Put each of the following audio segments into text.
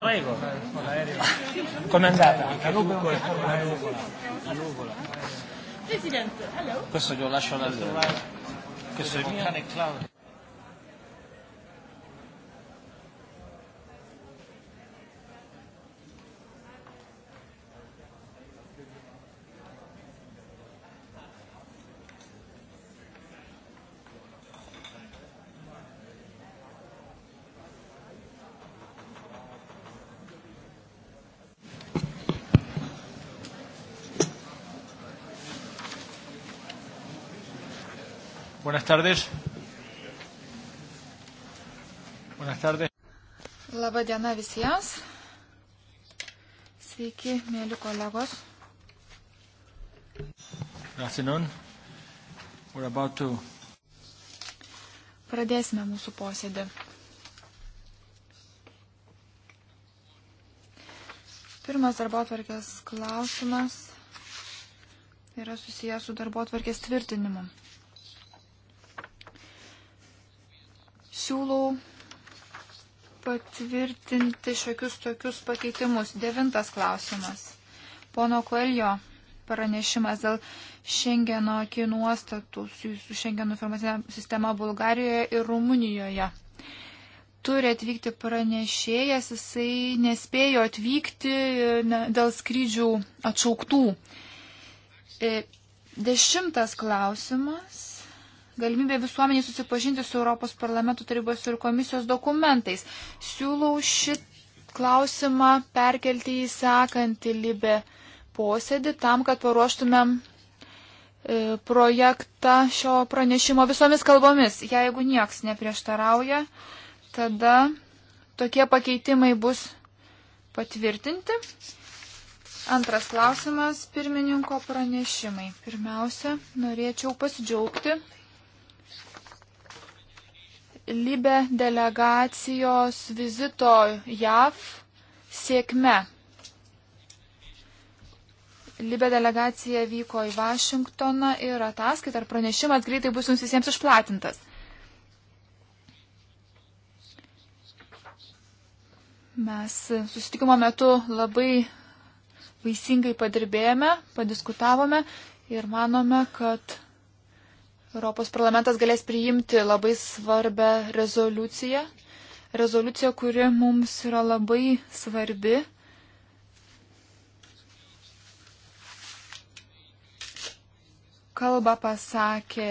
Prego. Com'è andata? La nuvola. La nuvola. La nuvola. Presidente, hello. Questo glielo lascio da lui. Questo è il mio cane Claudio. Buenas tardes. Buenas tardes. Labą dieną visiems. Sveiki, mėly kolegos. Good afternoon. We're about to... Pradėsime mūsų posėdį. Pirmas darbo atvarkės klausimas yra susijęs su darbo atvarkės tvirtinimu. siūlau patvirtinti šiokius tokius pakeitimus. Devintas klausimas. Pono Koelio pranešimas dėl Šengeno kinuostatų su Šengeno informacinė sistema Bulgarijoje ir Rumunijoje. Turi atvykti pranešėjas, jisai nespėjo atvykti e, dėl skrydžių atšauktų. E, dešimtas klausimas galimybė visuomeniai susipažinti su Europos parlamento tarybos ir komisijos dokumentais. Siūlau šit klausimą perkelti į sekantį libę posėdį tam, kad paruoštumėm e, projektą šio pranešimo visomis kalbomis. Jeigu nieks neprieštarauja, tada tokie pakeitimai bus patvirtinti. Antras klausimas - pirmininko pranešimai. Pirmiausia, norėčiau pasidžiaugti Libe delegacijos vizito JAV sėkme. Libe delegacija vyko į Vašingtoną ir ataskaita ar pranešimas greitai bus jums visiems išplatintas. Mes susitikimo metu labai vaisingai padirbėjome, padiskutavome ir manome, kad Europos parlamentas galės priimti labai svarbę rezoliuciją. Rezoliucija, kuri mums yra labai svarbi. Kalba pasakė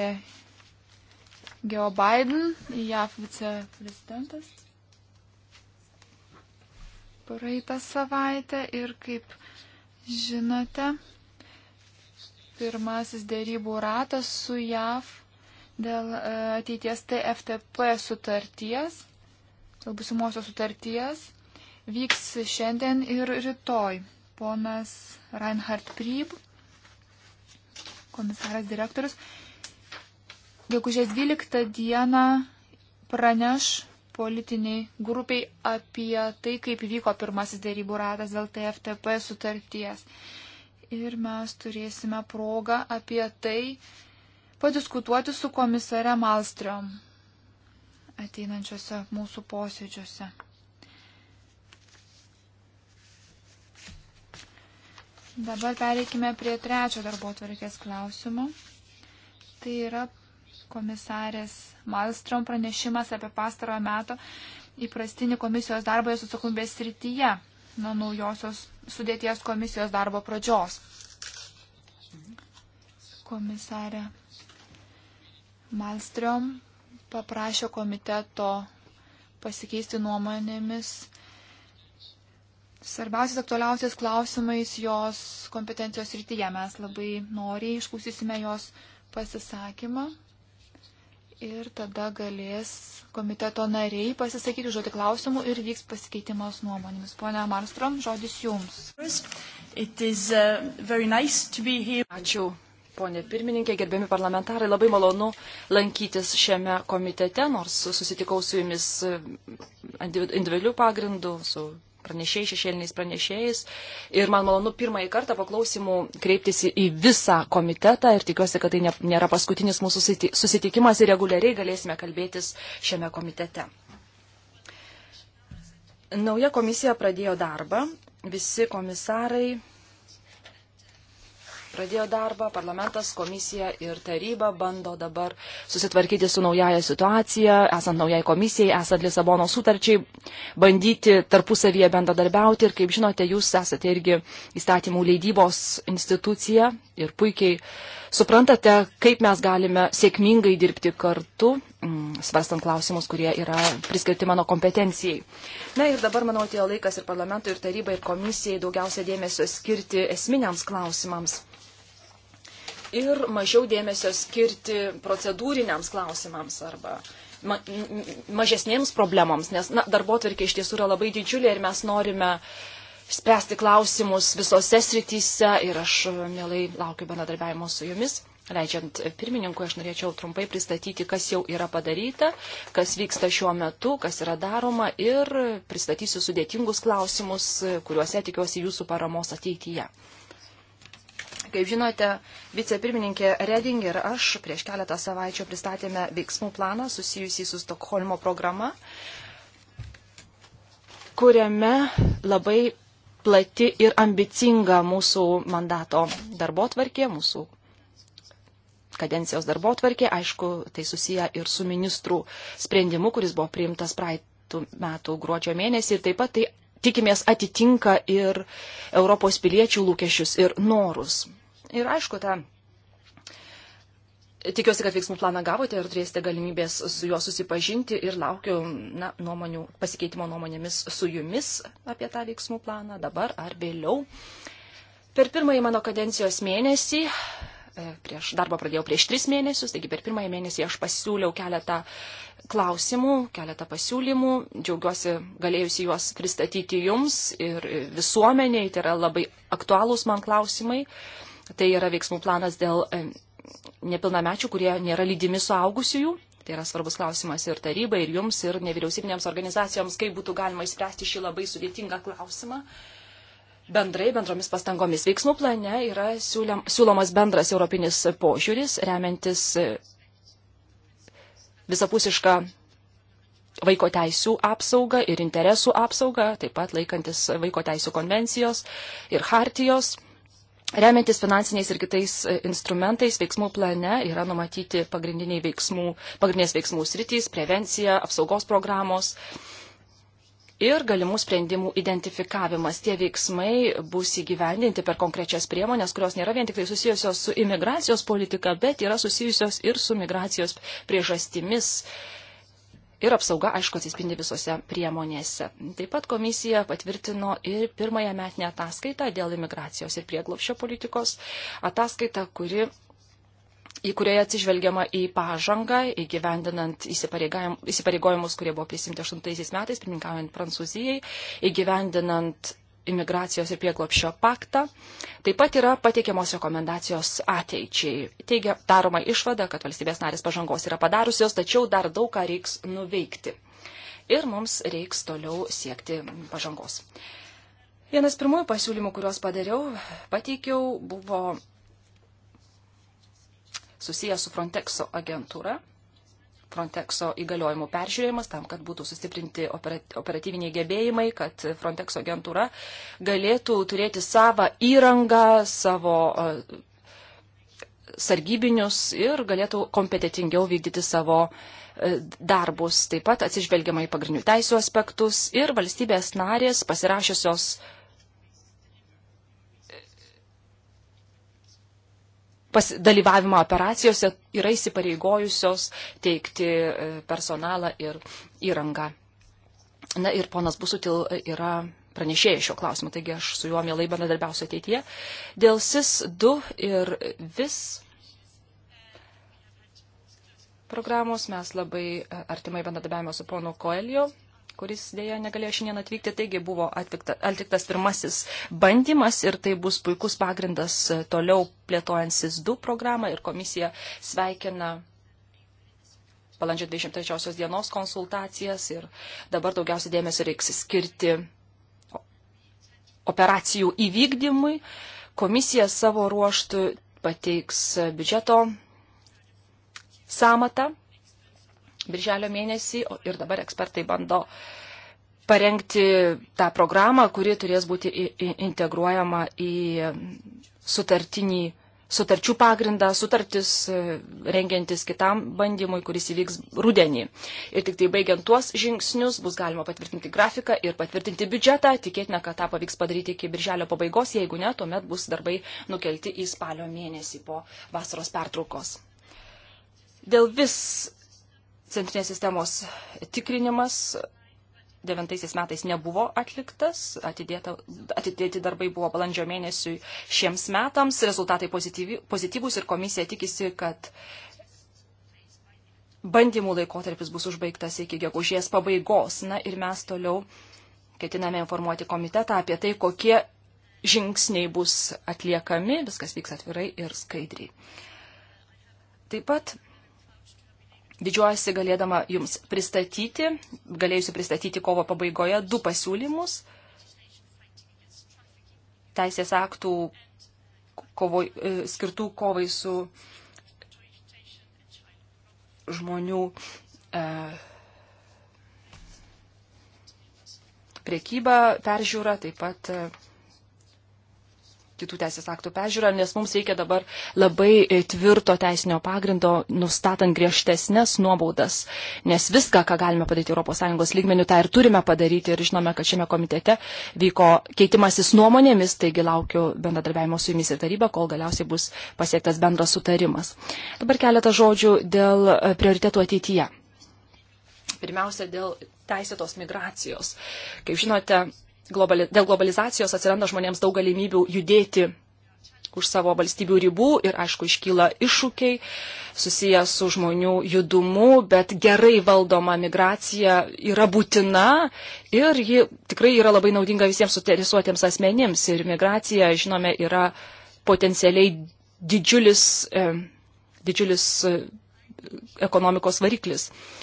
Geo Biden, JAF viceprezidentas praeitą savaitę ir kaip žinote, pirmasis dėrybų ratas su JAV dėl e, ateities TFTP sutarties, dėl busimosios sutarties, vyks šiandien ir rytoj. Ponas Reinhard Pryb, komisaras direktorius, gegužės 12 dieną praneš politiniai grupiai apie tai, kaip vyko pirmasis dėrybų ratas dėl TFTP sutarties ir mes turėsime progą apie tai padiskutuoti su komisare Malstrom ateinančiose mūsų posėdžiuose. Dabar pereikime prie trečio darbo tvarkės klausimo. Tai yra komisarės Malstrom pranešimas apie pastarojo meto įprastinį komisijos darbą jos atsakomybės srityje nuo naujosios sudėties komisijos darbo pradžios. Komisarė Malstrom paprašė komiteto pasikeisti nuomonėmis svarbiausias aktualiausias klausimais jos kompetencijos rytyje. Mes labai noriai išklausysime jos pasisakymą ir tada galės komiteto nariai pasisakyti žodį klausimų ir vyks pasikeitimas nuomonėmis. Pone Marstrom, žodis jums. Is, uh, nice Ačiū. Pone pirmininkė, gerbiami parlamentarai, labai malonu lankytis šiame komitete, nors susitikau su jumis uh, individualių pagrindų, su pranešėjais, šešėliniais pranešėjais. Ir man malonu pirmąjį kartą po klausimų kreiptis į visą komitetą ir tikiuosi, kad tai nėra paskutinis mūsų susitikimas ir reguliariai galėsime kalbėtis šiame komitete. Nauja komisija pradėjo darbą. Visi komisarai pradėjo darbą, parlamentas, komisija ir taryba bando dabar susitvarkyti su naujaja situacija, esant naujai komisijai, esant Lisabono sutarčiai, bandyti tarpusavyje bendradarbiauti ir, kaip žinote, jūs esate irgi įstatymų leidybos institucija ir puikiai suprantate, kaip mes galime sėkmingai dirbti kartu, mm, svarstant klausimus, kurie yra priskirti mano kompetencijai. Na ir dabar, manau, atėjo laikas ir parlamentui, ir tarybai, ir komisijai daugiausia dėmesio skirti esminiams klausimams ir mažiau dėmesio skirti procedūriniams klausimams arba ma mažesnėms problemams, nes na, darbo tvarkė iš tiesų yra labai didžiulė ir mes norime spręsti klausimus visose srityse ir aš e, mielai laukiu bendradarbiavimo su jumis. Leidžiant pirmininkui, aš norėčiau trumpai pristatyti, kas jau yra padaryta, kas vyksta šiuo metu, kas yra daroma ir pristatysiu sudėtingus klausimus, kuriuose tikiuosi jūsų paramos ateityje. Kaip žinote, vicepirmininkė Reding ir aš prieš keletą savaičių pristatėme veiksmų planą susijusį su Stokholmo programa, kuriame labai plati ir ambicinga mūsų mandato darbo tvarkė, mūsų kadencijos darbo tvarkė, aišku, tai susiję ir su ministrų sprendimu, kuris buvo priimtas praeitų metų gruodžio mėnesį ir taip pat tai tikimės atitinka ir Europos piliečių lūkesčius ir norus. Ir aišku, ta. Tikiuosi, kad veiksmų planą gavote ir turėsite galimybės su juo susipažinti ir laukiu na, nuomonių, pasikeitimo nuomonėmis su jumis apie tą veiksmų planą dabar ar vėliau. Per pirmąjį mano kadencijos mėnesį e, prieš darbą pradėjau prieš tris mėnesius, taigi per pirmąjį mėnesį aš pasiūliau keletą klausimų, keletą pasiūlymų, džiaugiuosi galėjusi juos pristatyti jums ir visuomeniai, tai yra labai aktualūs man klausimai, Tai yra veiksmų planas dėl e, nepilnamečių, kurie nėra lydimi suaugusiųjų. Tai yra svarbus klausimas ir tarybai, ir jums, ir nevyriausybinėms organizacijoms, kaip būtų galima įspręsti šį labai sudėtingą klausimą. Bendrai, bendromis pastangomis veiksmų plane yra siūliam, siūlomas bendras europinis požiūris, remiantis e, visapusišką vaiko teisų apsaugą ir interesų apsaugą, taip pat laikantis vaiko teisų konvencijos ir hartijos. Remiantis finansiniais ir kitais e, instrumentais, veiksmų plane yra numatyti pagrindiniai veiksmų, pagrindinės veiksmų sritys, prevencija, apsaugos programos ir galimų sprendimų identifikavimas. Tie veiksmai bus įgyvendinti per konkrečias priemonės, kurios nėra vien tik tai susijusios su imigracijos politika, bet yra susijusios ir su migracijos priežastimis. Uh, ir apsauga, aišku, atsispindi visose priemonėse. Taip pat komisija patvirtino ir pirmąją metinę ataskaitą dėl imigracijos ir prieglopšio politikos, ataskaitą, kuri į kurioje atsižvelgiama į pažangą, įgyvendinant įsipareigojimus, kurie buvo prisimti 8 metais, pirmininkaujant Prancūzijai, įgyvendinant imigracijos ir prieglopšio paktą. Taip pat yra pateikiamos rekomendacijos ateičiai. Teigia, daroma išvada, kad valstybės narės pažangos yra padariusios, tačiau dar daug ką reiks nuveikti. Ir mums reiks toliau siekti pažangos. Vienas pirmųjų pasiūlymų, kuriuos padariau, pateikiau, buvo susijęs su Frontexo agentūra Frontexo įgaliojimų peržiūrėjimas tam, kad būtų sustiprinti operatyviniai gebėjimai, kad Frontexo agentūra galėtų turėti savo įrangą, savo e, sargybinius ir galėtų kompetitingiau vykdyti savo e, darbus. Taip pat atsižvelgiama į pagrindinių teisų aspektus ir valstybės narės pasirašiusios dalyvavimą operacijose yra įsipareigojusios teikti e, personalą ir įrangą. Na ir ponas Busutil e, yra pranešėjai šio klausimu, taigi aš su juo mielai bendradarbiausiu ateityje. Dėl SIS 2 ir vis programos mes labai e, artimai bendradarbiavimo su ponu Koelio kuris dėja negalėjo šiandien atvykti, taigi buvo atvykta, atliktas pirmasis bandymas ir tai bus puikus pagrindas toliau plėtojant SIS2 programą ir komisija sveikina balandžio 23 dienos konsultacijas ir dabar daugiausia dėmesio reiks skirti operacijų įvykdymui. Komisija savo ruoštų pateiks biudžeto samatą birželio mėnesį ir dabar ekspertai bando parengti tą programą, kuri turės būti integruojama į sutartinį, sutarčių pagrindą, sutartis e, rengiantis kitam bandymui, kuris įvyks rudenį. Ir tik tai baigiant tuos žingsnius bus galima patvirtinti grafiką ir patvirtinti biudžetą. Tikėtina, kad tą pavyks padaryti iki birželio pabaigos, jeigu ne, tuomet bus darbai nukelti į spalio mėnesį po vasaros pertraukos. Dėl vis centrinės sistemos tikrinimas devintaisiais metais nebuvo atliktas, atidėta, atidėti darbai buvo balandžio mėnesiui šiems metams, rezultatai pozityvi, pozityvus ir komisija tikisi, kad bandymų laikotarpis bus užbaigtas iki gegužės pabaigos. Na ir mes toliau ketiname informuoti komitetą apie tai, kokie žingsniai bus atliekami, viskas vyks atvirai ir skaidriai. Taip pat Didžiuojasi galėdama jums pristatyti, galėjusi pristatyti kovo pabaigoje du pasiūlymus teisės aktų kovo, e, skirtų kovai su žmonių e, priekyba, peržiūra, taip pat e, kitų teisės aktų pežiūrą, nes mums reikia dabar labai e, tvirto teisinio pagrindo, nustatant griežtesnės nuobaudas, nes viską, ką galime padaryti ES lygmenių, tą ir turime padaryti ir žinome, kad šiame komitete vyko keitimasis nuomonėmis, taigi laukiu bendradarbiavimo su jumis ir taryba, kol galiausiai bus pasiektas bendras sutarimas. Dabar keletą žodžių dėl e, prioritėtų ateityje. Pirmiausia, dėl teisėtos migracijos. Kaip žinote, globali, dėl globalizacijos atsiranda žmonėms daug galimybių judėti už savo valstybių ribų ir, aišku, iškyla iššūkiai susiję su žmonių judumu, bet gerai valdoma migracija yra būtina ir ji tikrai yra labai naudinga visiems suinteresuotiems asmenims. Ir migracija, žinome, yra potencialiai didžiulis, e, didžiulis ekonomikos variklis. E,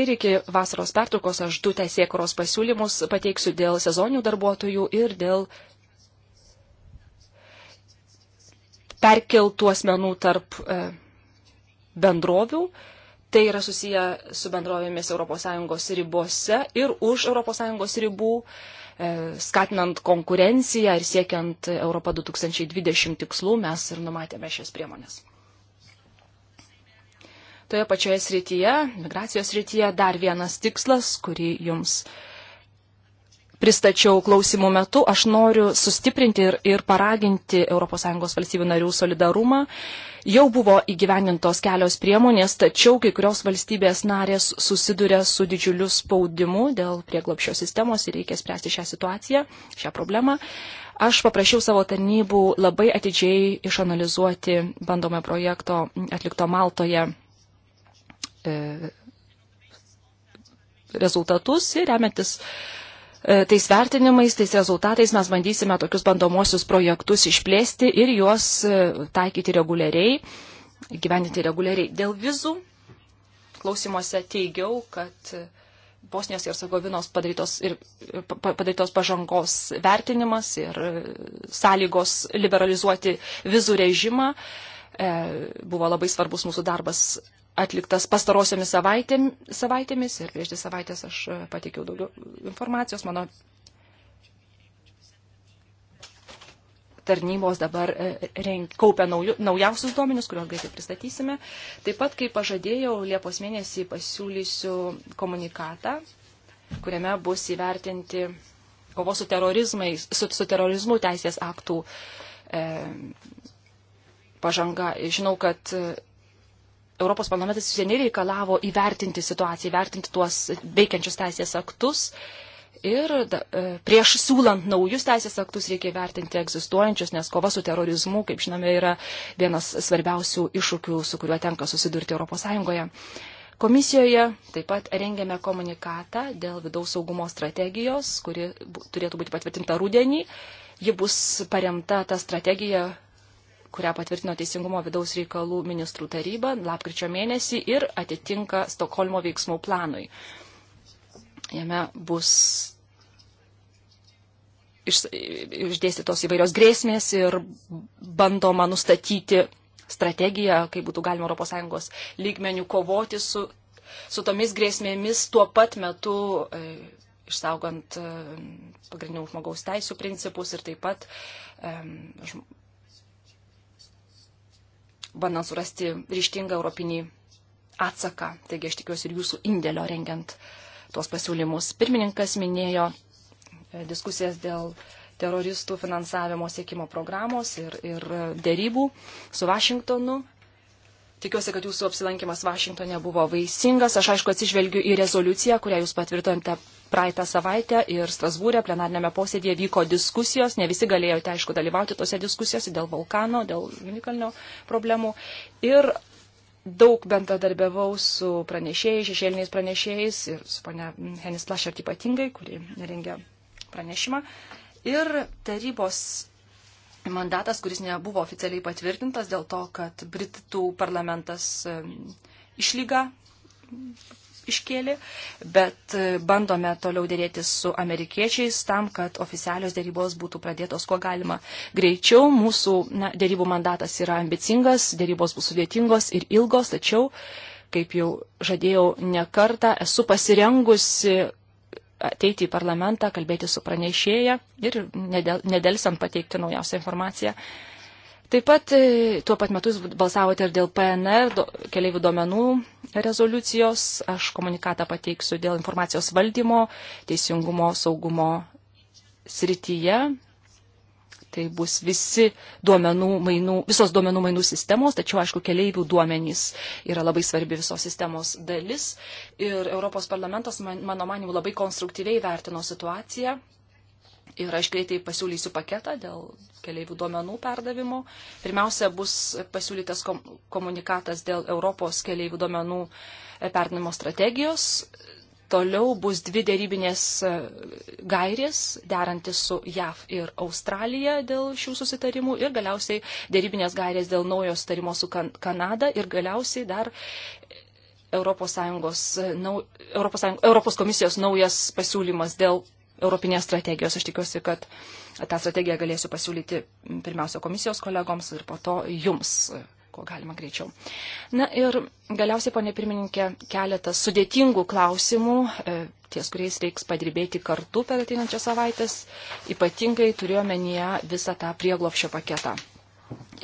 Ir iki vasaros pertraukos aš du teisėkuros pasiūlymus pateiksiu dėl sezoninių darbuotojų ir dėl perkeltų asmenų tarp e, bendrovių. Tai yra susiję su bendrovėmis ES ribose ir už ES ribų, e, skatinant konkurenciją ir siekiant Europą 2020 tikslų, mes ir numatėme šias priemonės toje pačioje srityje, migracijos srityje, dar vienas tikslas, kurį jums pristačiau klausimų metu. Aš noriu sustiprinti ir, ir paraginti ES valstybių narių solidarumą. Jau buvo įgyvendintos kelios priemonės, tačiau kai kurios valstybės narės susiduria su didžiuliu spaudimu dėl prieglopšio sistemos ir reikia spręsti šią situaciją, šią problemą. Aš paprašiau savo tarnybų labai atidžiai išanalizuoti bandomą projekto atlikto Maltoje E, rezultatus ir remiantis e, tais vertinimais, tais rezultatais mes bandysime tokius bandomosius projektus išplėsti ir juos e, taikyti reguliariai, gyveninti reguliariai. Dėl vizų klausimuose teigiau, kad Bosnijos ir Sagovinos padarytos, ir, padarytos pažangos vertinimas ir sąlygos liberalizuoti vizų režimą buvo labai svarbus mūsų darbas atliktas pastarosiomis savaitėm, savaitėmis ir prieš dvi savaitės aš e, pateikiau daugiau informacijos. Mano tarnybos dabar e, renk, kaupia nauju, naujausius duomenius, kuriuos greitai pristatysime. Taip pat, kaip pažadėjau, Liepos mėnesį pasiūlysiu komunikatą, kuriame bus įvertinti kovos su, su, su terorizmu teisės aktų e, pažanga. Žinau, kad Europos parlamentas seniai reikalavo įvertinti situaciją, įvertinti tuos veikiančius teisės aktus. Ir da, e, prieš siūlant naujus teisės aktus reikia vertinti egzistuojančius, nes kova su terorizmu, kaip žinome, yra vienas svarbiausių iššūkių, su kuriuo tenka susidurti ES. Komisijoje taip pat rengėme komunikatą dėl vidaus saugumo strategijos, kuri turėtų būti patvirtinta rudenį. Ji bus paremta ta strategija, kurią patvirtino Teisingumo vidaus reikalų ministrų taryba lapkričio mėnesį ir atitinka Stokholmo veiksmų planui. Jame bus iš, išdėstytos įvairios grėsmės ir bandoma nustatyti strategiją, kaip būtų galima ES lygmenių kovoti su, su tomis grėsmėmis tuo pat metu e, išsaugant e, pagrindinių žmogaus teisų principus ir taip pat e, bandant surasti ryštingą europinį atsaką. Taigi aš tikiuosi ir jūsų indėlio rengiant tuos pasiūlymus. Pirmininkas minėjo e, diskusijas dėl teroristų finansavimo siekimo programos ir, ir dėrybų su Vašingtonu. Tikiuosi, kad jūsų apsilankimas Vašingtonė buvo vaisingas. Aš aišku atsižvelgiu į rezoliuciją, kurią jūs patvirtinate praeitą savaitę ir Strasbūrė plenarnėme posėdėje vyko diskusijos, ne visi galėjote, aišku, dalyvauti tose diskusijose dėl vulkano, dėl unikalnio problemų. Ir daug bendradarbiavau su pranešėjais, šešėliniais pranešėjais ir su ponia Henis Plašert ypatingai, kuri rengia pranešimą. Ir tarybos mandatas, kuris nebuvo oficialiai patvirtintas dėl to, kad Britų parlamentas išlyga iškėlė, bet e, bandome toliau dėrėti su amerikiečiais tam, kad oficialios dėrybos būtų pradėtos kuo galima greičiau. Mūsų na, dėrybų mandatas yra ambicingas, dėrybos bus sudėtingos ir ilgos, tačiau, kaip jau žadėjau ne kartą, esu pasirengusi ateiti į parlamentą, kalbėti su pranešėja ir nedelsiant pateikti naujausią informaciją Taip pat e, tuo pat metu jūs balsavote ir dėl PNR, do, keliaivių duomenų rezoliucijos. Aš komunikatą pateiksiu dėl informacijos valdymo, teisingumo, saugumo srityje. Tai bus visi duomenų mainų, visos duomenų mainų sistemos, tačiau, aišku, keliaivių duomenys yra labai svarbi visos sistemos dalis. Ir Europos parlamentas, man, mano manimu, labai konstruktyviai vertino situaciją Ir aš greitai pasiūlysiu paketą dėl keliaivių duomenų perdavimo. Pirmiausia, bus pasiūlytas komunikatas dėl Europos keliaivių duomenų e, perdavimo strategijos. Toliau bus dvi dėrybinės e, gairės, derantis su JAV ir Australija dėl šių susitarimų ir galiausiai dėrybinės gairės dėl naujo sutarimo su kan Kanada ir galiausiai dar ES, e, nau, ES, ES komisijos naujas pasiūlymas dėl Europinės strategijos. Aš tikiuosi, kad tą strategiją galėsiu pasiūlyti pirmiausia komisijos kolegoms ir po to jums, kuo galima greičiau. Na ir galiausiai, ponė pirmininkė, keletas sudėtingų klausimų, e, ties kuriais reiks padirbėti kartu per ateinančią savaitęs, ypatingai turiuomenyje visą tą prieglopšio paketą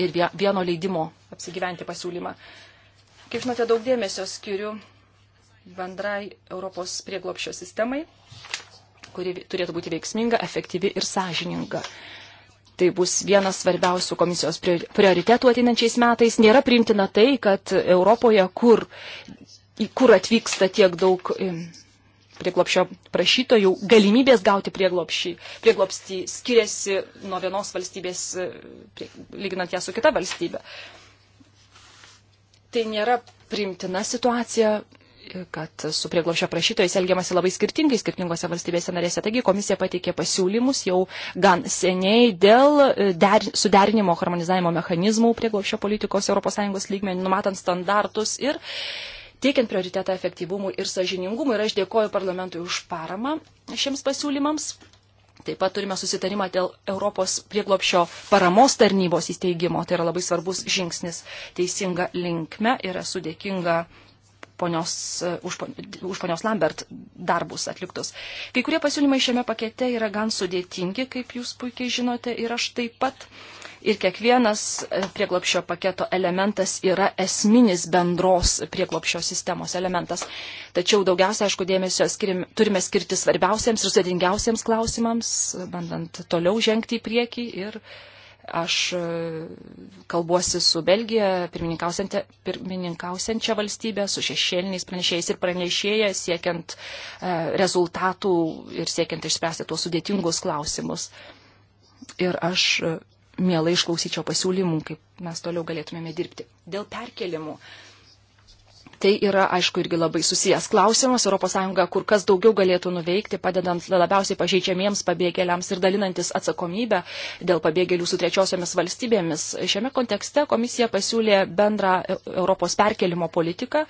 ir vieno leidimo apsigyventi pasiūlymą. Kaip žinote, daug dėmesio skiriu bendrai Europos prieglopščio sistemai kuri turėtų būti veiksminga, efektyvi ir sąžininga. Tai bus vienas svarbiausių komisijos prioritetų ateinančiais metais. Nėra priimtina tai, kad Europoje, kur, kur atvyksta tiek daug prieglopšio prašytojų, galimybės gauti prieglopšį, prieglopstį skiriasi nuo vienos valstybės, e, prie, lyginant ją su kita valstybė. Tai nėra primtina situacija kad su prieglobšio prašytojais elgiamasi labai skirtingai skirtingose valstybėse narėse. Taigi komisija pateikė pasiūlymus jau gan seniai dėl e, der, suderinimo harmonizavimo mechanizmų prieglobšio politikos ES lygmenį, numatant standartus ir teikiant prioritetą efektyvumui ir sažiningumui. Ir aš dėkoju parlamentui už paramą šiems pasiūlymams. Taip pat turime susitarimą dėl Europos prieglopšio paramos tarnybos įsteigimo. Tai yra labai svarbus žingsnis teisinga linkme ir esu dėkinga ponios, e, už, už ponios Lambert darbus atliktus. Kai kurie pasiūlymai šiame pakete yra gan sudėtingi, kaip jūs puikiai žinote, ir aš taip pat. Ir kiekvienas e, prieglopšio paketo elementas yra esminis bendros prieglopšio sistemos elementas. Tačiau daugiausia, aišku, dėmesio skirim, turime skirti svarbiausiems ir sudėtingiausiems klausimams, bandant toliau žengti į priekį ir uh, Aš e, kalbuosi su Belgija, pirmininkausiančia valstybė, su šešėliniais pranešėjais ir pranešėja, siekiant e, rezultatų ir siekiant išspręsti tuos sudėtingus klausimus. Ir aš e, mielai išklausyčiau pasiūlymų, kaip mes toliau galėtumėme dirbti. Dėl perkelimų. Uh, Tai yra, aišku, irgi labai susijęs klausimas. ES kur kas daugiau galėtų nuveikti, padedant labiausiai pažeidžiamiems pabėgėliams ir dalinantis atsakomybę dėl pabėgėlių su trečiosiomis valstybėmis. Šiame kontekste komisija pasiūlė bendrą e, Europos perkelimo politiką.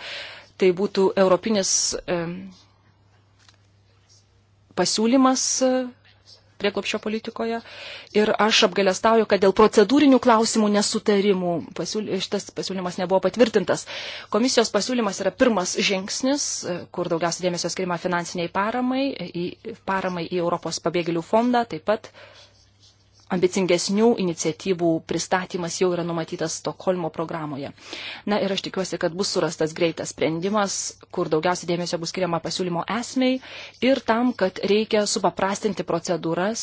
Tai būtų europinis pasiūlymas prieglopšio politikoje. Ir aš apgalėstauju, kad dėl procedūrinių klausimų nesutarimų pasiūly, šitas pasiūlymas nebuvo patvirtintas. Komisijos pasiūlymas yra pirmas žingsnis, kur daugiausia dėmesio skirima finansiniai paramai, į, paramai į Europos pabėgėlių fondą, taip pat ambicingesnių iniciatyvų pristatymas jau yra numatytas Stokholmo programoje. Na ir aš tikiuosi, kad bus surastas greitas sprendimas, kur daugiausiai dėmesio bus skiriama pasiūlymo esmei ir tam, kad reikia supaprastinti procedūras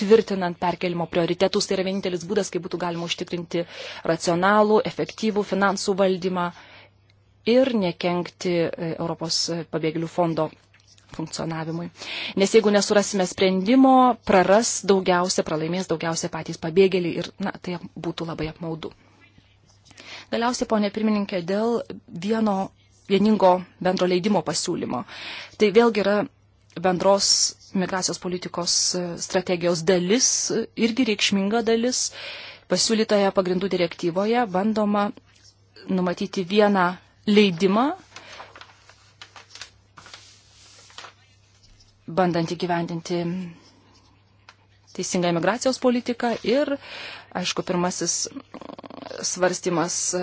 tvirtinant perkelimo prioritetus. Tai yra vienintelis būdas, kaip būtų galima užtikrinti racionalų, efektyvų finansų valdymą ir nekenkti e, Europos pabėgėlių fondo funkcionavimui. Nes jeigu nesurasime sprendimo, praras daugiausia, pralaimės daugiausia patys pabėgėliai ir, na, tai būtų labai apmaudu. Galiausiai, ponė pirmininkė, dėl vieno vieningo bendro leidimo pasiūlymo. Tai vėlgi yra bendros migracijos politikos e, strategijos dalis, irgi reikšminga dalis. Pasiūlytoje pagrindų direktyvoje bandoma numatyti vieną leidimą bandant įgyvendinti teisingą imigracijos politiką ir, aišku, pirmasis svarstymas e,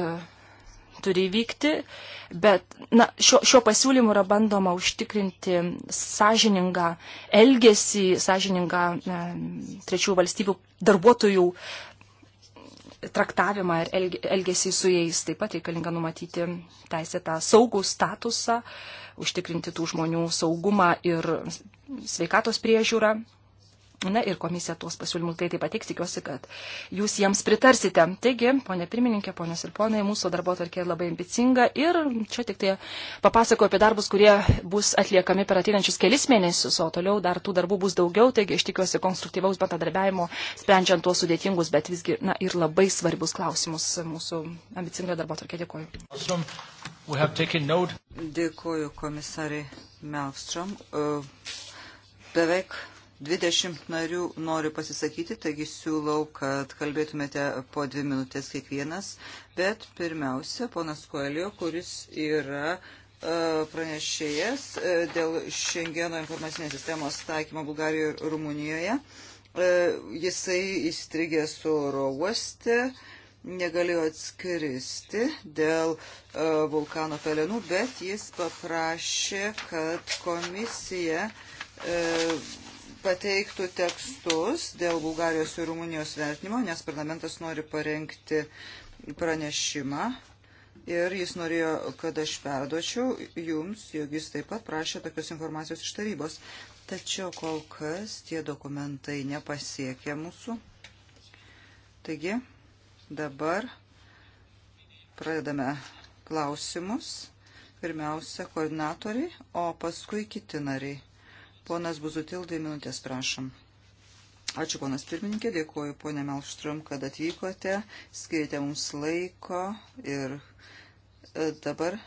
turi įvykti, bet na, šio, šio pasiūlymu yra bandoma užtikrinti sąžiningą elgesį, sąžiningą na, e, trečių valstybių darbuotojų traktavimą ir elgesį su jais. Taip pat reikalinga numatyti teisėtą saugų statusą, užtikrinti tų žmonių saugumą ir sveikatos priežiūrą. Na ir komisija tuos pasiūlymus greitai pateiks, tikiuosi, kad jūs jiems pritarsite. Taigi, ponė pirmininkė, ponios ir ponai, mūsų darbo tarkė labai ambicinga ir čia tik tai papasakoju apie darbus, kurie bus atliekami per ateinančius kelis mėnesius, o toliau dar tų darbų bus daugiau, taigi aš tikiuosi konstruktyvaus bendradarbiavimo, sprendžiant tuos sudėtingus, bet visgi, na ir labai svarbus klausimus mūsų ambicingoje darbo tarkė. Dėkuoju. Awesome. Dėkuoju komisarė Melstrom. Uh, beveik 20 narių nori pasisakyti, taigi siūlau, kad kalbėtumėte po dvi minutės kiekvienas, bet pirmiausia, ponas Koelio, kuris yra e, pranešėjas e, dėl Šengeno informacinės sistemos taikymo Bulgarijoje ir Rumunijoje. E, jisai įstrigė su oro uoste, negalėjo atskristi dėl vulkano pelenų, bet jis paprašė, kad komisija pateiktų tekstus dėl Bulgarijos ir Rumunijos vertinimo, nes parlamentas nori parengti pranešimą ir jis norėjo, kad aš perdočiau jums, jog jis taip pat prašė tokios informacijos iš tarybos. Tačiau kol kas tie dokumentai nepasiekė mūsų. Taigi, dabar pradedame klausimus. Pirmiausia, koordinatoriai, o paskui kiti nariai. Ponas Buzutil, dvi minutės prašom. Ačiū, ponas pirmininkė, dėkuoju, ponė Melštrum, kad atvykote, skirite mums laiko ir e, dabar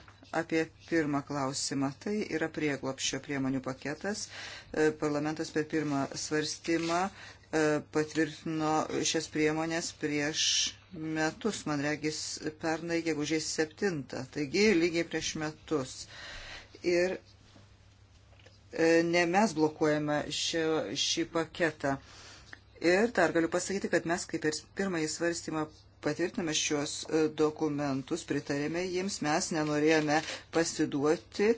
apie pirmą klausimą. Tai yra prieglopščio priemonių paketas. E, parlamentas per pirmą svarstymą e, patvirtino šias priemonės prieš metus, man regis, pernai gegužės 7, taigi lygiai prieš metus. Ir E, ne mes blokuojame šio, šį paketą. Ir dar galiu pasakyti, kad mes kaip ir pirmąjį svarstymą patvirtiname šios e, dokumentus, pritarėme jiems, mes nenorėjome pasiduoti,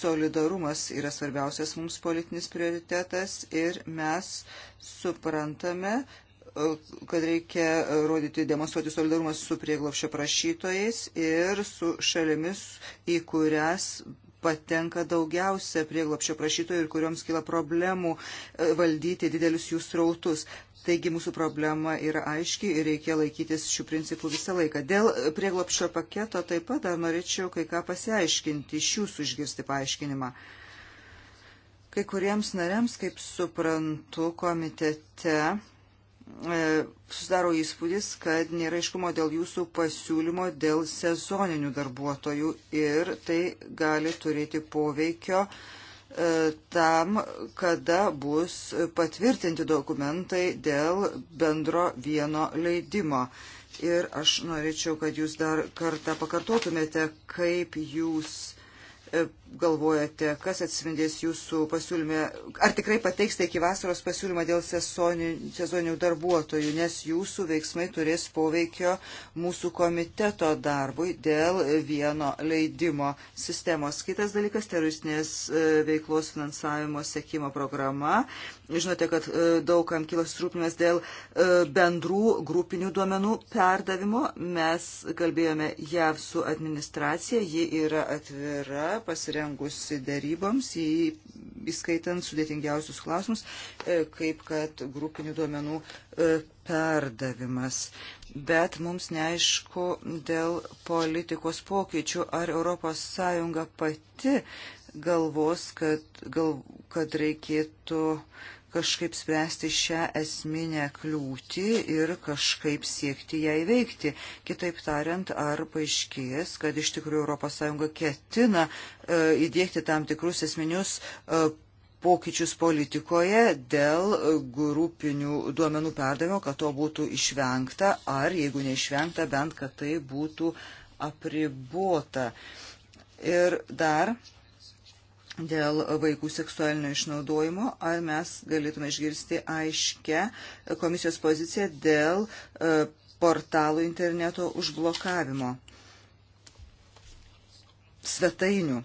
solidarumas yra svarbiausias mums politinis prioritetas ir mes suprantame, e, kad reikia rodyti, demonstruoti solidarumą su prieglopšio prašytojais ir su šalimis, į kurias patenka daugiausia prieglopščio prašytojų ir kurioms kyla problemų e, valdyti didelius jų srautus. Taigi mūsų problema yra aiški ir reikia laikytis šių principų visą laiką. Dėl prieglopščio paketo taip pat dar norėčiau kai ką pasiaiškinti, iš jūsų išgirsti paaiškinimą. Kai kuriems nariams, kaip suprantu, komitete E, susidaro įspūdis, kad nėra iškumo dėl jūsų pasiūlymo dėl sezoninių darbuotojų ir tai gali turėti poveikio e, tam, kada bus patvirtinti dokumentai dėl bendro vieno leidimo. Ir aš norėčiau, kad jūs dar kartą pakartotumėte, kaip jūs e, galvojate, kas atspindės jūsų pasiūlyme, ar tikrai pateiksite iki vasaros pasiūlymą dėl sezoninių darbuotojų, nes jūsų veiksmai turės poveikio mūsų komiteto darbui dėl vieno leidimo sistemos. Kitas dalykas - teroristinės e, veiklos finansavimo sekimo programa. Žinote, kad e, daugam kilas rūpinimas dėl e, bendrų grupinių duomenų perdavimo. Mes kalbėjome JAV su administracija, ji yra atvira pasirengti pasirengusi deryboms, įskaitant sudėtingiausius klausimus, e, kaip kad grupinių duomenų e, perdavimas. Bet mums neaišku dėl politikos pokyčių, ar ES pati galvos, kad, gal, kad reikėtų uh, kažkaip spręsti šią esminę kliūtį ir kažkaip siekti ją įveikti. Kitaip tariant, ar paaiškės, kad iš tikrųjų ES ketina e, įdėkti tam tikrus esminius e, pokyčius politikoje dėl e, grupinių duomenų perdavimo, kad to būtų išvengta, ar jeigu neišvengta, bent kad tai būtų apribuota. Ir dar dėl vaikų seksualinio išnaudojimo, ar mes galėtume išgirsti aiškę komisijos poziciją dėl e, portalų interneto užblokavimo, svetainių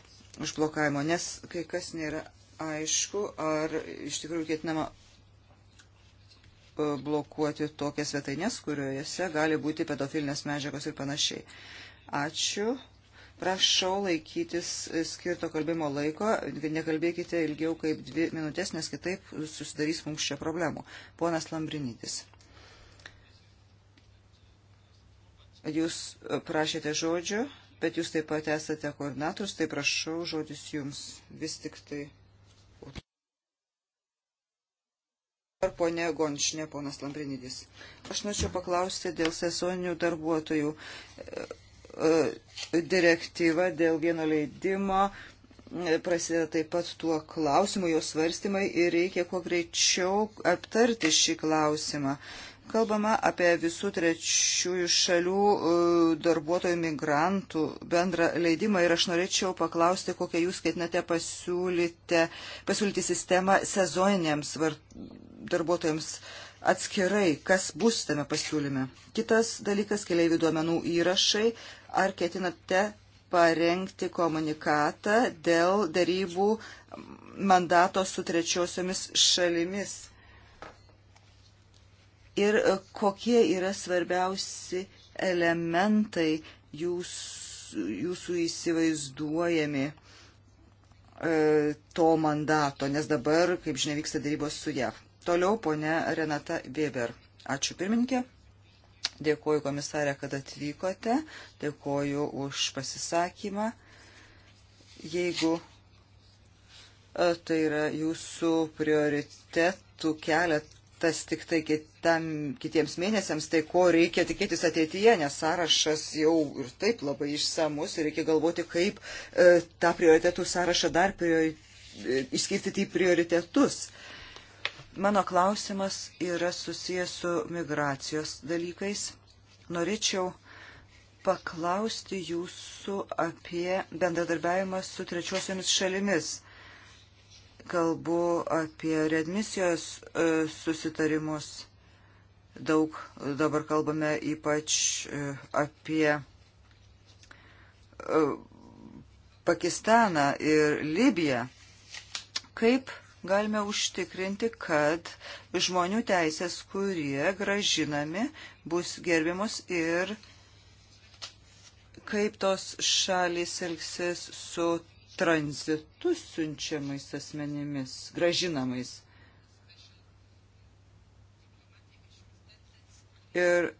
užblokavimo, nes kai kas nėra aišku, ar iš tikrųjų ketinama e, blokuoti tokias svetainės, kuriuose gali būti pedofilinės medžiagos ir panašiai. Ačiū. Prašau laikytis skirto kalbimo laiko, nekalbėkite ilgiau kaip dvi minutės, nes kitaip susidarys mums čia problemų. Ponas Lambrinitis. Jūs prašėte žodžio, bet jūs taip pat esate koordinatorius, tai prašau žodis jums vis tik tai. Ar ponė Gončinė, ponas Lambrinidis. Aš norėčiau paklausti dėl sezoninių darbuotojų. E, direktyva dėl vieno leidimo e, prasideda taip pat tuo klausimu, jo svarstymai ir reikia kuo greičiau aptarti šį klausimą. Kalbama apie visų trečiųjų šalių e, darbuotojų migrantų bendrą leidimą ir aš norėčiau paklausti, kokią jūs ketinate pasiūlyti sistemą sezoniniams darbuotojams atskirai, kas bus tame pasiūlyme. Kitas dalykas - keliaivių duomenų įrašai. Ar ketinate parengti komunikatą dėl darybų mandato su trečiosiomis šalimis? Ir e, kokie yra svarbiausi elementai jūs, jūsų įsivaizduojami e, to mandato, nes dabar, kaip žinia, vyksta darybos su JAV. Toliau ponia Renata Weber. Ačiū pirmininkė. Dėkuoju komisarė, kad atvykote, dėkuoju už pasisakymą. Jeigu e, tai yra jūsų prioritetų keletas tik tai kitam, kitiems mėnesiams, tai ko reikia tikėtis ateityje, nes sąrašas jau ir taip labai išsamus ir reikia galvoti, kaip e, tą prioritetų sąrašą dar priori, e, išskirstyti į prioritetus. E, Mano klausimas yra susijęs su migracijos dalykais. Norėčiau paklausti jūsų apie bendradarbiavimą su trečiosiomis šalimis. Kalbu apie redmisijos e, susitarimus. Daug dabar kalbame ypač e, apie e, Pakistaną ir Libiją. Kaip galime užtikrinti, kad žmonių teisės, kurie gražinami, bus gerbimus ir kaip tos šalys elgsis su tranzitu siunčiamais asmenimis, gražinamais. Ir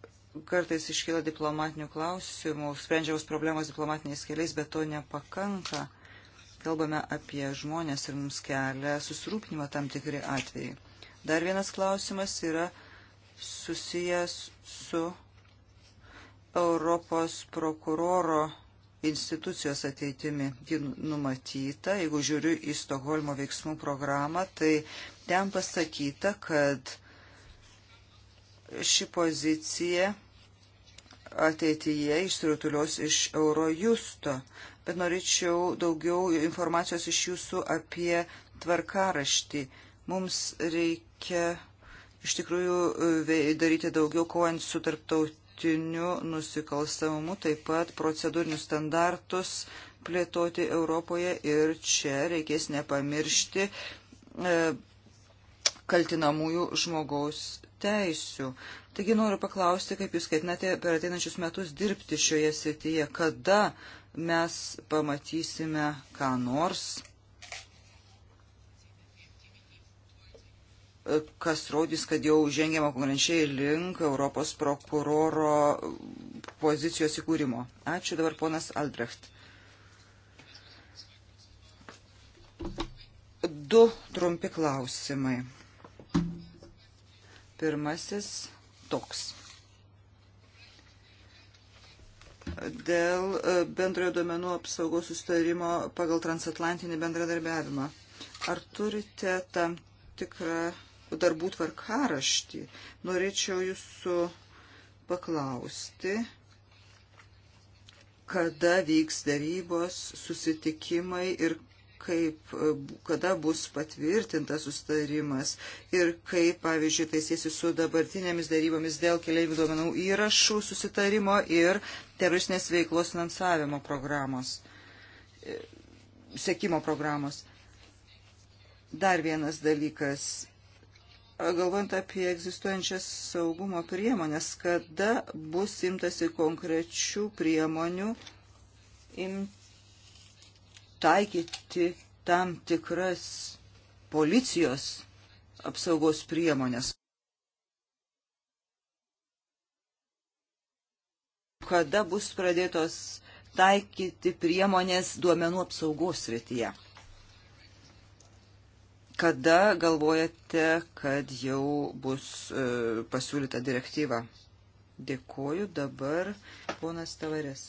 kartais iškyla diplomatinių klausimų, sprendžiamos problemos diplomatiniais keliais, bet to nepakanka. Kalbame apie žmonės ir mums kelia susirūpinimą tam tikri atvejai. Dar vienas klausimas yra susijęs su Europos prokuroro institucijos ateitimi. Ji numatyta, jeigu žiūriu į Stokholmo veiksmų programą, tai ten pasakyta, kad ši pozicija ateityje išsirutulios iš Eurojusto norėčiau daugiau informacijos iš jūsų apie tvarkaraštį. Mums reikia iš tikrųjų e, daryti daugiau kovant su tarptautiniu nusikalstamumu, taip pat procedūrinius standartus plėtoti Europoje ir čia reikės nepamiršti e, kaltinamųjų žmogaus teisių. Taigi noriu paklausti, kaip Jūs ketinate per ateinančius metus dirbti šioje srityje, kada mes pamatysime ką nors, kas rodys, kad jau žengiama konkrečiai link Europos prokuroro pozicijos įkūrimo. Ačiū dabar ponas Albrecht. Du trumpi klausimai. Pirmasis toks. dėl e, bendrojo duomenų apsaugos sustarimo pagal transatlantinį bendradarbiavimą. Ar turite tam tikrą darbų tvarkaraštį? Norėčiau jūsų paklausti, kada vyks darybos, susitikimai ir kaip, e, kada bus patvirtintas sustarimas ir kaip, pavyzdžiui, taisėsi su dabartinėmis darybomis dėl keliaivių duomenų įrašų susitarimo ir teroristinės veiklos finansavimo programos, e, sekimo programos. Dar vienas dalykas galvojant apie egzistuojančias saugumo priemonės, kada bus imtasi konkrečių priemonių, imt, taikyti tam tikras policijos apsaugos priemonės. Kada bus pradėtos taikyti priemonės duomenų apsaugos srityje? Kada galvojate, kad jau bus e, pasiūlyta direktyva? Dėkoju dabar, ponas Tavarės.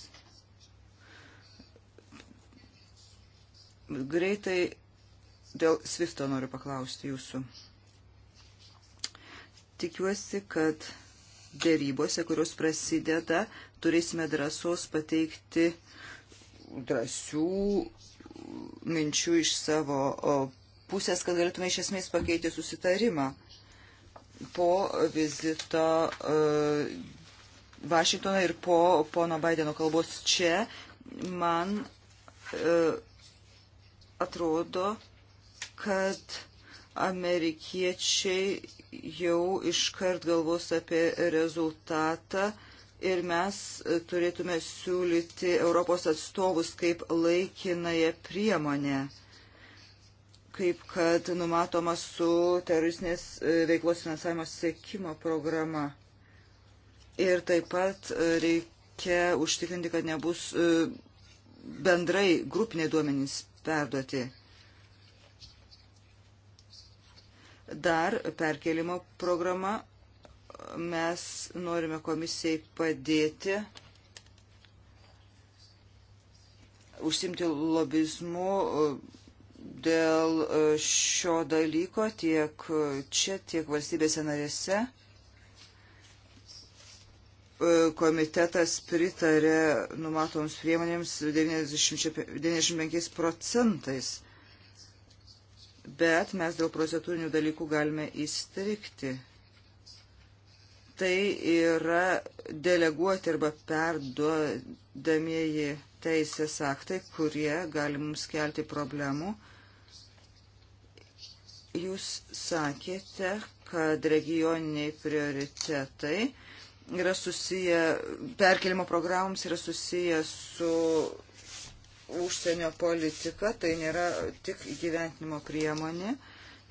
Greitai dėl Svifto noriu paklausti jūsų. Tikiuosi, kad dėrybose, kurios prasideda, turėsime drąsos pateikti drąsių minčių iš savo pusės, kad galėtume iš esmės pakeiti susitarimą po vizito uh, e, Vašingtoną ir po pono Baideno kalbos čia man uh, atrodo, kad amerikiečiai jau iškart galvos apie rezultatą ir mes turėtume siūlyti Europos atstovus kaip laikinąją priemonę kaip kad numatoma su teroristinės e, veiklos finansavimo sėkimo programa. Ir taip pat e, reikia užtikrinti, kad nebus e, bendrai grupiniai duomenys perduoti. Dar perkelimo programa mes norime komisijai padėti užsimti lobizmu uh, dėl uh, šio dalyko tiek uh, čia, tiek valstybėse narėse. E, komitetas pritarė numatoms priemonėms 95 procentais. Bet mes dėl procedūrinių dalykų galime įstrikti. Tai yra deleguoti arba perduodamieji teisės aktai, kurie gali mums kelti problemų. Jūs sakėte, kad regioniniai prioritetai yra susiję, perkelimo programoms yra susiję su užsienio politika, tai nėra tik gyventinimo priemonė.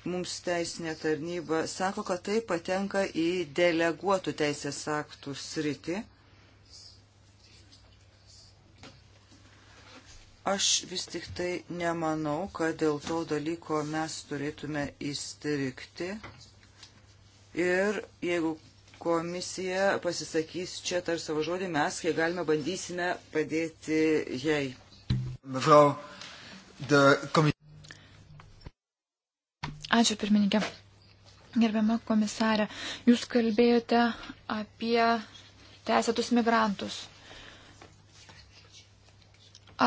Mums teisinė tarnyba sako, kad tai patenka į deleguotų teisės aktų sritį. Aš vis tik tai nemanau, kad dėl to dalyko mes turėtume įstrikti. Ir jeigu komisija pasisakys čia tar savo žodį, mes, kai galime, bandysime padėti jai. Mevrouw, de Ačiū pirmininkė. Gerbiama komisarė, jūs kalbėjote apie teisėtus migrantus.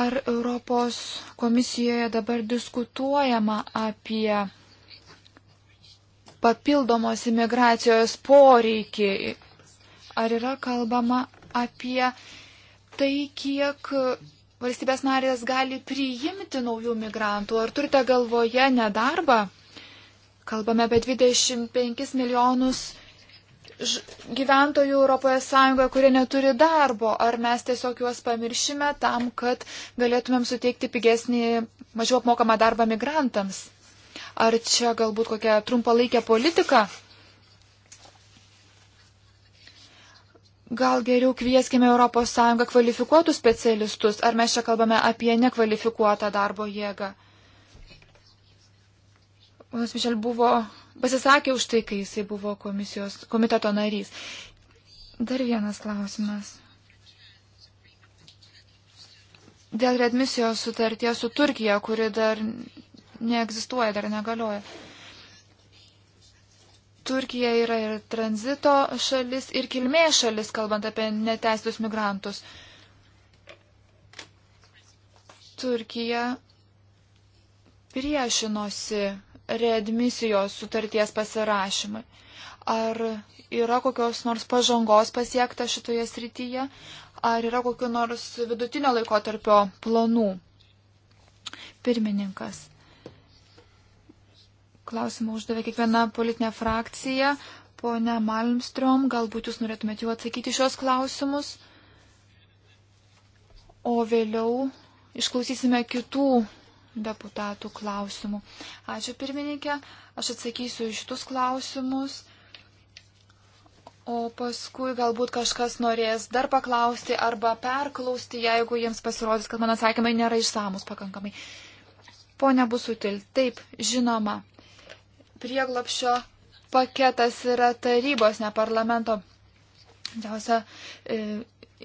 Ar Europos komisijoje dabar diskutuojama apie papildomos imigracijos poreikį? Ar yra kalbama apie tai, kiek valstybės narės gali priimti naujų migrantų? Ar turite galvoje nedarbą? Kalbame apie 25 milijonus gyventojų Europoje Sąjungoje, kurie neturi darbo. Ar mes tiesiog juos pamiršime tam, kad galėtumėm suteikti pigesnį, mažiau apmokamą darbą migrantams? Ar čia galbūt kokia trumpalaikė politika? Gal geriau kvieskime ES kvalifikuotus specialistus, ar mes čia kalbame apie nekvalifikuotą darbo jėgą? Ponas Mišel buvo, pasisakė už tai, kai jisai buvo komisijos, komiteto narys. Dar vienas klausimas. Dėl redmisijos sutarties su Turkija, kuri dar neegzistuoja, dar negalioja. Turkija yra ir tranzito šalis, ir kilmės šalis, kalbant apie neteistus migrantus. Turkija priešinosi readmisijos sutarties pasirašymui. Ar yra kokios nors pažangos pasiekta šitoje srityje, ar yra kokiu nors vidutinio laikotarpio planų? Pirmininkas klausimą uždavė kiekviena politinė frakcija. Pone Malmstrom, galbūt jūs norėtumėte jau atsakyti šios klausimus, o vėliau išklausysime kitų deputatų klausimų. Ačiū pirmininkė, aš atsakysiu šitus klausimus. O paskui galbūt kažkas norės dar paklausti arba perklausti, jeigu jiems pasirodys, kad mano atsakymai nėra išsamus pakankamai. Pone Busutil, taip, žinoma, prieglopšio paketas yra tarybos, ne parlamento. Džiausia e,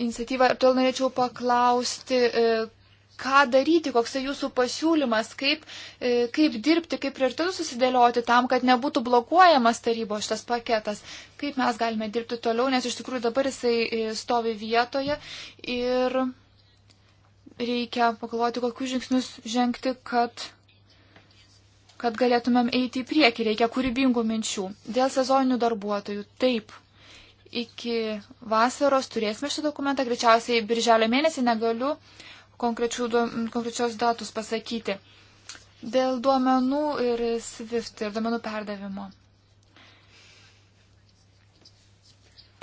iniciatyva. Ir todėl norėčiau paklausti, e, ką daryti, koks tai jūsų pasiūlymas, kaip, e, kaip dirbti, kaip prioritetus susidėlioti tam, kad nebūtų blokuojamas tarybos šitas paketas. Kaip mes galime dirbti toliau, nes iš tikrųjų dabar jisai e, stovi vietoje ir reikia pagalvoti, kokius žingsnius žengti, kad kad galėtumėm eiti į priekį, reikia kūrybingų minčių. Dėl sezoninių darbuotojų, taip, iki vasaros turėsime šitą dokumentą, greičiausiai birželio mėnesį negaliu konkrečios datus pasakyti. Dėl duomenų ir SWIFT ir duomenų perdavimo.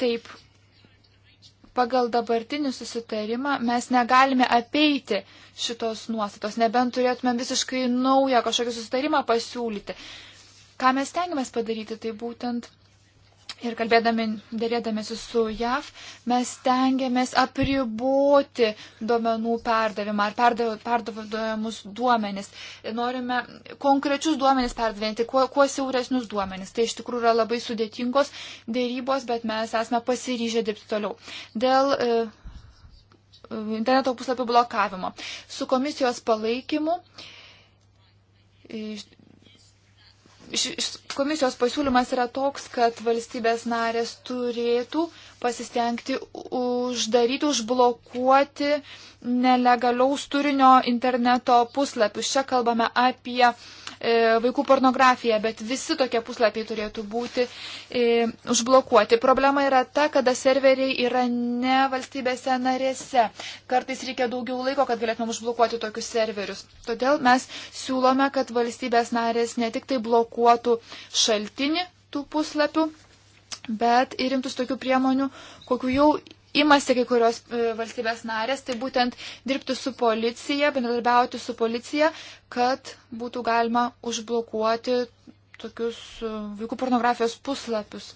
Taip, pagal dabartinį susitarimą mes negalime apeiti šitos nuostatos, nebent turėtume visiškai naują kažkokį susitarimą pasiūlyti. Ką mes tengiamės padaryti, tai būtent Ir kalbėdami, dėrėdamėsi su JAV, mes tengiamės apriboti duomenų perdavimą ar perdavimus duomenis. Norime konkrečius duomenis perdavinti, kuo, kuo siauresnius duomenis. Tai iš tikrųjų yra labai sudėtingos dėrybos, bet mes esame pasiryžę dirbti toliau. Dėl e, interneto puslapio blokavimo. Su komisijos palaikymu. E, komisijos pasiūlymas yra toks, kad valstybės narės turėtų pasistengti uždaryti, užblokuoti nelegaliaus turinio interneto puslapius. Čia kalbame apie E, vaikų pornografiją, bet visi tokie puslapiai turėtų būti e, užblokuoti. Problema yra ta, kada serveriai yra ne valstybėse narėse. Kartais reikia daugiau laiko, kad galėtume užblokuoti tokius serverius. Todėl mes siūlome, kad valstybės narės ne tik tai blokuotų šaltinį tų puslapių, bet ir imtus tokių priemonių, kokiu jau imasi kai kurios e, valstybės narės, tai būtent dirbti su policija, bendradarbiauti su policija, kad būtų galima užblokuoti tokius e, vaikų pornografijos puslapius.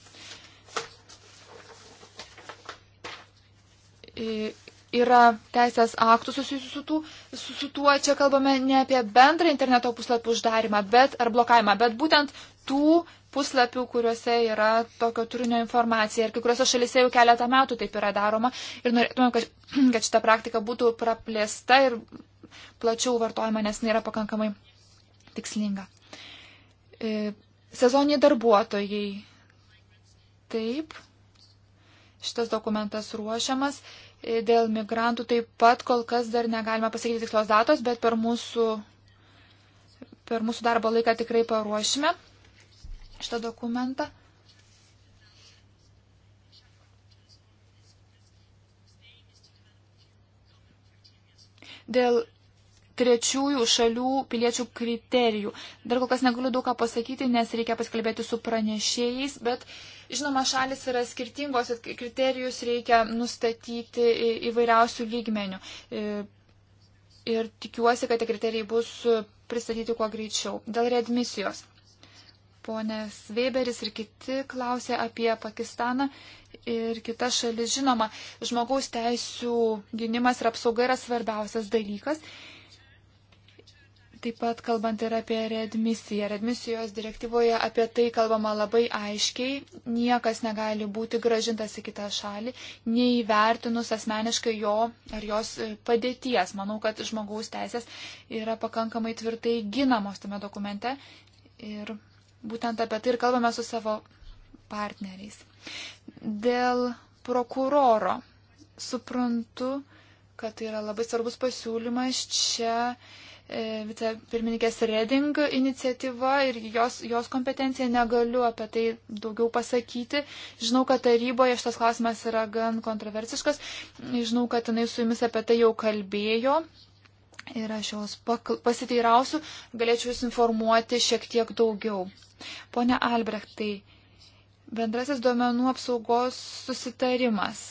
E, yra teisės aktų susijusių su, tų, su, su tuo, čia kalbame ne apie bendrą interneto puslapį uždarimą, bet ar blokavimą, bet būtent tų puslapių, kuriuose yra tokio turinio informacija. Ir kai kuriuose šalise jau keletą metų taip yra daroma. Ir norėtume, kad, kad šita praktika būtų praplėsta ir plačiau vartojama, nes nėra pakankamai tikslinga. E, sezoniniai darbuotojai. Taip. Šitas dokumentas ruošiamas. E, dėl migrantų taip pat kol kas dar negalime pasakyti tikslios datos, bet per mūsų, per mūsų darbo laiką tikrai paruošime šitą dokumentą. Dėl trečiųjų šalių piliečių kriterijų. Dar kol kas negaliu daug ką pasakyti, nes reikia pasikalbėti su pranešėjais, bet žinoma, šalis yra skirtingos ir kriterijus reikia nustatyti įvairiausių lygmenių. E, ir tikiuosi, kad tie kriterijai bus pristatyti kuo greičiau. Dėl readmisijos. Ponės Weberis ir kiti klausė apie Pakistaną ir kitas šalis. Žinoma, žmogaus teisų gynimas ir apsauga yra svarbiausias dalykas. Taip pat kalbant ir apie readmisiją. Readmisijos direktyvoje apie tai kalbama labai aiškiai. Niekas negali būti gražintas į kitą šalį, neįvertinus asmeniškai jo ar jos padėties. Manau, kad žmogaus teisės yra pakankamai tvirtai ginamos tame dokumente. Ir būtent apie tai ir kalbame su savo partneriais. Dėl prokuroro suprantu, kad tai yra labai svarbus pasiūlymas. Čia e, vicepirmininkės Reding iniciatyva ir jos, jos kompetencija negaliu apie tai daugiau pasakyti. Žinau, kad taryboje šitas klausimas yra gan kontroversiškas. Žinau, kad jinai su jumis apie tai jau kalbėjo ir aš jos pasiteirausiu, galėčiau jūs informuoti šiek tiek daugiau. Pone Albrechtai, bendrasis duomenų apsaugos susitarimas.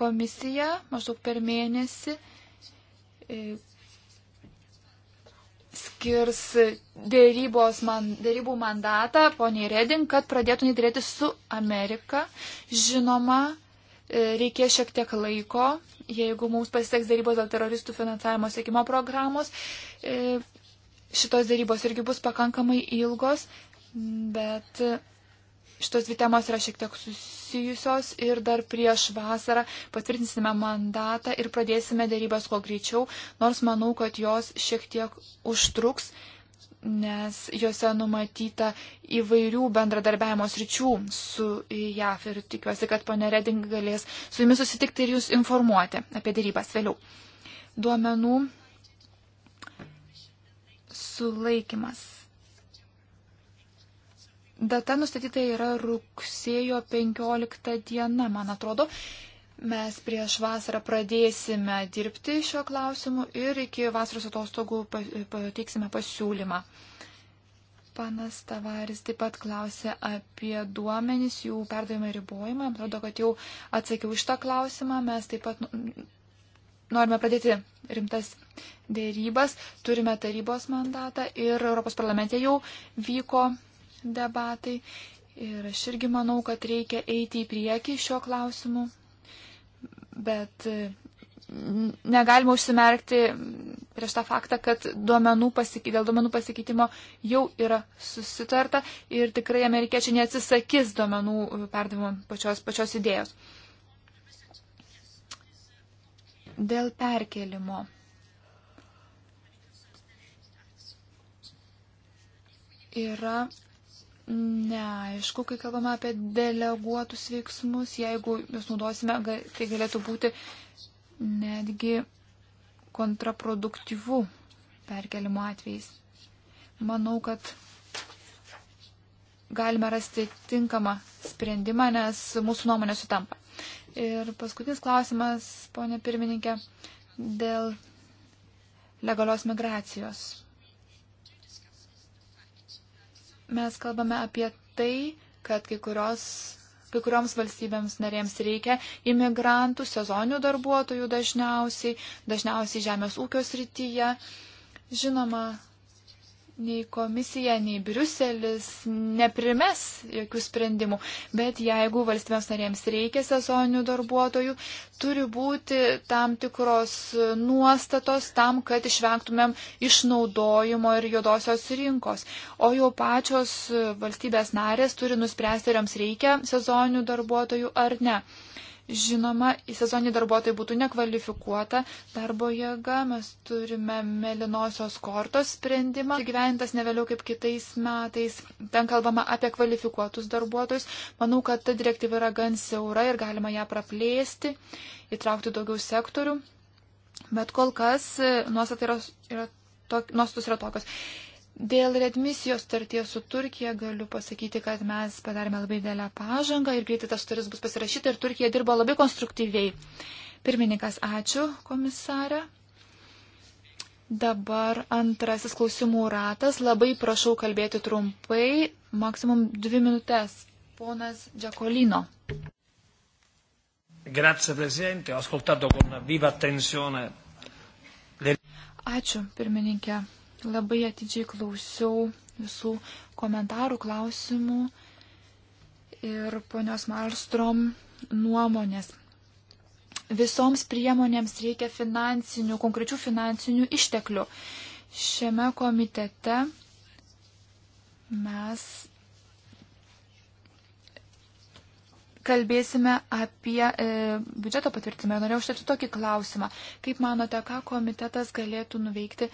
Komisija maždaug per mėnesį e, skirs dėrybos man, dėrybų mandatą poniai Redin, kad pradėtų nedėrėti su Amerika. Žinoma, E, reikės šiek tiek laiko, jeigu mums pasiseks darybos dėl teroristų finansavimo sėkimo programos. E, šitos darybos irgi bus pakankamai ilgos, bet e, šitos dvi temos yra šiek tiek susijusios ir dar prieš vasarą patvirtinsime mandatą ir pradėsime darybas kuo greičiau, nors manau, kad jos šiek tiek užtruks nes juose numatyta įvairių bendradarbiavimo sričių su JAF ir tikiuosi, kad ponė Reding galės su jumis susitikti ir jūs informuoti apie dėrybas vėliau. Duomenų sulaikimas. Data nustatyta yra rugsėjo 15 diena, man atrodo. Mes prieš vasarą pradėsime dirbti šio klausimu ir iki vasaros atostogų pateiksime pasiūlymą. Panas Tavaris taip pat klausė apie duomenis, jų perdavimą ir ribojimą. Atrodo, kad jau atsakiau iš tą klausimą. Mes taip pat norime pradėti rimtas dėrybas. Turime tarybos mandatą ir Europos parlamente jau vyko debatai. Ir aš irgi manau, kad reikia eiti į priekį šiuo klausimu bet e, negalima užsimerkti prieš tą faktą, kad duomenų pasike, dėl duomenų pasikeitimo jau yra susitarta ir tikrai amerikiečiai neatsisakys duomenų e, perdavimo pačios, pačios idėjos. Dėl perkelimo. Yra neaišku, kai kalbame apie deleguotus veiksmus, jeigu juos naudosime, tai galėtų būti netgi kontraproduktyvų perkelimo atvejais. Manau, kad galime rasti tinkamą sprendimą, nes mūsų nuomonė sutampa. Ir paskutinis klausimas, ponė pirmininkė, dėl legalios migracijos Mes kalbame apie tai, kad kai, kurios, kai kurioms valstybėms narėms reikia imigrantų, sezoninių darbuotojų dažniausiai, dažniausiai žemės ūkio srityje. Žinoma, nei komisija, nei Briuselis neprimes jokių sprendimų. Bet jeigu valstybėms narėms reikia sezoninių darbuotojų, turi būti tam tikros nuostatos tam, kad išvengtumėm išnaudojimo ir juodosios rinkos. O jau pačios valstybės narės turi nuspręsti, ar joms reikia sezoninių darbuotojų ar ne. Žinoma, į sezoninį darbuotojai būtų nekvalifikuota darbo jėga, mes turime melinosios kortos sprendimą, gyventas ne vėliau kaip kitais metais, ten kalbama apie kvalifikuotus darbuotojus. Manau, kad ta direktyva yra gan siaura ir galima ją praplėsti, įtraukti daugiau sektorių, bet kol kas nuostatos yra, yra, tok, nuostatos yra tokios. Dėl redmisijos starties su Turkija galiu pasakyti, kad mes padarėme labai didelę pažangą ir greitai tas sutartis bus pasirašyta ir Turkija dirbo labai konstruktyviai. Pirmininkas, ačiū komisarė. Dabar antrasis klausimų ratas. Labai prašau kalbėti trumpai, maksimum dvi minutės. Ponas Džekolino. Grazie, prezidente. Ho ascoltato con viva attenzione. Ačiū, pirmininkė Labai atidžiai klausiau visų komentarų, klausimų ir ponios Marstrom nuomonės. Visoms priemonėms reikia finansinių, konkrečių finansinių išteklių. Šiame komitete mes kalbėsime apie e, biudžeto patvirtinimą. Norėjau užduoti tokį klausimą. Kaip manote, ką komitetas galėtų nuveikti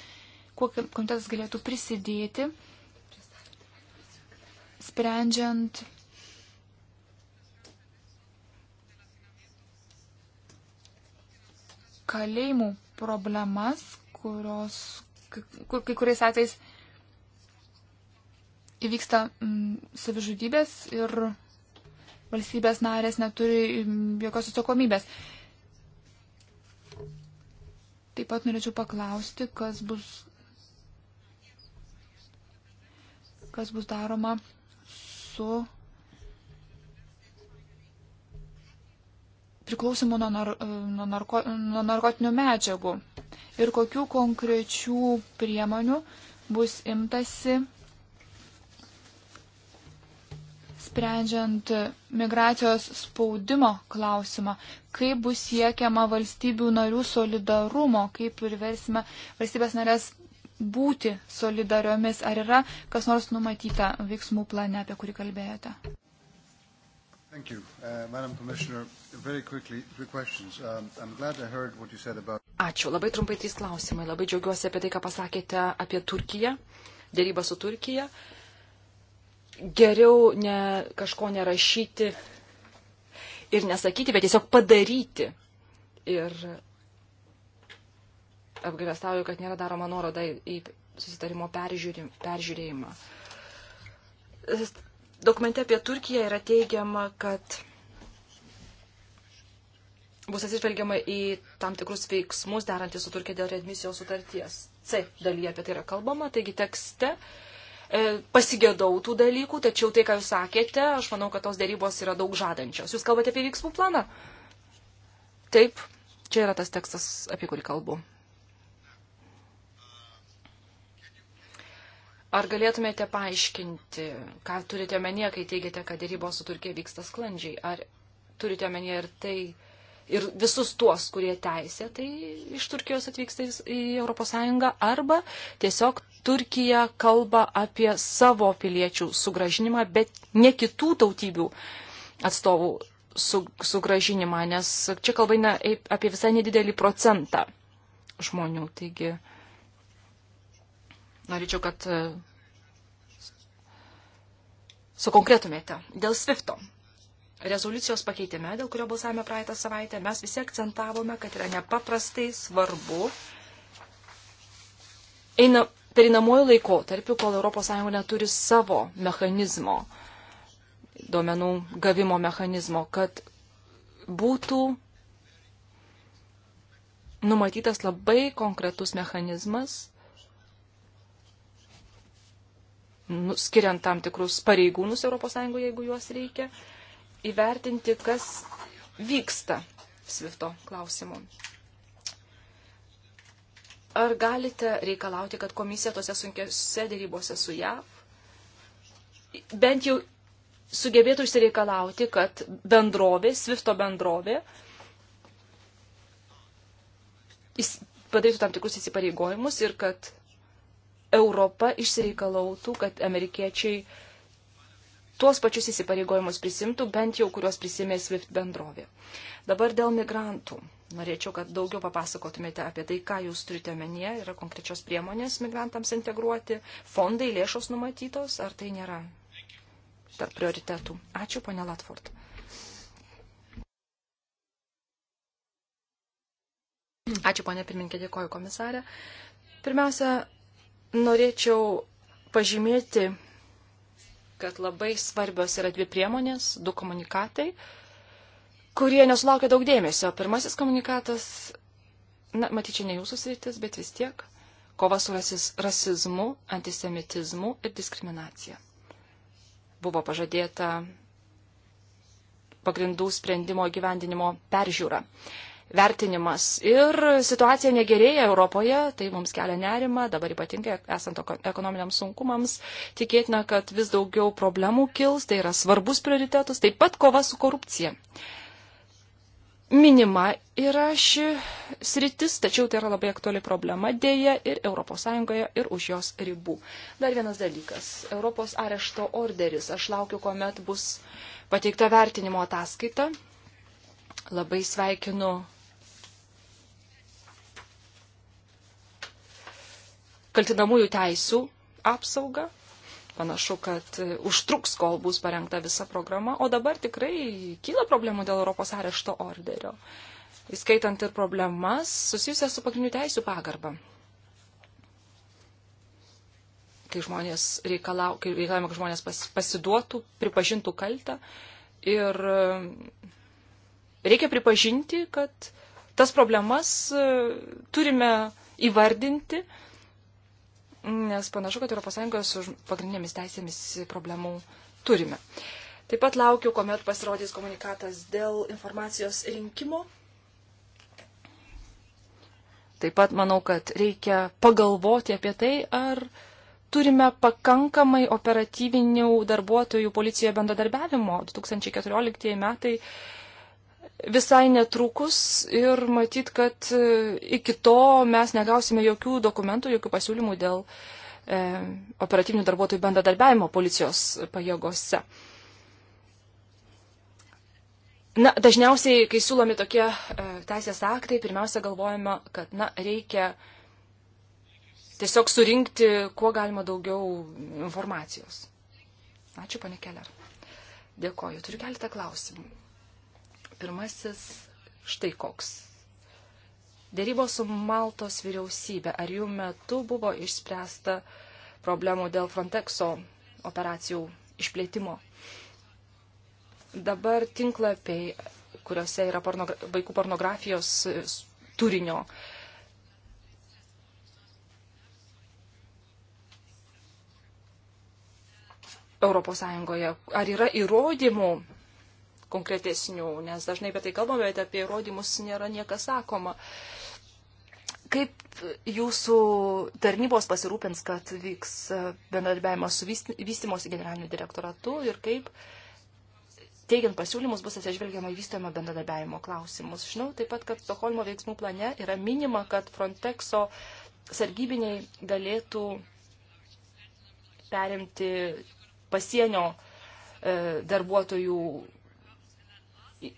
kuo komitetas galėtų prisidėti, sprendžiant kalėjimų problemas, kurios kur, kai kuriais atvejais įvyksta m, mm, savižudybės ir valstybės narės neturi mm, jokios atsakomybės. Taip pat norėčiau paklausti, kas bus kas bus daroma su priklausimu nuo, nar, nuo, narko, nuo narkotinių medžiagų ir kokių konkrečių priemonių bus imtasi sprendžiant migracijos spaudimo klausimą, kaip bus siekiama valstybių narių solidarumo, kaip priversime valstybės narės būti solidariomis. Ar yra kas nors numatyta veiksmų plane, apie kurį kalbėjote? Thank you, uh, Madam Commissioner. Very quickly, three questions. Um, I'm glad I heard what you said about. Ačiū. Labai trumpai trys klausimai. Labai džiaugiuosi apie tai, ką pasakėte apie Turkiją, dėrybą su Turkija. Geriau ne, kažko nerašyti ir nesakyti, bet tiesiog padaryti. Ir apgailestauju, kad nėra daroma nuoroda į susitarimo peržiūrėjimą. Dokumente apie Turkiją yra teigiama, kad bus atsižvelgiama į tam tikrus veiksmus derantys su Turkija dėl readmisijos sutarties. C dalyje apie tai yra kalbama, taigi tekste e, pasigėdau tų dalykų, tačiau tai, ką jūs sakėte, aš manau, kad tos dėrybos yra daug žadančios. Jūs kalbate apie veiksmų planą? Taip, čia yra tas tekstas, apie kurį kalbu. Ar galėtumėte paaiškinti, ką turite omenyje, kai teigiate, kad dėrybos su Turkija vyksta sklandžiai? Ar turite omenyje ir tai, ir visus tuos, kurie teisė, tai iš Turkijos atvyksta į ES, arba tiesiog Turkija kalba apie savo piliečių sugražinimą, bet ne kitų tautybių atstovų su, sugražinimą, nes čia kalba eina apie visai nedidelį procentą žmonių. Taigi, uh, Norėčiau, kad e, sukonkretumėte. Dėl Svifto. Rezoliucijos pakeitime, dėl kurio balsavome praeitą savaitę, mes visi akcentavome, kad yra nepaprastai svarbu eina perinamuoju laikotarpiu, kol ES neturi savo mechanizmo, duomenų gavimo mechanizmo, kad būtų numatytas labai konkretus mechanizmas, Nu, skiriant tam tikrus pareigūnus ES, jeigu juos reikia, įvertinti, kas vyksta Svifto klausimu. Ar galite reikalauti, kad komisija tose sunkiose dėrybose su JAV bent jau sugebėtų išsireikalauti, kad bendrovė, Svifto bendrovė, padarytų tam tikrus įsipareigojimus ir kad Europa išsireikalautų, kad amerikiečiai tuos pačius įsipareigojimus prisimtų, bent jau kuriuos prisimė SWIFT bendrovė. Dabar dėl migrantų. Norėčiau, kad daugiau papasakotumėte apie tai, ką jūs turite omenyje, yra konkrečios priemonės migrantams integruoti, fondai lėšos numatytos, ar tai nėra tarp prioritetų. Ačiū, ponė Latford. Ačiū, ponė pirminkė, dėkoju komisarė. Pirmiausia, Norėčiau pažymėti, kad labai svarbios yra dvi priemonės, du komunikatai, kurie nesulaukia daug dėmesio. Pirmasis komunikatas, na, matyčiau, ne jūsų sritis, bet vis tiek - kova su rasis, rasizmu, antisemitizmu ir diskriminacija. Buvo pažadėta pagrindų sprendimo gyvendinimo peržiūra vertinimas. Ir situacija negerėja Europoje, tai mums kelia nerima, dabar ypatingai esant ekonominiams sunkumams, tikėtina, kad vis daugiau problemų kils, tai yra svarbus prioritetus, taip pat kova su korupcija. Minima yra ši sritis, tačiau tai yra labai aktuali problema dėja ir ES ir už jos ribų. Dar vienas dalykas. Europos arešto orderis. Aš laukiu, kuomet bus pateikta vertinimo ataskaita labai sveikinu kaltinamųjų teisų apsaugą. Panašu, kad e, užtruks, kol bus parengta visa programa, o dabar tikrai kyla problemų dėl Europos arešto orderio, įskaitant ir problemas susijusias su pagrindinių teisų pagarba. Kai žmonės reikalau, kai reikalavimą, kad žmonės pas, pasiduotų, pripažintų kaltą ir e, reikia pripažinti, kad tas problemas e, turime įvardinti, nes panašu, kad ES su pagrindinėmis teisėmis problemų turime. Taip pat laukiu, kuomet pasirodys komunikatas dėl informacijos rinkimo. Taip pat manau, kad reikia pagalvoti apie tai, ar turime pakankamai operatyvinių darbuotojų policijoje bendradarbiavimo. 2014 metai visai netrukus ir matyt, kad e, iki to mes negausime jokių dokumentų, jokių pasiūlymų dėl e, operatyvinių darbuotojų bendradarbiavimo policijos pajėgose. Na, dažniausiai, kai siūlomi tokie e, teisės aktai, pirmiausia galvojama, kad, na, reikia tiesiog surinkti kuo galima daugiau informacijos. Ačiū, pane Keller. Dėkoju. Turiu keletą klausimų. Pirmasis štai koks. Dėrybos su Maltos vyriausybė, ar jų metu buvo išspręsta problemų dėl Frontexo operacijų išplėtimo? Dabar tinklapiai, kuriuose yra pornogra vaikų pornografijos turinio, Europos Sąjungoje. Ar yra įrodymų, konkretesnių, nes dažnai apie tai kalbame, bet apie įrodymus nėra niekas sakoma. Kaip jūsų tarnybos pasirūpins, kad vyks bendradarbiavimas su vystimosi generaliniu direktoratu ir kaip teigiant pasiūlymus bus atsižvelgiama į vystojimo bendradarbiavimo klausimus. Žinau taip pat, kad Stokholmo veiksmų plane yra minima, kad Frontexo sargybiniai galėtų perimti pasienio e, darbuotojų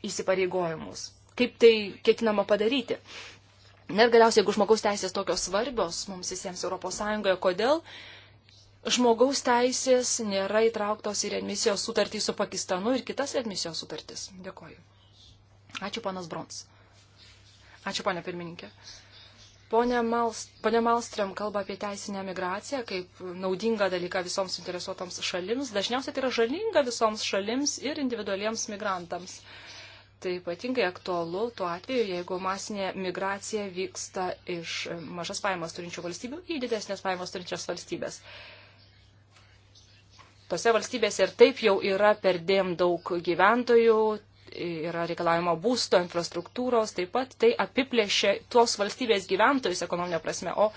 įsipareigojimus. Kaip tai ketinama padaryti? Net galiausiai, jeigu žmogaus teisės tokios svarbios mums visiems ES, kodėl žmogaus teisės nėra įtrauktos į admisijos sutartį su Pakistanu ir kitas admisijos sutartis? Dėkoju. Ačiū, panas Brons. Ačiū, ponė pirmininkė. Pone, Malst, pone Malstrom kalba apie teisinę migraciją kaip naudingą dalyką visoms interesuotoms šalims. Dažniausiai tai yra žalinga visoms šalims ir individualiems migrantams. Uh, Tai ypatingai aktualu tuo atveju, jeigu masinė migracija vyksta iš mažas pajamas turinčių valstybių į didesnės pajamas turinčias valstybės. Tose valstybėse ir taip jau yra perdėm daug gyventojų, yra reikalavimo būsto, infrastruktūros, taip pat tai apiplėšia tuos valstybės gyventojus ekonominė prasme, o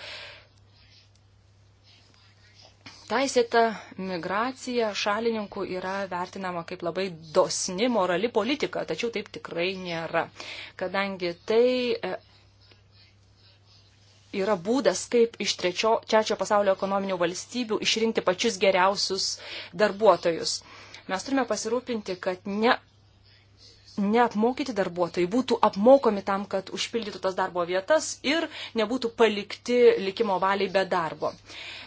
Teisėta migracija šalininkų yra vertinama kaip labai dosni morali politika, tačiau taip tikrai nėra, kadangi tai e, yra būdas, kaip iš trečio, trečio pasaulio ekonominių valstybių išrinkti pačius geriausius darbuotojus. Mes turime pasirūpinti, kad ne neapmokyti darbuotojai būtų apmokomi tam, kad užpildytų tas darbo vietas ir nebūtų palikti likimo valiai be darbo.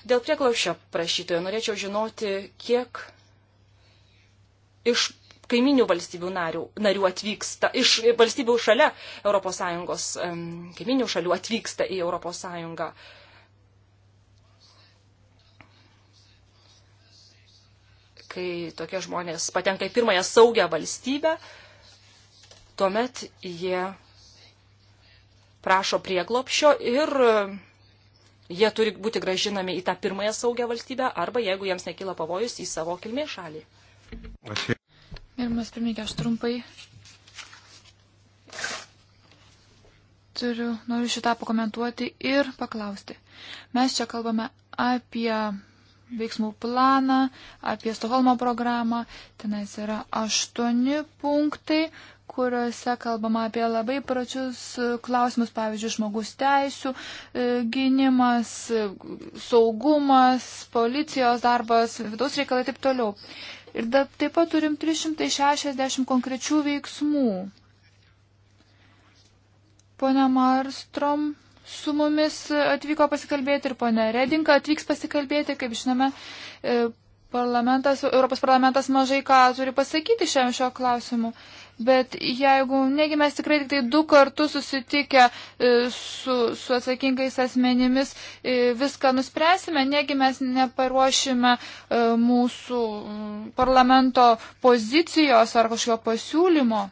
Dėl prieklaušio prašytojo norėčiau žinoti, kiek iš kaiminių valstybių narių, narių atvyksta, iš valstybių šalia ES, kaiminių šalių atvyksta į ES. Kai tokie žmonės patenka į pirmąją saugią valstybę, uh, tuomet jie prašo prieglopšio ir e, jie turi būti gražinami į tą pirmąją saugią valstybę arba, jeigu jiems nekyla pavojus, į savo kilmės šalį. Gerbiamas pirmininkė, aš trumpai turiu, noriu šitą pakomentuoti ir paklausti. Mes čia kalbame apie veiksmų planą, apie Stoholmo programą. Tenais yra aštuoni punktai, kuriuose kalbama apie labai pračius klausimus, pavyzdžiui, žmogus teisų e, gynimas, saugumas, policijos darbas, vidaus reikalai ir taip toliau. Ir da, taip pat turim 360 konkrečių veiksmų. Pone Marstrom su mumis atvyko pasikalbėti ir pone Redinka atvyks pasikalbėti, kaip žinome, e, parlamentas, Europos parlamentas mažai ką turi pasakyti šiam šio klausimu. Bet jeigu, negi mes tikrai tik tai du kartus susitikę e, su, su atsakingais asmenimis e, viską nuspręsime, negi mes neparuošime e, mūsų parlamento pozicijos ar kažkokio pasiūlymo.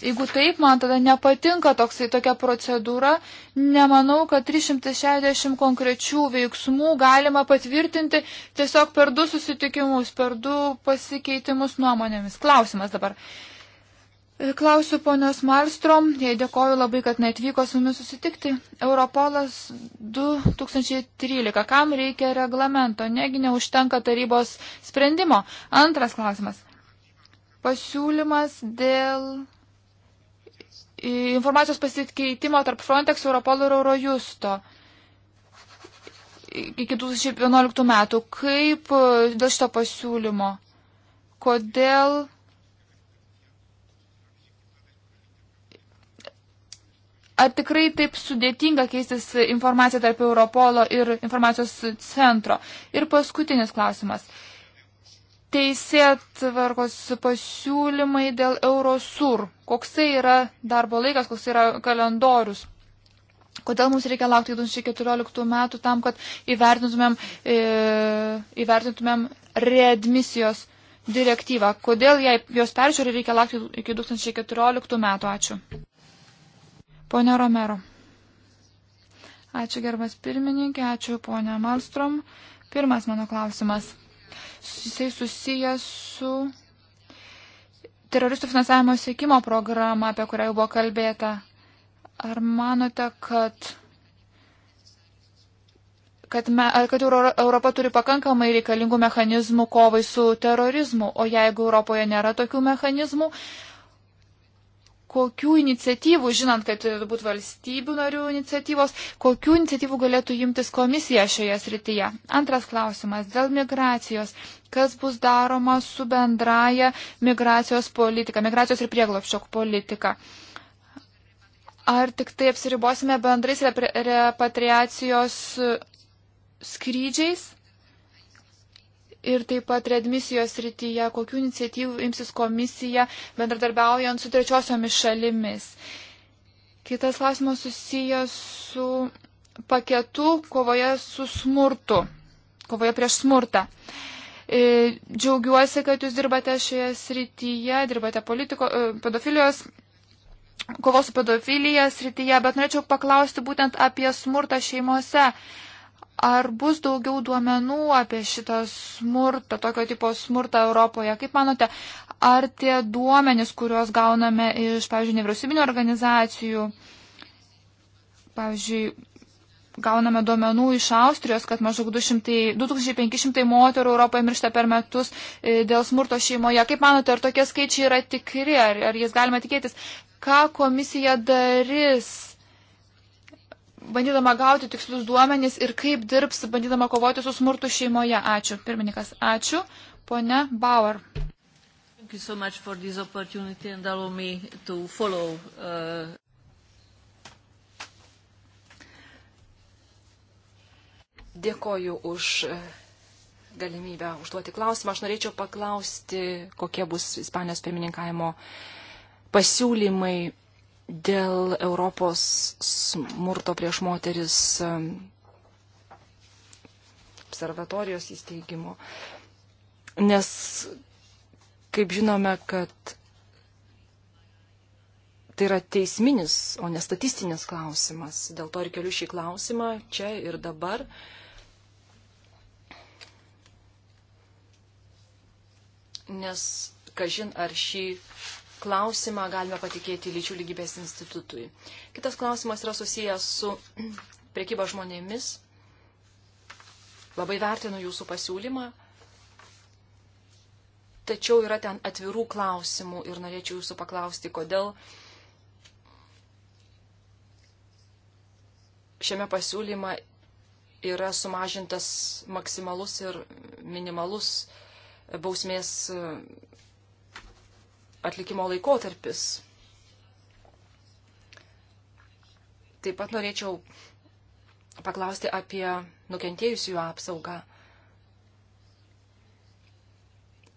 Jeigu taip, man tada nepatinka toksai tokia procedūra, nemanau, kad 360 konkrečių veiksmų galima patvirtinti tiesiog per du susitikimus, per du pasikeitimus nuomonėmis. Klausimas dabar. E, klausiu ponios Marstrom, jai dėkoju labai, kad netvyko su mumis susitikti. Europolas 2013. Kam reikia reglamento? Negi neužtenka tarybos sprendimo. Antras klausimas. Pasiūlymas dėl informacijos pasikeitimo tarp Frontex, Europol ir Eurojusto iki 2011 metų. Kaip e, dėl šito pasiūlymo? Kodėl Ar tikrai taip sudėtinga keistis informacija tarp Europolo ir informacijos centro? Ir paskutinis klausimas teisėtvarkos pasiūlymai dėl Eurosur. Koksai yra darbo laikas, koks tai yra kalendorius. Kodėl mums reikia laukti 2014 metų tam, kad įvertintumėm, e, įvertintumėm readmisijos direktyvą? Kodėl jai, jos peržiūrį reikia laukti iki 2014 metų? Ačiū. Pone Romero. Ačiū gerbas pirmininkė, ačiū ponia Malstrom. Pirmas mano klausimas. Jisai susijęs su teroristų finansavimo sėkimo programa, apie kurią jau buvo kalbėta. Ar manote, kad, kad, me, kad Euro, Europa turi pakankamai reikalingų mechanizmų kovai su terorizmu, o jeigu Europoje nėra tokių mechanizmų, kokių iniciatyvų, žinant, kad turbūt valstybių narių iniciatyvos, kokių iniciatyvų galėtų imtis komisija šioje srityje. Antras klausimas dėl migracijos. Kas bus daroma su bendraja migracijos politika, migracijos ir prieglopščio politika? Ar tik tai apsiribosime bendrais repatriacijos skrydžiais? ir taip pat redmisijos rytyje, kokių iniciatyvų imsis komisija bendradarbiaujant su trečiosiomis šalimis. Kitas klausimas susijęs su paketu kovoje su smurtu, kovoje prieš smurtą. E, džiaugiuosi, kad jūs dirbate šioje srityje, dirbate politiko, e, pedofilijos kovos su pedofilija srityje, bet norėčiau paklausti būtent apie smurtą šeimose. Ar bus daugiau duomenų apie šitą smurtą, tokio tipo smurtą Europoje? Kaip manote, ar tie duomenys, kuriuos gauname iš, pavyzdžiui, nevyriausybinio organizacijų, pavyzdžiui, gauname duomenų iš Austrijos, kad maždaug 200, 2500 moterų Europoje miršta per metus e, dėl smurto šeimoje. Kaip manote, ar tokie skaičiai yra tikri, ar, ar jais galima tikėtis? Ką komisija darys bandydama gauti tikslius duomenys ir kaip dirbs, bandydama kovoti su smurtu šeimoje. Ačiū. Pirmininkas, ačiū. Pone Bauer. So follow, uh... Dėkoju už uh, galimybę užduoti klausimą. Aš norėčiau paklausti, kokie bus Ispanijos pirmininkavimo pasiūlymai dėl Europos smurto prieš moteris observatorijos įsteigimo. Nes, kaip žinome, kad tai yra teisminis, o ne statistinis klausimas. Dėl to ir keliu šį klausimą čia ir dabar. Nes, kažin, ar šį klausimą galime patikėti lyčių lygybės institutui. Kitas klausimas yra susijęs su priekyba žmonėmis. Labai vertinu jūsų pasiūlymą, tačiau yra ten atvirų klausimų ir norėčiau jūsų paklausti, kodėl šiame pasiūlyme yra sumažintas maksimalus ir minimalus bausmės atlikimo laikotarpis. Taip pat norėčiau paklausti apie nukentėjusiųjų apsaugą.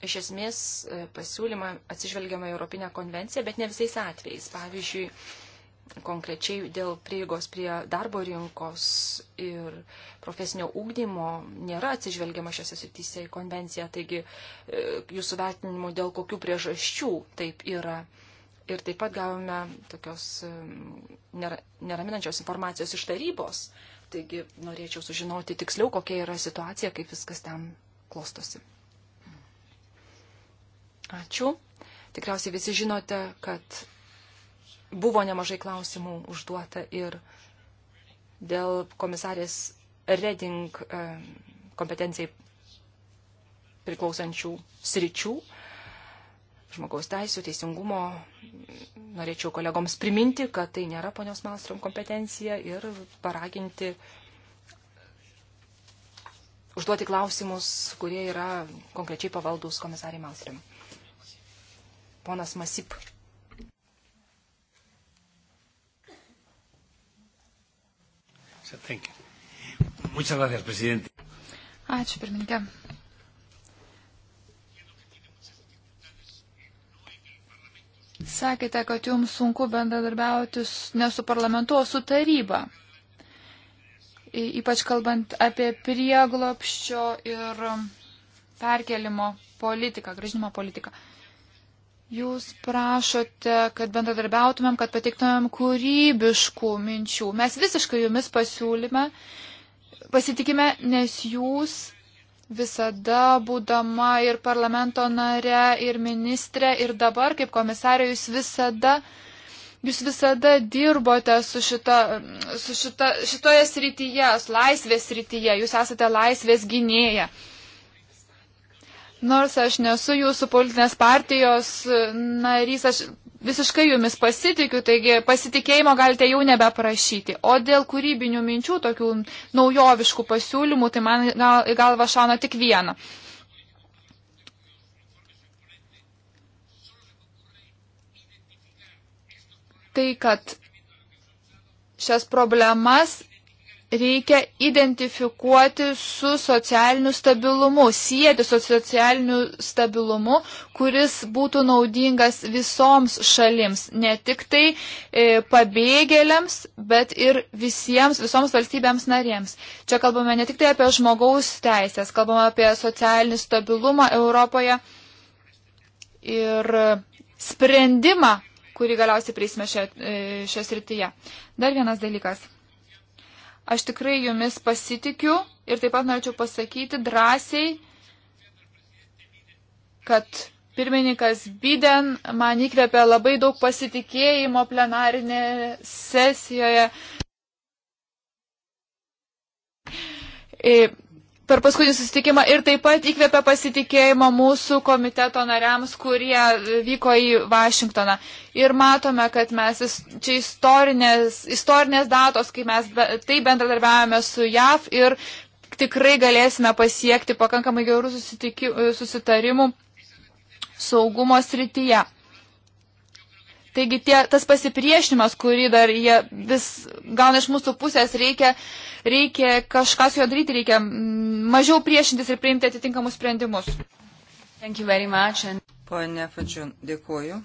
Iš esmės e, pasiūlymą atsižvelgiama Europinę konvenciją, bet ne visais atvejais. Pavyzdžiui, konkrečiai dėl prieigos prie darbo rinkos ir profesinio ūkdymo nėra atsižvelgiama šiose srityse į konvenciją. Taigi, e, jūsų vertinimu, dėl kokių priežasčių taip yra. Ir taip pat gavome tokios e, neraminančios informacijos iš tarybos. Taigi, norėčiau sužinoti tiksliau, kokia yra situacija, kaip viskas ten klostosi. Ačiū. Tikriausiai visi žinote, kad buvo nemažai klausimų užduota ir dėl komisarės Reding e, kompetencijai priklausančių sričių, žmogaus teisų, teisingumo. Norėčiau kolegoms priminti, kad tai nėra ponios Malstrom kompetencija ir paraginti užduoti klausimus, kurie yra konkrečiai pavaldus komisariai Malstrom. Ponas Masip Ačiū, pirmininkė. Sakėte, kad jums sunku bendradarbiauti ne su parlamentu, o su taryba. Ypač kalbant apie prieglopščio ir perkelimo politiką, gražinimo politiką. Uh, Jūs prašote, kad bendradarbiautumėm, kad pateiktumėm kūrybiškų minčių. Mes visiškai jumis pasiūlyme, pasitikime, nes jūs visada būdama ir parlamento nare, ir ministrė, ir dabar kaip komisarė, jūs visada, jūs visada dirbote su, šita, su šita, šitoje srityje, laisvės srityje, jūs esate laisvės gynėja. Nors aš nesu jūsų politinės partijos e, narys, aš visiškai jumis pasitikiu, taigi pasitikėjimo galite jau nebeprašyti. O dėl kūrybinių minčių, tokių naujoviškų pasiūlymų, tai man gal, galva šauna tik vieną. Tai, kad šias problemas reikia identifikuoti su socialiniu stabilumu, sieti su socialiniu stabilumu, kuris būtų naudingas visoms šalims, ne tik tai e, pabėgėliams, bet ir visiems, visoms valstybėms narėms. Čia kalbame ne tik tai apie žmogaus teisės, kalbame apie socialinį stabilumą Europoje ir sprendimą kurį galiausiai prieisime šią e, srityje. Dar vienas dalykas. Aš tikrai jumis pasitikiu ir taip pat norėčiau pasakyti drąsiai, kad pirmininkas Biden man įkvėpė labai daug pasitikėjimo plenarinėje sesijoje. E, per paskutinį susitikimą ir taip pat įkvėpė pasitikėjimą mūsų komiteto nariams, kurie e, vyko į Vašingtoną. Ir matome, kad mes čia istorinės, istorinės datos, kai mes be, tai bendradarbiavame su JAV ir tikrai galėsime pasiekti pakankamai gerų susitarimų saugumo srityje. Taigi tie, tas pasipriešinimas, kurį dar jie vis gauna iš mūsų pusės, reikia, reikia kažką su juo daryti, reikia mažiau priešintis ir priimti atitinkamus sprendimus. And... Pone Fadžiun, dėkoju.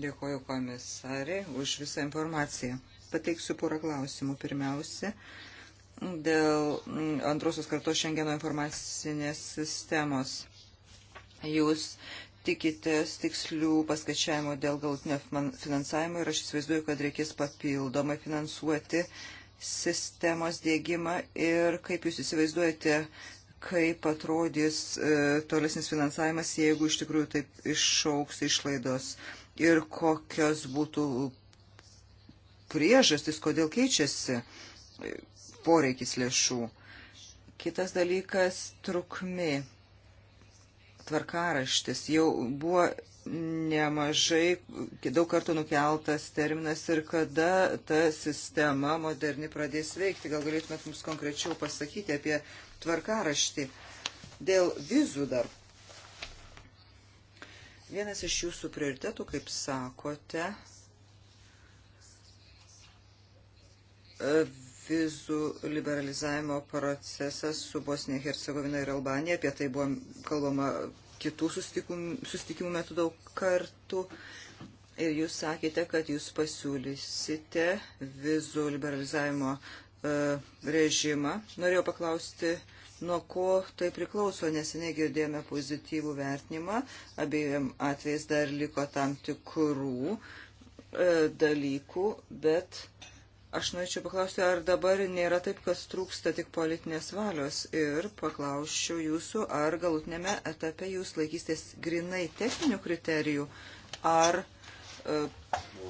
Dėkoju komisarė už visą informaciją. Pateiksiu porą klausimų. Pirmiausia, dėl antrosios kartos šengeno informacinės sistemos. Jūs tikitės tikslių paskaičiavimo dėl galutinio finansavimo ir aš įsivaizduoju, kad reikės papildomai finansuoti sistemos dėgymą ir kaip jūs įsivaizduojate, kaip atrodys e, tolesnis finansavimas, jeigu iš tikrųjų taip išauks išlaidos ir kokios būtų priežastis, kodėl keičiasi e, poreikis lėšų. Kitas dalykas - trukmė tvarkaraštis. Jau buvo nemažai, daug kartų nukeltas terminas ir kada ta sistema moderni pradės veikti. Gal galėtumėt mums konkrečiau pasakyti apie tvarkaraštį. Dėl vizų dar. Vienas iš jūsų prioritetų, kaip sakote, vizų liberalizavimo procesas su Bosnija, Hercegovina ir Albanija. Apie tai buvo kalbama kitų susitikimų metu daug kartų. Ir jūs sakėte, kad jūs pasiūlysite vizų liberalizavimo e, režimą. Norėjau paklausti, nuo ko tai priklauso, neseniai girdėjome pozityvų vertinimą, abiejam atvejais dar liko tam tikrų e, dalykų, bet Aš norėčiau paklausti, ar dabar nėra taip, kas trūksta tik politinės valios ir paklausčiau jūsų, ar galutinėme etape jūs laikysitės grinai techninių kriterijų, ar e,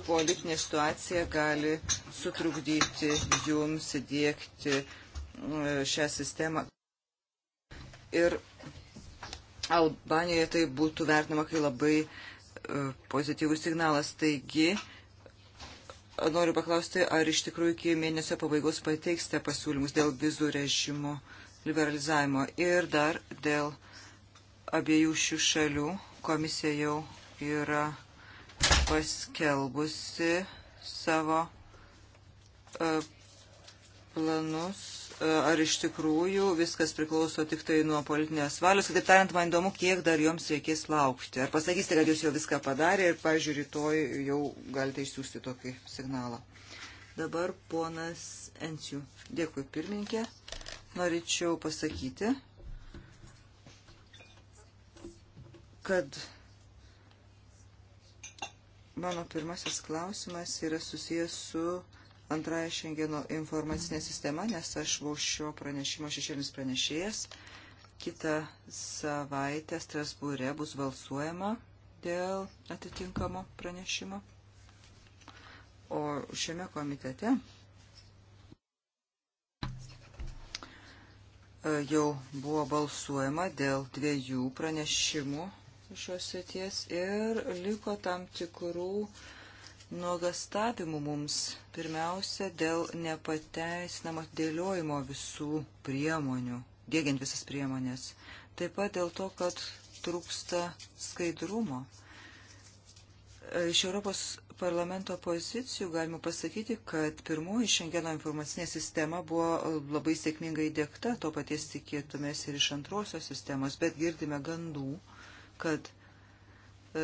politinė situacija gali sutrukdyti jums įdėkti e, šią sistemą. Ir Albanijoje tai būtų vertinama kaip labai e, pozityvus signalas. Taigi, e, noriu paklausti, ar iš tikrųjų iki mėnesio pabaigos pateiksite pasiūlymus dėl vizų režimo liberalizavimo ir dar dėl abiejų šių šalių komisija jau yra paskelbusi savo e, planus ar iš tikrųjų viskas priklauso tik tai nuo politinės valios. Kitaip tariant, man įdomu, kiek dar joms reikės laukti. Ar pasakysite, kad jūs jau viską padarė ir, pavyzdžiui, rytoj jau galite išsiųsti tokį signalą. Dabar ponas Enciu. Dėkui, pirmininkė. Norėčiau pasakyti, kad mano pirmasis klausimas yra susijęs su antrąją Šengeno informacinę sistemą, nes aš buvau šio pranešimo šešėlis pranešėjas. Kita savaitė Strasbūre bus balsuojama dėl atitinkamo pranešimo. O šiame komitete e, jau buvo balsuojama dėl dviejų pranešimų šios sėties ir liko tam tikrų uh, nuogastavimų mums pirmiausia dėl nepateisinamo dėliojimo visų priemonių, dėgiant visas priemonės. Taip pat dėl to, kad trūksta skaidrumo. E, iš Europos parlamento pozicijų galima pasakyti, kad pirmoji Šengeno informacinė sistema buvo labai sėkmingai dėkta, to paties tikėtumės ir iš antrosios sistemos, bet girdime gandų, kad, e,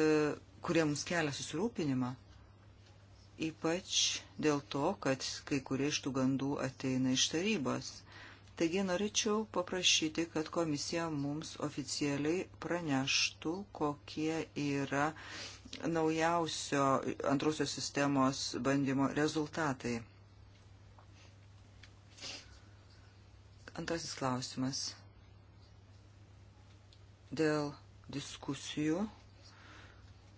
kurie mums kelia susirūpinimą, ypač dėl to, kad kai kurie iš tų gandų ateina iš tarybos. Taigi norėčiau paprašyti, kad komisija mums oficialiai praneštų, kokie yra naujausio antrosios sistemos bandymo rezultatai. Antrasis klausimas. Dėl diskusijų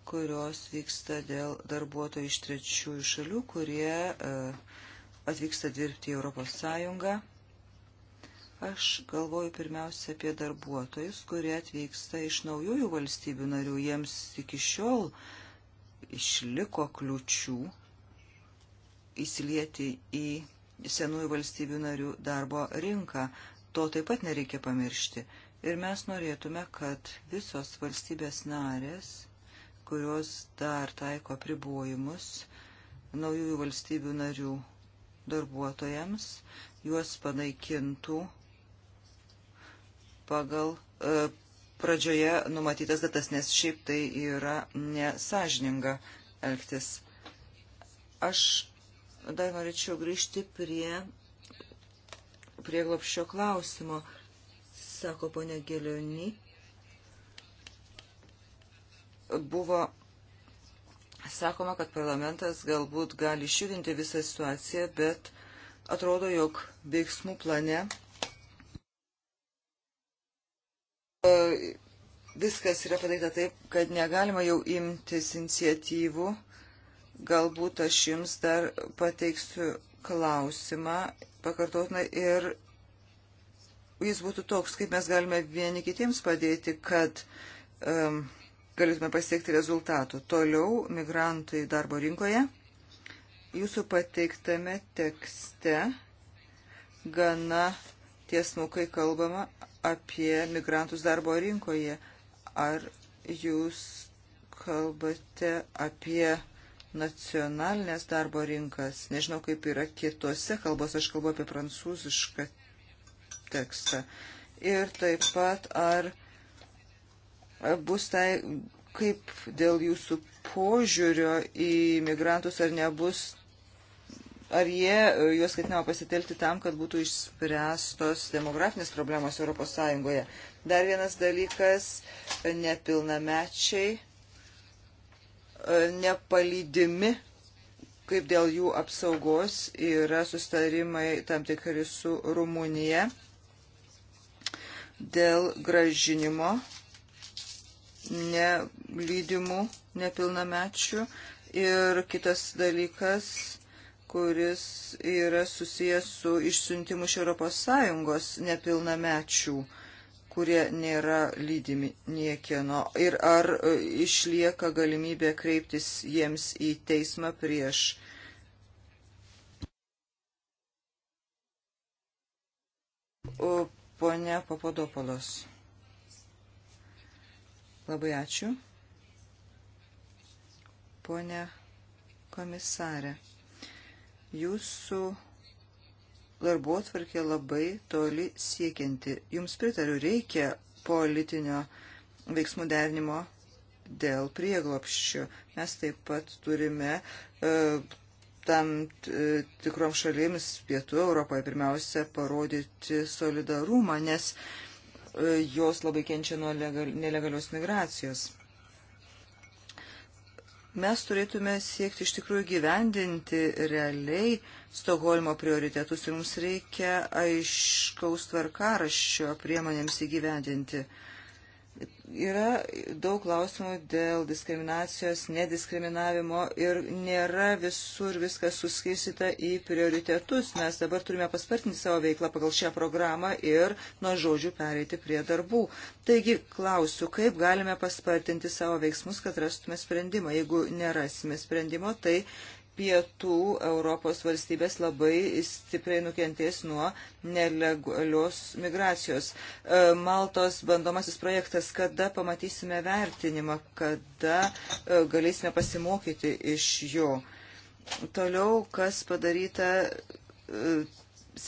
kurios vyksta dėl darbuotojų iš trečiųjų šalių, kurie e, atvyksta dirbti į Europos Sąjungą. Aš galvoju pirmiausia apie darbuotojus, kurie atvyksta iš naujųjų valstybių narių. Jiems iki šiol išliko kliučių įsilieti į senųjų valstybių narių darbo rinką. To taip pat nereikia pamiršti. Ir mes norėtume, kad visos valstybės narės kurios dar taiko pribojimus naujųjų valstybių narių darbuotojams, juos panaikintų pagal e, pradžioje numatytas datas, nes šiaip tai yra nesažininga elgtis. Aš dar norėčiau grįžti prie prieglopščio klausimo, sako ponia Gelioni, buvo sakoma, kad parlamentas galbūt gali išjudinti visą situaciją, bet atrodo, jog veiksmų plane e, viskas yra padaryta taip, kad negalima jau imtis iniciatyvų. Galbūt aš jums dar pateiksiu klausimą pakartotinai ir jis būtų toks, kaip mes galime vieni kitiems padėti, kad um, galėtume pasiekti rezultatų. Toliau migrantai darbo rinkoje. Jūsų pateiktame tekste gana tiesmukai kalbama apie migrantus darbo rinkoje. Ar jūs kalbate apie nacionalinės darbo rinkas? Nežinau, kaip yra kitose kalbos, aš kalbu apie prancūzišką tekstą. Ir taip pat, ar bus tai, kaip dėl jūsų požiūrio į migrantus ar nebus, ar jie e, juos ketinama pasitelkti tam, kad būtų išspręstos demografinės problemos Europos Sąjungoje. Dar vienas dalykas - nepilnamečiai, e, nepalydimi kaip dėl jų apsaugos yra sustarimai tam tikri su Rumunija dėl gražinimo nelydimų nepilnamečių. Ir kitas dalykas, kuris yra susijęs su išsiuntimu iš ES nepilnamečių kurie nėra lydimi niekieno ir ar e, išlieka galimybė kreiptis jiems į teismą prieš Pone Papadopolos. Labai ačiū. Pone komisarė, jūsų darbo atvarkė labai toli siekianti. Jums pritariu, reikia politinio veiksmų derinimo dėl prieglopščių. Mes taip pat turime e, tam e, tikrom šalims pietų Europoje pirmiausia parodyti solidarumą, nes e, jos labai kenčia nuo legal, nelegalios migracijos. Mes turėtume siekti iš tikrųjų gyvendinti realiai Stokholmo prioritetus ir mums reikia aiškaus tvarkaraščio priemonėms įgyvendinti. Uh, Yra daug klausimų dėl diskriminacijos, nediskriminavimo ir nėra visur viskas suskirstyta į prioritetus. Mes dabar turime paspartinti savo veiklą pagal šią programą ir nuo žodžių pereiti prie darbų. Taigi klausiu, kaip galime paspartinti savo veiksmus, kad rastume sprendimą. Jeigu nerasime sprendimo, tai pietų Europos valstybės labai stipriai nukentės nuo nelegalios migracijos. E, Maltos bandomasis projektas, kada pamatysime vertinimą, kada e, galėsime pasimokyti iš jo. Toliau, kas padaryta e,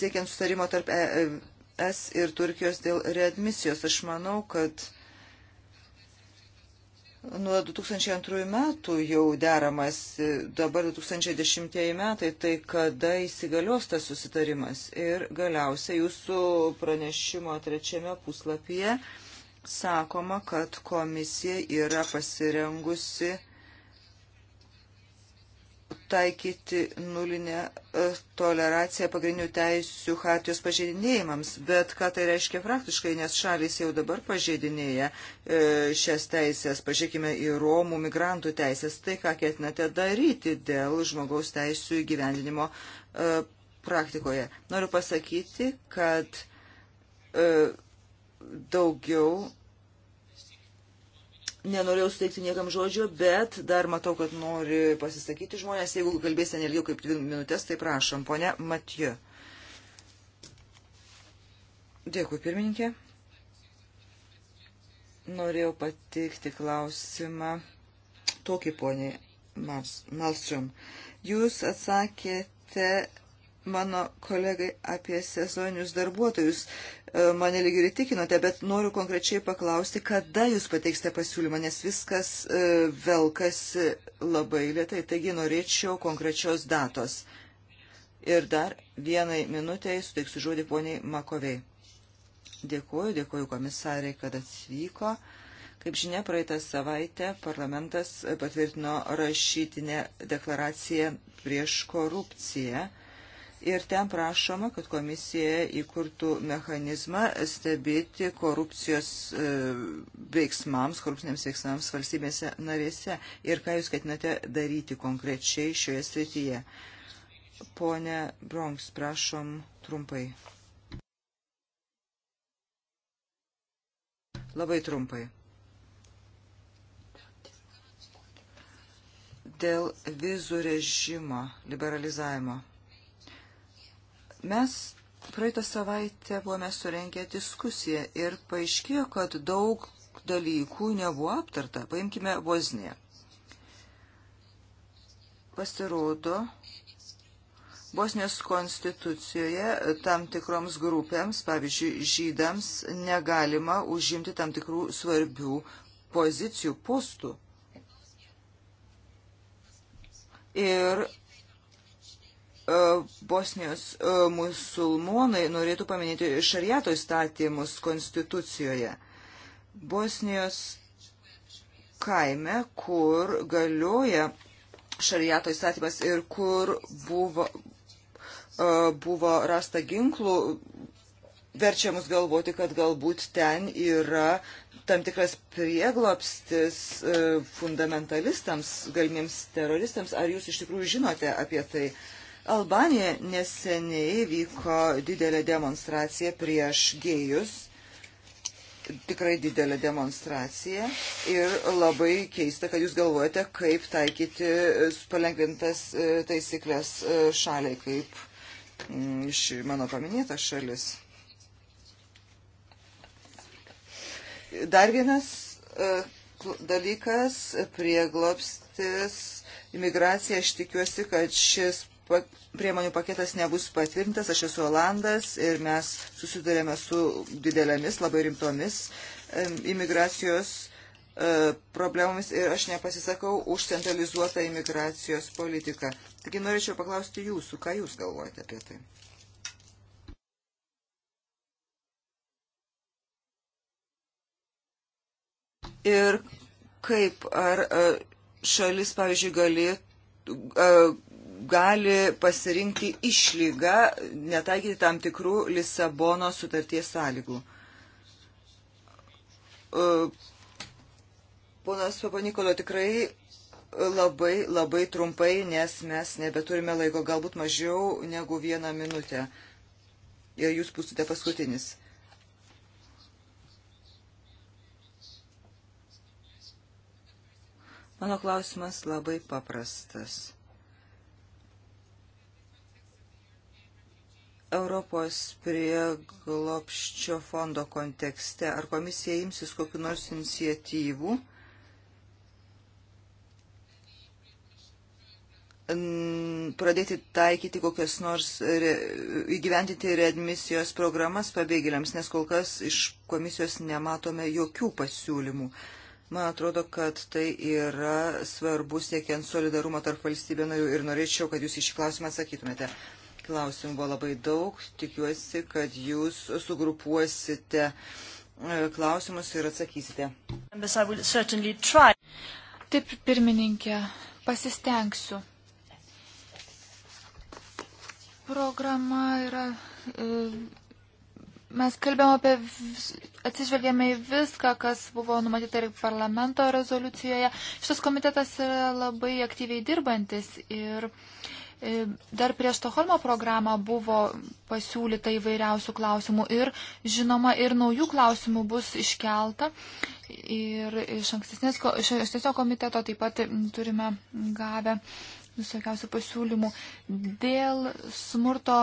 siekiant sustarimo tarp ES ir Turkijos dėl readmisijos. Aš manau, kad Nuo 2002 metų jau deramas, dabar 2010 metai, tai kada įsigalios tas susitarimas. Ir galiausiai jūsų pranešimo trečiame puslapyje sakoma, kad komisija yra pasirengusi taikyti nulinę e, toleraciją pagrindinių teisių hartijos pažeidinėjimams. Bet ką tai reiškia praktiškai, nes šalis jau dabar pažeidinėja e, šias teisės, pažiūrėkime į Romų migrantų teisės. Tai ką ketinate daryti dėl žmogaus teisų įgyvendinimo e, praktikoje. Noriu pasakyti, kad daugiau Nenorėjau suteikti niekam žodžio, bet dar matau, kad nori pasisakyti žmonės. Jeigu kalbėsite nelgiau kaip dvi minutės, tai prašom, ponia Matiju. Dėkui, pirmininkė. Norėjau patikti klausimą tokį poniai Malstrom. Jūs atsakėte mano kolegai apie sezoninius darbuotojus. E, mane lygiai ir tikinote, bet noriu konkrečiai paklausti, kada jūs pateiksite pasiūlymą, nes viskas e, velkasi labai lietai, taigi norėčiau konkrečios datos. Ir dar vienai minutėjai suteiksiu žodį poniai Makovei. Dėkuoju, dėkuoju komisariai, kad atvyko. Kaip žinia, praeitą savaitę parlamentas patvirtino rašytinę deklaraciją prieš korupciją ir ten prašoma, kad komisija įkurtų mechanizmą stebėti korupcijos e, veiksmams, korupciniams veiksmams valstybėse narėse ir ką jūs ketinate daryti konkrečiai šioje srityje. Pone Bronks, prašom trumpai. Labai trumpai. Dėl vizų režimo liberalizavimo Mes praeitą savaitę buvome surengę diskusiją ir paaiškėjo, kad daug dalykų nebuvo aptarta. Paimkime Bosniją. Pasirodo, Bosnijos konstitucijoje tam tikroms grupėms, pavyzdžiui, žydams, negalima užimti tam tikrų svarbių pozicijų, postų. Ir E, Bosnijos e, musulmonai norėtų paminėti šariato įstatymus konstitucijoje. Bosnijos kaime, kur galioja šariato įstatymas ir kur buvo, e, buvo rasta ginklų, verčia mus galvoti, kad galbūt ten yra tam tikras prieglopstis fundamentalistams, galimiems teroristams. Ar jūs iš tikrųjų žinote apie tai? Uh, Albanija neseniai vyko didelė demonstracija prieš gėjus, tikrai didelė demonstracija ir labai keista, kad jūs galvojate, kaip taikyti palengvintas e, taisyklės e, šaliai, kaip mm, ši mano paminėta šalis. Dar vienas e, dalykas - prieglobstis, imigracija. Aš tikiuosi, kad šis priemonių paketas nebus patvirtintas. Aš esu Olandas ir mes susidurėme su didelėmis, labai rimtomis imigracijos e, problemomis ir aš nepasisakau už centralizuotą imigracijos politiką. Taigi norėčiau paklausti jūsų, ką jūs galvojate apie tai. Ir kaip, ar e, šalis, pavyzdžiui, galėtų e, gali pasirinkti išlygą, netaikyti tam tikrų Lisabono sutarties sąlygų. E, ponas Papanikolo tikrai labai, labai trumpai, nes mes nebeturime laiko, galbūt mažiau negu vieną minutę. Ir jūs būsite paskutinis. Mano klausimas labai paprastas. Europos prieglopščio fondo kontekste, ar komisija imsis kokiu nors iniciatyvų pradėti taikyti kokias nors re, įgyventinti readmisijos programas pabėgėliams, nes kol kas iš komisijos nematome jokių pasiūlymų. Man atrodo, kad tai yra svarbu siekiant solidarumą tarp valstybė narių ir norėčiau, kad jūs į šį klausimą atsakytumėte. Klausimų buvo labai daug. Tikiuosi, kad jūs sugrupuosite e, klausimus ir atsakysite. Taip, pirmininkė, pasistengsiu. Programa yra. E, mes kalbėjome apie, atsižvelgėme į viską, kas buvo numatyta ir parlamento rezoliucijoje. Šitas komitetas yra labai aktyviai dirbantis ir uh, Dar prieš Stoholmo programą buvo pasiūlyta įvairiausių klausimų ir, žinoma, ir naujų klausimų bus iškelta. Ir iš ankstesnio komiteto taip pat turime gavę visokiausių pasiūlymų dėl smurto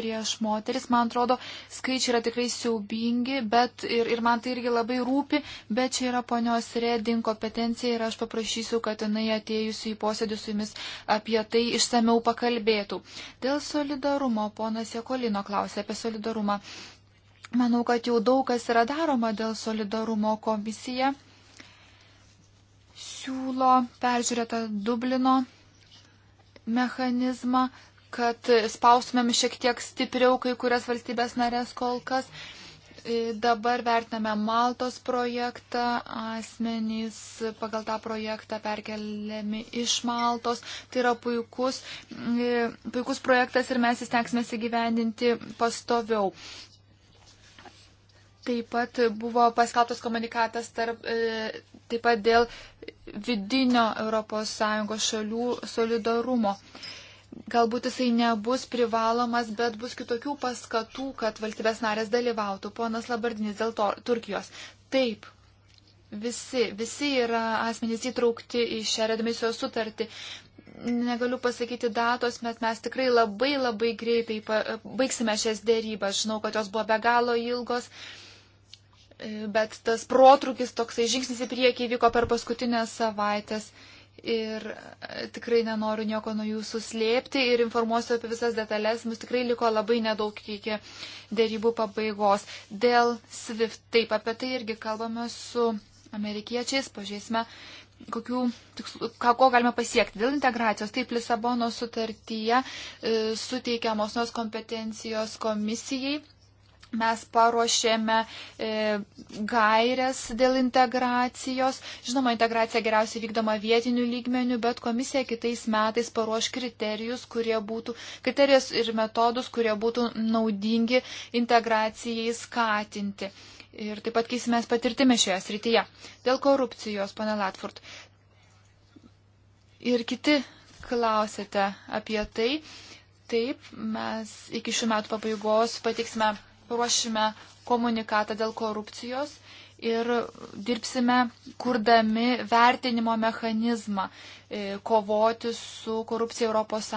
prieš moteris. Man atrodo, skaičiai yra tikrai siaubingi, bet ir, ir man tai irgi labai rūpi, bet čia yra ponios Redin kompetencija ir aš paprašysiu, kad jinai atėjusi į posėdį su jumis apie tai išsameu pakalbėtų. Dėl solidarumo, ponas Jekolino klausė apie solidarumą. Manau, kad jau daug kas yra daroma dėl solidarumo komisija. Siūlo peržiūrėtą Dublino mechanizmą, kad spaustumėm šiek tiek stipriau kai kurias valstybės narės kol kas. E, dabar vertiname Maltos projektą, asmenys pagal tą projektą perkeliami iš Maltos. Tai yra puikus, e, puikus projektas ir mes įstengsime įgyvendinti pastoviau. Taip pat buvo paskaltas komunikatas tarp, e, taip pat dėl vidinio ES šalių solidarumo galbūt jisai nebus privalomas, bet bus kitokių paskatų, kad valstybės narės dalyvautų. Ponas Labardinis dėl to Turkijos. Taip, visi, visi yra asmenys įtraukti į šią redmisijos sutartį. Negaliu pasakyti datos, bet mes tikrai labai labai greitai baigsime šias dėrybas. Žinau, kad jos buvo be galo ilgos bet tas protrukis, toksai žingsnis į priekį vyko per paskutinės savaitės ir e, tikrai nenoriu nieko nuo jūsų slėpti ir informuosiu apie visas detalės. Mums tikrai liko labai nedaug iki dėrybų pabaigos. Dėl SWIFT, taip, apie tai irgi kalbame su amerikiečiais, pažiūrėsime, kokių tikslų, ką, ko galime pasiekti. Dėl integracijos, taip, Lisabono sutartyje e, suteikiamos nors kompetencijos komisijai Mes paruošėme e, gairias dėl integracijos. Žinoma, integracija geriausiai vykdoma vietiniu lygmeniu, bet komisija kitais metais paruoš kriterijus, kurie būtų, kriterijus ir metodus, kurie būtų naudingi integracijai skatinti. Ir taip pat keisimės patirtimi šioje srityje. Dėl korupcijos, pane Latfurt. Ir kiti klausėte apie tai. Taip, mes iki šių metų pabaigos pateiksime ruošime komunikatą dėl korupcijos ir dirbsime kurdami vertinimo mechanizmą e, kovoti su korupcija ES.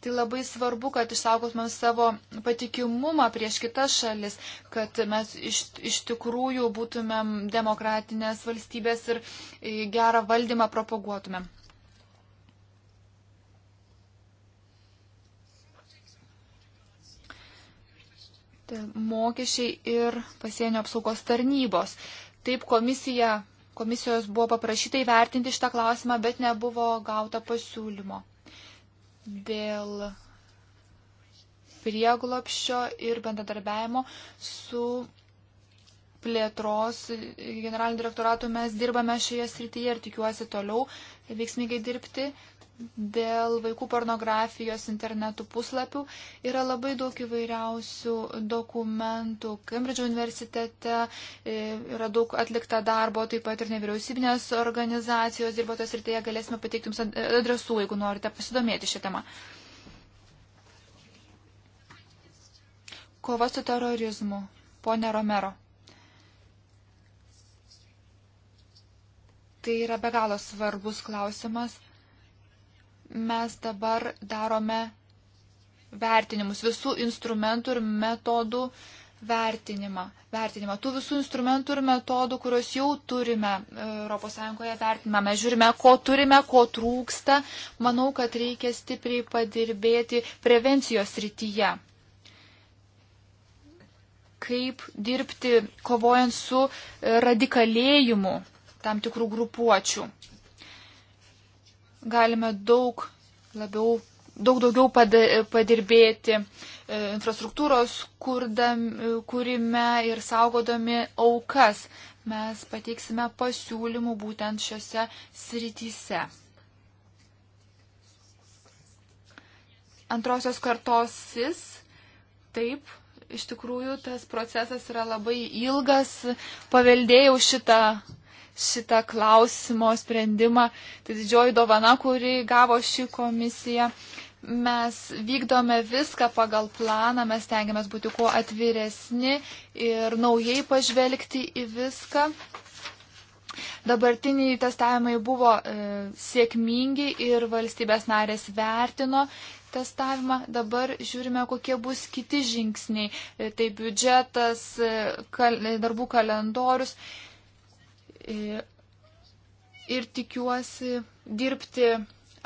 Tai labai svarbu, kad išsaugotumėm savo patikimumą prieš kitas šalis, kad mes iš, iš tikrųjų būtumėm demokratinės valstybės ir e, gerą valdymą propaguotumėm. tai mokesčiai ir pasienio apsaugos tarnybos. Taip komisija, komisijos buvo paprašyta įvertinti šitą klausimą, bet nebuvo gauta pasiūlymo dėl prieglopščio ir bendradarbiavimo su plėtros generaliniu direktoratu mes dirbame šioje srityje ir tikiuosi toliau veiksmingai dirbti dėl vaikų pornografijos internetų puslapių yra labai daug įvairiausių dokumentų. Cambridge universitete e, yra daug atlikta darbo, taip pat ir nevyriausybinės organizacijos dirbotos ir tai galėsime pateikti jums adresų, jeigu norite pasidomėti šią temą. Kova su terorizmu. Pone Romero. Tai yra be galo svarbus klausimas mes dabar darome vertinimus, visų instrumentų ir metodų vertinimą. vertinimą. Tų visų instrumentų ir metodų, kuriuos jau turime ES vertinimą. Mes žiūrime, ko turime, ko trūksta. Manau, kad reikia stipriai padirbėti prevencijos rytyje kaip dirbti kovojant su radikalėjimu tam tikrų grupuočių galime daug labiau, daug daugiau padirbėti e, infrastruktūros kurdam, e, kūrime ir saugodami aukas. Mes pateiksime pasiūlymų būtent šiuose srityse. Antrosios kartos SIS, taip, iš tikrųjų tas procesas yra labai ilgas. Paveldėjau šitą šitą klausimo sprendimą. Tai didžioji dovana, kurį gavo ši komisija. Mes vykdome viską pagal planą, mes tengiamės būti kuo atviresni ir naujai pažvelgti į viską. Dabartiniai testavimai buvo e, sėkmingi ir valstybės narės vertino testavimą, dabar žiūrime, kokie bus kiti žingsniai. E, tai biudžetas, e, kal, darbų kalendorius. E, E, ir tikiuosi dirbti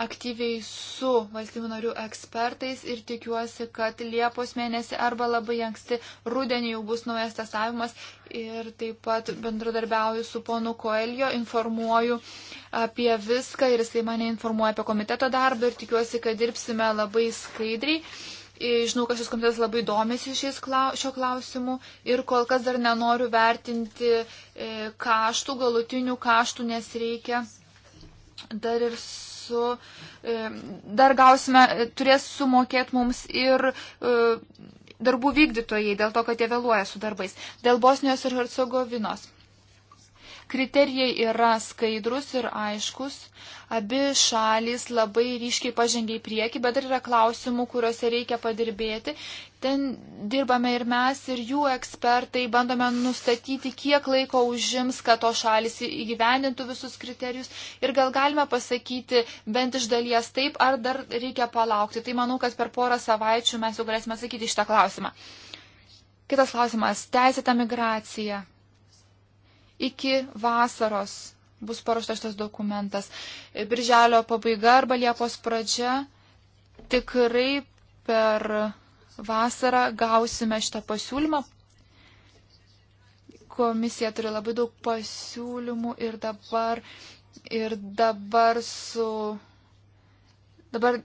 aktyviai su valstybių narių ekspertais ir tikiuosi, kad Liepos mėnesį arba labai anksti rudenį jau bus naujas testavimas ir taip pat bendradarbiauju su ponu Koelio, informuoju apie viską ir jisai mane informuoja apie komiteto darbą ir tikiuosi, kad dirbsime labai skaidriai Žinau, kad šis komitetas labai domisi klaus, šio klausimu ir kol kas dar nenoriu vertinti e, kaštų, galutinių kaštų, nes reikia dar ir su. E, dar gausime, e, turės sumokėti mums ir darbų vykdytojai dėl to, kad jie vėluoja su darbais. Dėl Bosnijos ir Hercegovinos. Kriterijai yra skaidrus ir aiškus, abi šalys labai ryškiai pažengia į priekį, bet dar yra klausimų, kuriuose reikia padirbėti. Ten dirbame ir mes, ir jų ekspertai, bandome nustatyti, kiek laiko užims, kad to šalis įgyvendintų visus kriterijus ir gal galime pasakyti bent iš dalies taip, ar dar reikia palaukti. Tai manau, kad per porą savaičių mes jau galėsime sakyti šitą klausimą. Kitas klausimas - teisėta migracija. Iki vasaros bus paruoštas šitas dokumentas. Birželio pabaiga arba Liepos pradžia tikrai per vasarą gausime šitą pasiūlymą. Komisija turi labai daug pasiūlymų ir dabar, ir dabar su. Dabar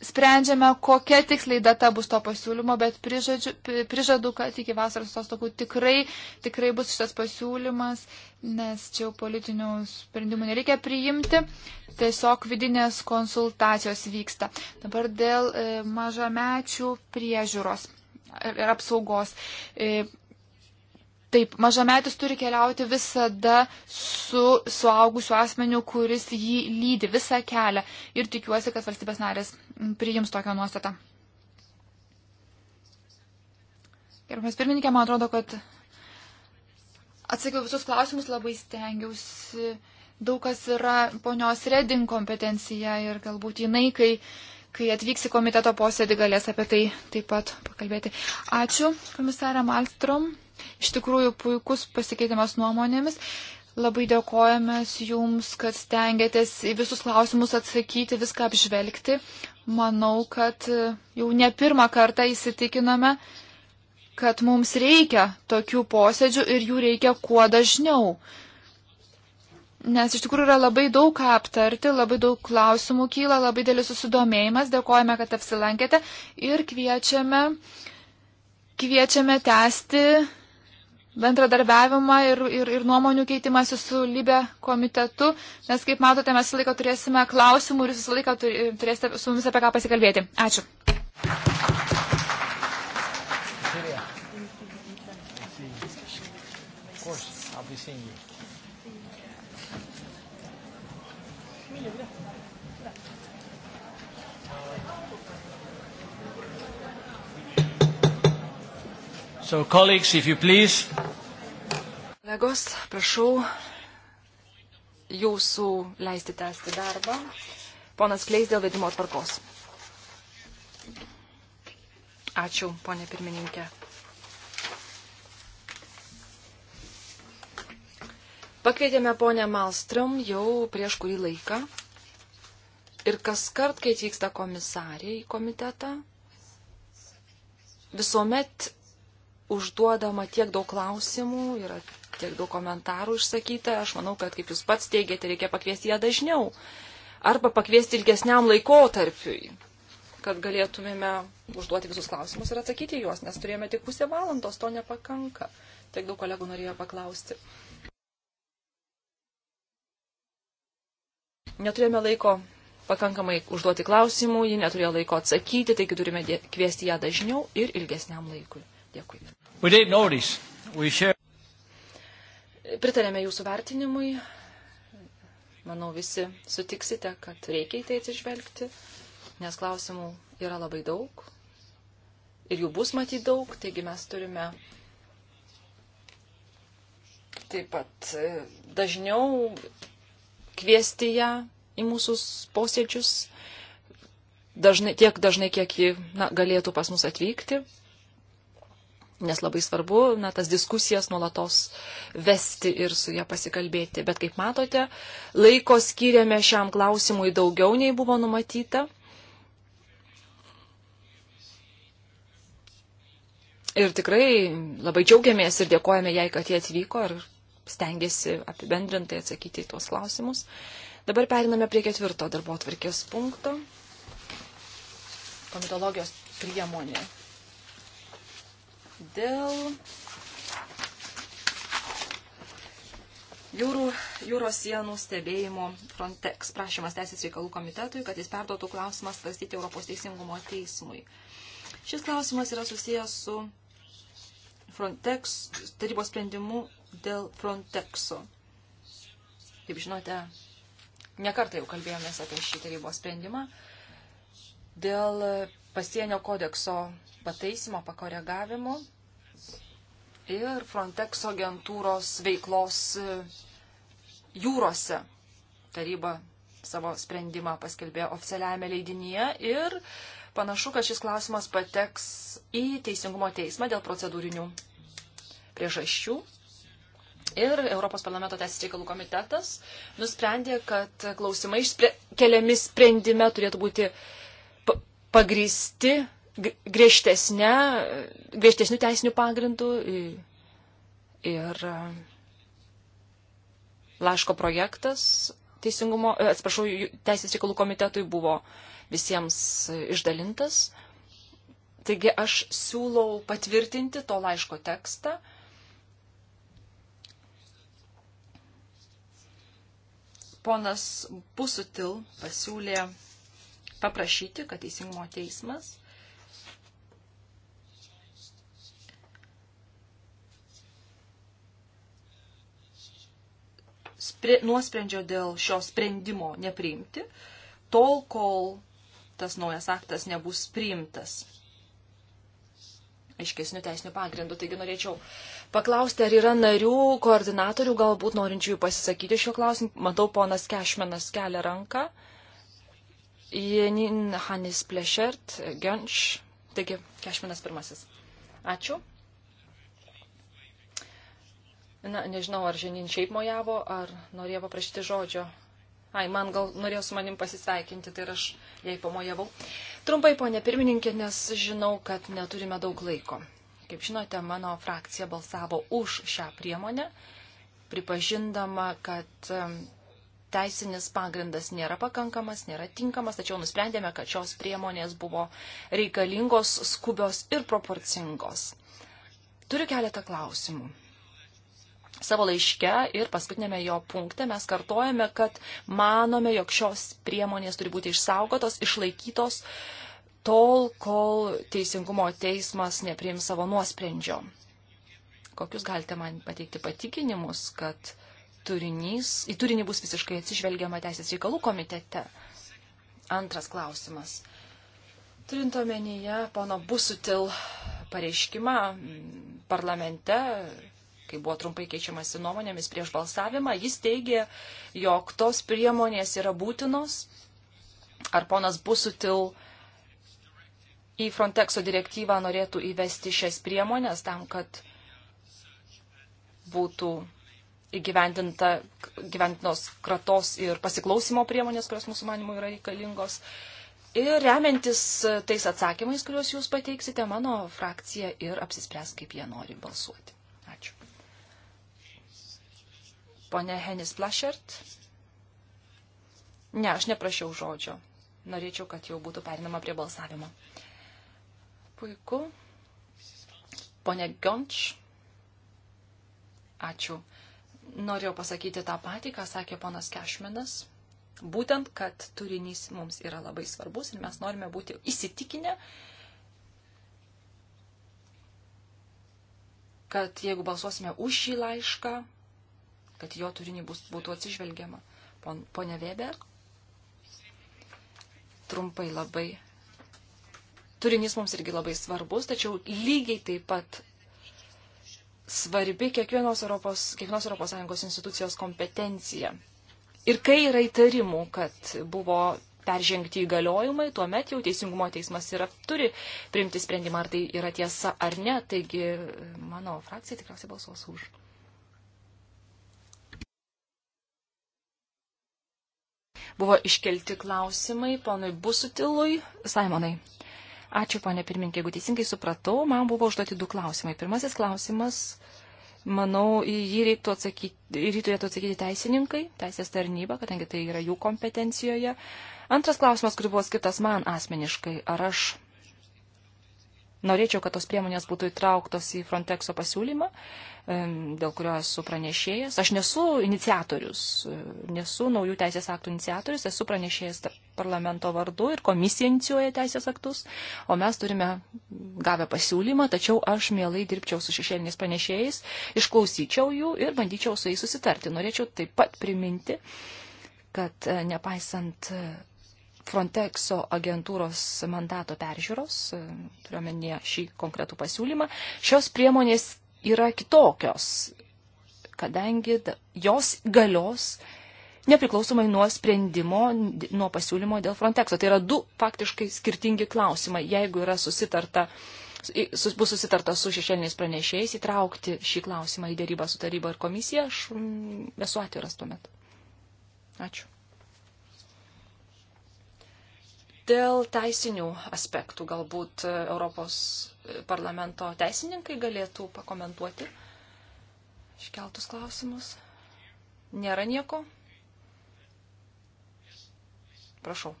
sprendžiame, kokia tiksliai data bus to pasiūlymo, bet prižadžiu, prižadu, kad iki vasaros atostogų tikrai, tikrai bus šitas pasiūlymas, nes čia jau politinių sprendimų nereikia priimti, tiesiog vidinės konsultacijos vyksta. Dabar dėl e, mažamečių priežiūros ir apsaugos. E, Taip, mažametis turi keliauti visada su suaugusiu asmeniu, kuris jį lydi visą kelią. Ir tikiuosi, kad valstybės narės priims tokią nuostatą. Gerbiamas pirmininkė, man atrodo, kad atsakiau visus klausimus, labai stengiausi. Daug kas yra ponios Reding kompetencija ir galbūt jinai, kai, kai atvyks į komiteto posėdį, galės apie tai taip pat pakalbėti. Ačiū, komisarė Malstrom. Iš tikrųjų, puikus pasikeitimas nuomonėmis. Labai dėkojame Jums, kad stengiatės į visus klausimus atsakyti, viską apžvelgti manau, kad e, jau ne pirmą kartą įsitikinome, kad mums reikia tokių posėdžių ir jų reikia kuo dažniau. Nes iš tikrųjų yra labai daug ką aptarti, labai daug klausimų kyla, labai dėlis susidomėjimas, dėkojame, kad apsilankėte ir kviečiame, kviečiame tęsti bendradarbiavimą ir, ir, ir nuomonių keitimąsi su Libė komitetu, nes, kaip matote, mes visą laiką turėsime klausimų ir jūs visą laiką turėsite su mumis apie ką pasikalbėti. Ačiū. So, colleagues, if you please. Kolegos, prašau jūsų leisti tęsti darbą. Ponas Kleis dėl vedimo tvarkos. Ačiū, ponė pirmininkė. Pakvietėme ponę Malstrom jau prieš kurį laiką. Ir kas kart, kai atvyksta komisarė į komitetą, visuomet užduodama tiek daug klausimų, yra tiek daug komentarų išsakyta. Aš manau, kad, kaip jūs pats teigiate, reikia pakviesti ją dažniau. Arba pakviesti ilgesniam laikotarpiui, kad galėtumėme užduoti visus klausimus ir atsakyti juos, nes turėjome tik pusę valandos, to nepakanka. Tiek daug kolegų norėjo paklausti. Neturėjome laiko pakankamai užduoti klausimų, ji neturėjo laiko atsakyti, taigi turime kviesti ją dažniau ir ilgesniam laikui. Dėkui. Pritarėme jūsų vertinimui. Manau, visi sutiksite, kad reikia į tai atsižvelgti, nes klausimų yra labai daug ir jų bus matyti daug, taigi mes turime taip pat e, dažniau kviesti ją į mūsų posėdžius, dažnai, tiek dažnai, kiek ji na, galėtų pas mus atvykti nes labai svarbu na, tas diskusijas nuolatos vesti ir su ją pasikalbėti. Bet kaip matote, laiko skiriame šiam klausimui daugiau nei buvo numatyta. Ir tikrai labai džiaugiamės ir dėkojame jai, kad jie atvyko ir stengiasi apibendrintai atsakyti į tuos klausimus. Dabar periname prie ketvirto darbo atvarkės punkto. Komitologijos priemonė Dėl jūrų, jūros sienų stebėjimo Frontex prašymas Teisės reikalų komitetui, kad jis perduotų klausimą svarstyti Europos teisingumo teismui. Šis klausimas yra susijęs su Frontex tarybos sprendimu dėl Frontexo. Kaip žinote, nekartą jau kalbėjomės apie šį tarybos sprendimą dėl pasienio kodekso pataisimo, pakoregavimo ir Frontex agentūros veiklos e, jūrose. Taryba savo sprendimą paskelbė oficialiame leidinyje ir panašu, kad šis klausimas pateks į Teisingumo teismą dėl procedūrinių priežasčių. Ir Europos parlamento teisės reikalų komitetas nusprendė, kad klausimai išspre... keliami sprendime turėtų būti pagristi griežtesnė, griežtesnių teisinių pagrindų ir e, laiško projektas teisingumo, e, atsiprašau, teisės reikalų komitetui buvo visiems išdalintas. Taigi aš siūlau patvirtinti to laiško tekstą. Ponas Busutil pasiūlė paprašyti, kad teisingumo teismas spri, nuosprendžio dėl šio sprendimo nepriimti, tol kol tas naujas aktas nebus priimtas aiškesnių teisinių pagrindų. Taigi norėčiau paklausti, ar yra narių, koordinatorių, galbūt norinčių pasisakyti šiuo klausimu. Matau, ponas Kešmenas kelia ranką. Janin Hanis Plešert, Genš. Taigi, Kešmenas pirmasis. Ačiū. Na, nežinau, ar žinin šiaip mojavo, ar norėjo paprašyti žodžio. Ai, man gal norėjo su manim pasisveikinti, tai aš jai pamojavau. Trumpai, ponė pirmininkė, nes žinau, kad neturime daug laiko. Kaip žinote, mano frakcija balsavo už šią priemonę, pripažindama, kad teisinis pagrindas nėra pakankamas, nėra tinkamas, tačiau nusprendėme, kad šios priemonės buvo reikalingos, skubios ir proporcingos. Turiu keletą klausimų. Savo laiške ir paskutinėme jo punkte mes kartojame, kad manome, jog šios priemonės turi būti išsaugotos, išlaikytos tol, kol Teisingumo teismas neprims savo nuosprendžio. Kokius galite man pateikti patikinimus, kad turinys, į turinį bus visiškai atsižvelgiama Teisės reikalų komitete? Antras klausimas. Turint omenyje pono Busutil pareiškimą mm, parlamente kai buvo trumpai keičiamasi nuomonėmis prieš balsavimą, jis teigė, jog tos priemonės yra būtinos. Ar ponas Busutil į Frontexo direktyvą norėtų įvesti šias priemonės tam, kad būtų įgyvendintos kratos ir pasiklausimo priemonės, kurios mūsų manimų yra reikalingos. Ir remiantis tais atsakymais, kuriuos jūs pateiksite, mano frakcija ir apsispręs, kaip jie nori balsuoti. Pone Henis Plašert? Ne, aš neprašiau žodžio. Norėčiau, kad jau būtų perinama prie balsavimo. Puiku. Pone Gonč. Ačiū. Norėjau pasakyti tą patį, ką sakė ponas Kešmenas. Būtent, kad turinys mums yra labai svarbus ir mes norime būti įsitikinę, kad jeigu balsuosime už šį laišką, kad jo turinį bus, būtų atsižvelgiama. Pon, Pone Weber, trumpai labai. Turinys mums irgi labai svarbus, tačiau lygiai taip pat svarbi kiekvienos Europos, kiekvienos Europos Sąjungos institucijos kompetencija. Ir kai yra įtarimų, kad buvo peržengti įgaliojimai, tuomet jau teisingumo teismas yra, turi priimti sprendimą, ar tai yra tiesa ar ne. Taigi mano frakcija tikriausiai balsuos už. Buvo iškelti klausimai ponui Busutilui. Simonai. Ačiū, ponė pirmininkė, jeigu teisingai supratau, man buvo užduoti du klausimai. Pirmasis klausimas, manau, į jį, reiktų atsakyti, jį turėtų atsakyti teisininkai, teisės tarnyba, kadangi tai yra jų kompetencijoje. Antras klausimas, kuris buvo skirtas man asmeniškai, ar aš Norėčiau, kad tos priemonės būtų įtrauktos į Frontexo pasiūlymą, dėl kurio esu pranešėjas. Aš nesu iniciatorius, e, nesu naujų teisės aktų iniciatorius, esu pranešėjas parlamento vardu ir komisija inicijuoja teisės aktus, o mes turime gavę pasiūlymą, tačiau aš mielai dirbčiau su šešėliniais pranešėjais, išklausyčiau jų ir bandyčiau su jais susitarti. Norėčiau taip pat priminti, kad e, nepaisant e, Frontexo agentūros mandato peržiūros, e, turiuomenė šį konkretų pasiūlymą, šios priemonės yra kitokios, kadangi jos galios nepriklausomai nuo sprendimo, nuo pasiūlymo dėl Frontexo. Tai yra du faktiškai skirtingi klausimai. Jeigu yra susitarta, bus susitarta su šešėliniais pranešėjais įtraukti šį klausimą į dėrybą su taryba ir komisija, aš esu atviras tuomet. Ačiū. Dėl teisinių aspektų galbūt e, Europos e, parlamento teisininkai galėtų pakomentuoti iškeltus klausimus. Nėra nieko? Prašau.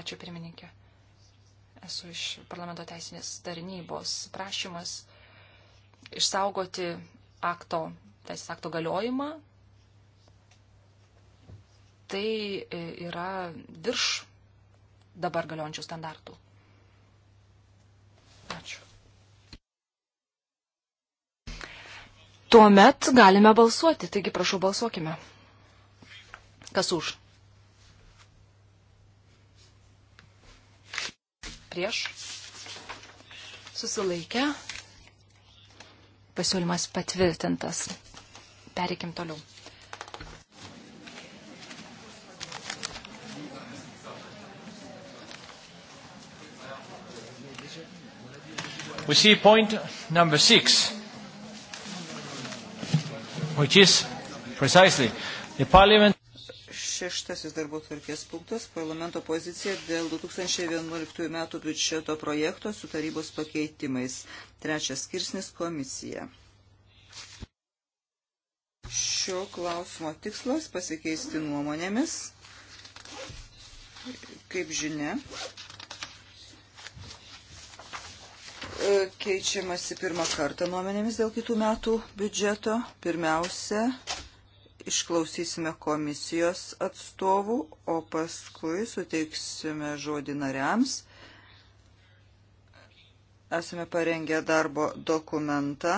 Ačiū pirmininkė. Esu iš parlamento teisinės tarnybos. Prašymas išsaugoti akto, teisės akto galiojimą tai e, yra virš dabar galiojančių standartų. Ačiū. Tuomet galime balsuoti, taigi prašau balsuokime. Kas už? Prieš. Susilaikę. Pasiūlymas patvirtintas. Pereikim toliau. We see point number six, which is precisely the parliament. Šeštasis darbo tvarkės punktas – parlamento pozicija dėl 2011 metų biudžeto projekto su tarybos pakeitimais. Trečias skirsnis – komisija. Šio klausimo tikslas – pasikeisti nuomonėmis. Kaip žinia, E, keičiamasi pirmą kartą nuomenėmis dėl kitų metų biudžeto. Pirmiausia, išklausysime komisijos atstovų, o paskui suteiksime žodį nariams. Esame parengę darbo dokumentą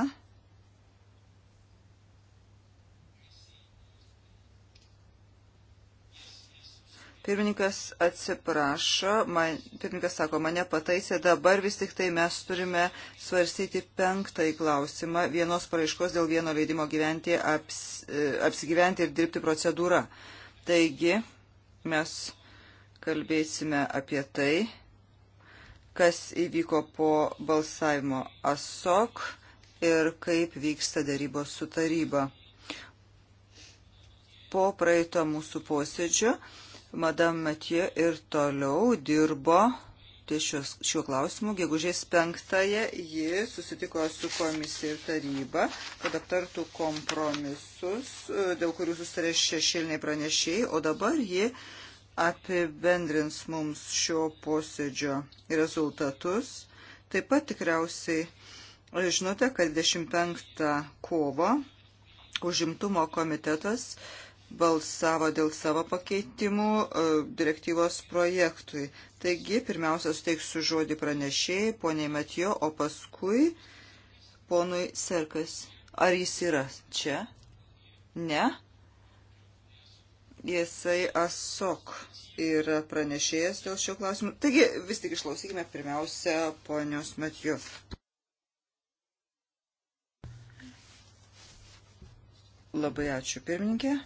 Pirmininkas atsiprašo, man, pirmininkas sako, mane pataisė, dabar vis tik tai mes turime svarstyti penktąjį klausimą vienos paraiškos dėl vieno leidimo gyventi, aps, e, apsigyventi ir dirbti procedūrą. Taigi, mes kalbėsime apie tai, kas įvyko po balsavimo ASOK ir kaip vyksta darybos su taryba. Po praeito mūsų posėdžio Madame Mathieu ir toliau dirbo ties šios, šiuo klausimu. Gegužės penktąją ji susitiko su komisija ir taryba, kad aptartų kompromisus, e, dėl kurių sustarė šešėliniai pranešėjai, o dabar ji apibendrins mums šio posėdžio rezultatus. Taip pat tikriausiai e, žinote, kad 25 kovo užimtumo komitetas balsavo dėl savo pakeitimų e, direktyvos projektui. Taigi, pirmiausia, suteiksiu žodį pranešėjai, poniai Matijo, o paskui ponui Serkas. Ar jis yra čia? Ne? Jisai asok yra pranešėjas dėl šio klausimų. Taigi, vis tik išklausykime pirmiausia ponios Matijo. Labai ačiū, pirmininkė.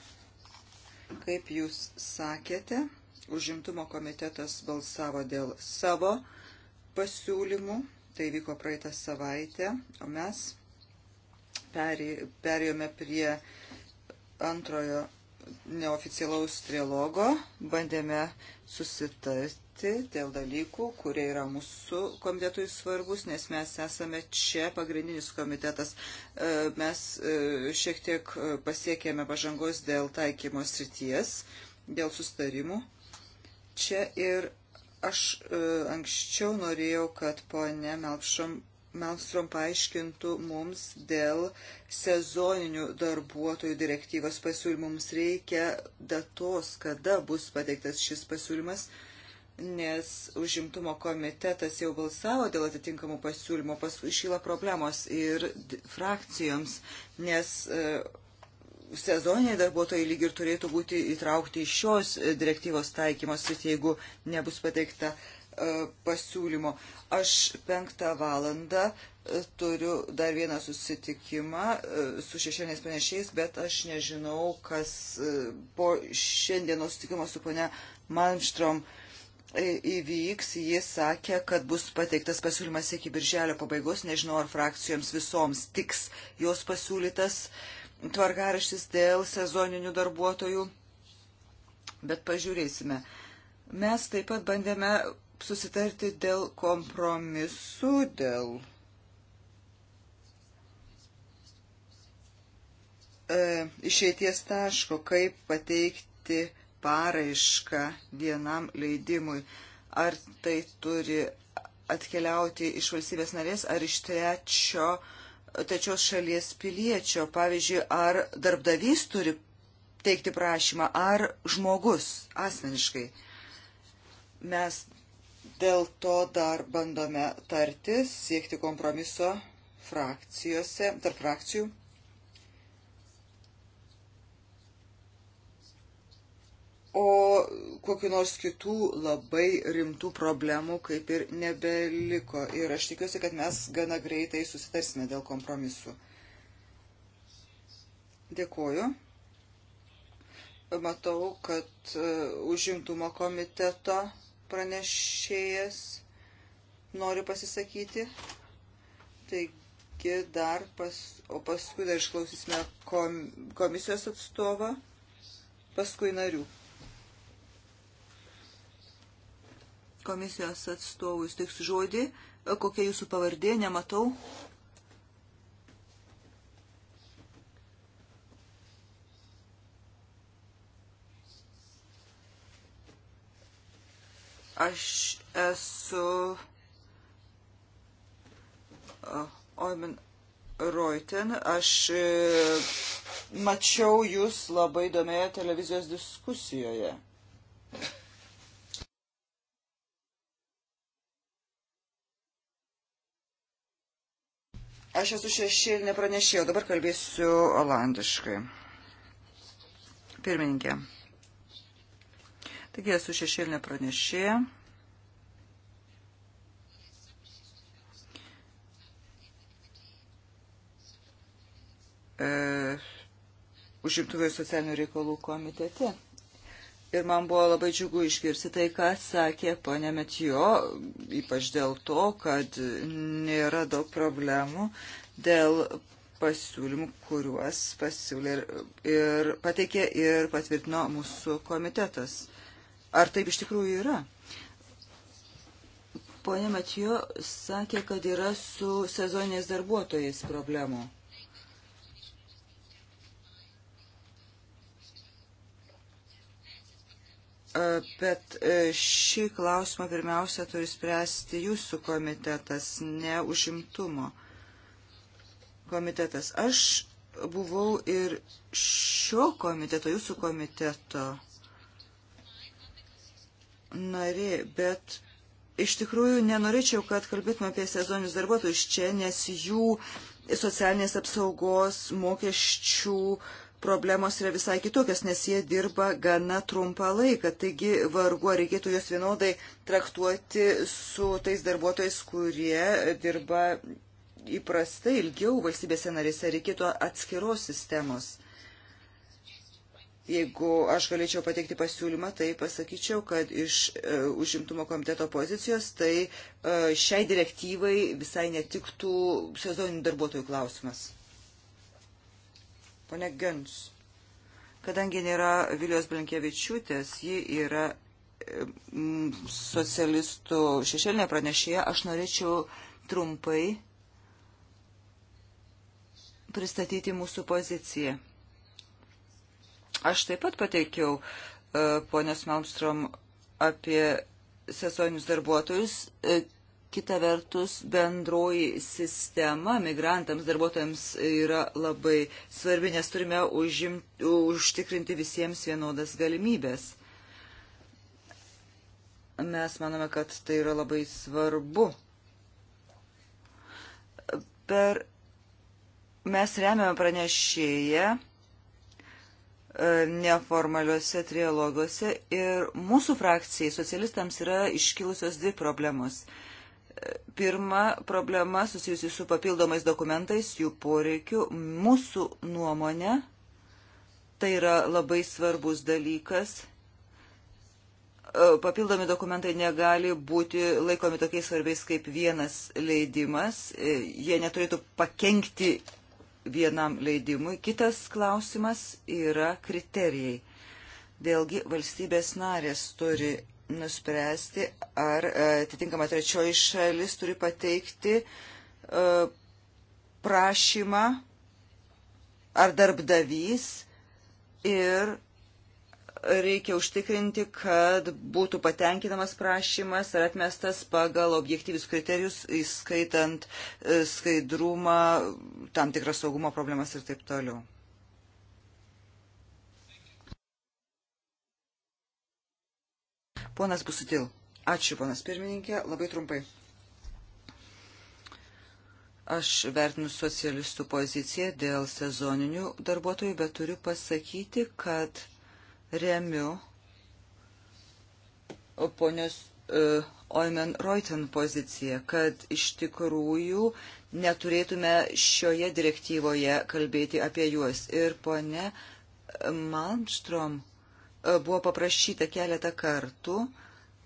Kaip jūs sakėte, užimtumo komitetas balsavo dėl savo pasiūlymų, tai vyko praeitą savaitę, o mes perėjome prie antrojo neoficialaus trilogo bandėme susitarti dėl dalykų, kurie yra mūsų komitetui svarbus, nes mes esame čia pagrindinis komitetas. E, mes e, šiek tiek e, pasiekėme pažangos dėl taikymo srities, dėl sustarimų. Čia ir aš anksčiau norėjau, kad ponė Melpšom Malmstrom paaiškintų mums dėl sezoninių darbuotojų direktyvos pasiūlymų. Mums reikia datos, kada bus pateiktas šis pasiūlymas, nes užimtumo komitetas jau balsavo dėl atitinkamų pasiūlymų, paskui išyla problemos ir frakcijoms, nes e, sezoniniai darbuotojai lyg ir turėtų būti įtraukti į šios e, direktyvos taikymos, jeigu nebus pateikta E, pasiūlymo. Aš penktą valandą e, turiu dar vieną susitikimą e, su šešėliniais panešiais, bet aš nežinau, kas po šiandieno susitikimo su ponia Malmstrom įvyks. Jis sakė, kad bus pateiktas pasiūlymas iki birželio pabaigos. Nežinau, ar frakcijoms visoms tiks jos pasiūlytas tvarkaraštis dėl sezoninių darbuotojų, bet pažiūrėsime. Mes taip pat bandėme susitarti dėl kompromisų, dėl e, išeities taško, kaip pateikti paraišką vienam leidimui. Ar tai turi atkeliauti iš valstybės narės ar iš trečio, trečios šalies piliečio. Pavyzdžiui, ar darbdavys turi teikti prašymą, ar žmogus asmeniškai. Mes Dėl to dar bandome tartis, siekti kompromiso frakcijose, tarp frakcijų. O kokiu nors kitų labai rimtų problemų kaip ir nebeliko. Ir aš tikiuosi, kad mes gana greitai susitarsime dėl kompromisų. Dėkuoju matau, kad e, užimtumo komiteto pranešėjas nori pasisakyti. Taigi dar, pas, o paskui dar išklausysime kom, komisijos atstovą, paskui narių. Komisijos atstovus tiks žodį. Kokia jūsų pavardė, nematau. Aš esu Oimen Reuten. Aš e, mačiau jūs labai įdomioje televizijos diskusijoje. Aš esu šešėlinė pranešėjo, dabar kalbėsiu olandiškai. Pirmininkė. Taigi esu šešėlinė pranešėja. E, užimtuvių ir socialinių reikalų komitete. Ir man buvo labai džiugu išgirsti tai, ką sakė ponė Metijo, ypač dėl to, kad nėra daug problemų dėl pasiūlymų, kuriuos pasiūlė ir, ir pateikė ir patvirtino mūsų komitetas. Ar taip iš tikrųjų yra? Pone Matijo sakė, kad yra su sezoniniais darbuotojais problemų. E, bet e, šį klausimą pirmiausia turi spręsti jūsų komitetas, ne užimtumo komitetas. Aš buvau ir šio komiteto, jūsų komiteto narė, bet iš tikrųjų nenorėčiau, kad kalbėtume apie sezoninius darbuotojus čia, nes jų socialinės apsaugos mokesčių problemos yra visai kitokios, nes jie dirba gana trumpą laiką. Taigi vargu, ar reikėtų juos vienodai traktuoti su tais darbuotojais, kurie dirba įprastai ilgiau valstybėse narėse, reikėtų atskiros sistemos. Jeigu aš galėčiau pateikti pasiūlymą, tai pasakyčiau, kad iš e, užimtumo komiteto pozicijos, tai e, šiai direktyvai visai netiktų sezoninių darbuotojų klausimas. Pone Gens, kadangi nėra Vilijos Blankievičiūtės, ji yra e, socialistų šešėlinė pranešėja, aš norėčiau trumpai pristatyti mūsų poziciją. Aš taip pat pateikiau e, ponės Malmstrom apie sezoninius darbuotojus. E, kita vertus, bendroji sistema migrantams, darbuotojams yra labai svarbi, nes turime užim, užtikrinti visiems vienodas galimybės. Mes manome, kad tai yra labai svarbu. Per mes remiame pranešėją E, neformaliuose trialoguose ir mūsų frakcijai, socialistams, yra iškilusios dvi problemos. E, pirma problema susijusi su papildomais dokumentais, jų poreikiu. Mūsų nuomonė tai yra labai svarbus dalykas. E, papildomi dokumentai negali būti laikomi tokiais svarbiais kaip vienas leidimas. Jie neturėtų pakengti vienam leidimui. Kitas klausimas yra kriterijai. Vėlgi valstybės narės turi nuspręsti, ar e, atitinkama trečioji šalis turi pateikti e, prašymą ar darbdavys ir reikia užtikrinti, kad būtų patenkinamas prašymas ar atmestas pagal objektyvius kriterijus, įskaitant e, skaidrumą, tam tikras saugumo problemas ir taip toliau. Ponas Busutil. Ačiū, ponas pirmininkė. Labai trumpai. Aš vertinu socialistų poziciją dėl sezoninių darbuotojų, bet turiu pasakyti, kad remiu ponios e, uh, Oimen Reuten poziciją, kad iš tikrųjų neturėtume šioje direktyvoje kalbėti apie juos. Ir ponė Malmstrom uh, e, buvo paprašyta keletą kartų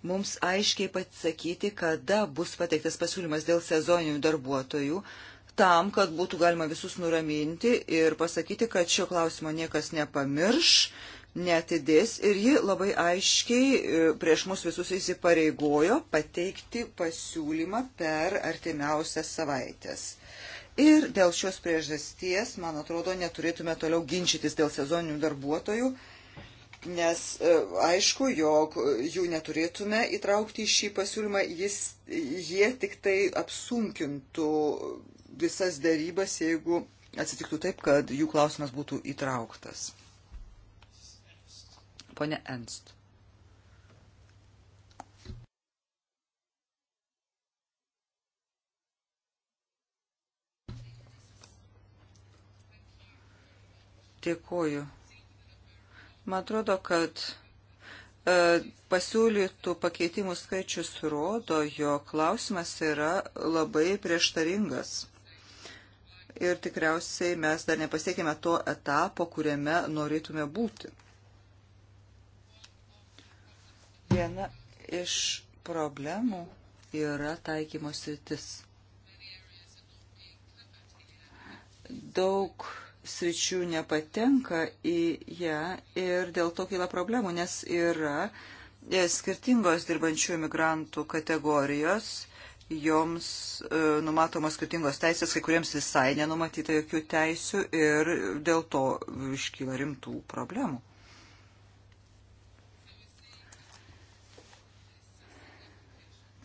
mums aiškiai pasakyti, kada bus pateiktas pasiūlymas dėl sezoninių darbuotojų, tam, kad būtų galima visus nuraminti ir pasakyti, kad šio klausimo niekas nepamirš, uh, netidės ir ji labai aiškiai e, prieš mus visus įsipareigojo pateikti pasiūlymą per artimiausias savaitės. Ir dėl šios priežasties, man atrodo, neturėtume toliau ginčytis dėl sezoninių darbuotojų, nes e, aišku, jog jų neturėtume įtraukti į šį pasiūlymą, jis, jie tik tai apsunkintų visas darybas, jeigu atsitiktų taip, kad jų klausimas būtų įtrauktas. Pone Enst. Dėkuoju. Man atrodo, kad e, pasiūlytų pakeitimų skaičius rodo, jo klausimas yra labai prieštaringas. Ir tikriausiai mes dar nepasiekime to etapo, kuriame norėtume būti. Viena iš problemų yra taikymo sritis. Daug sričių nepatenka į ją ir dėl to kyla problemų, nes yra e, skirtingos dirbančių imigrantų kategorijos, joms e, numatomos skirtingos teisės, kai kuriems visai nenumatyta jokių teisių ir dėl to iškyla rimtų problemų.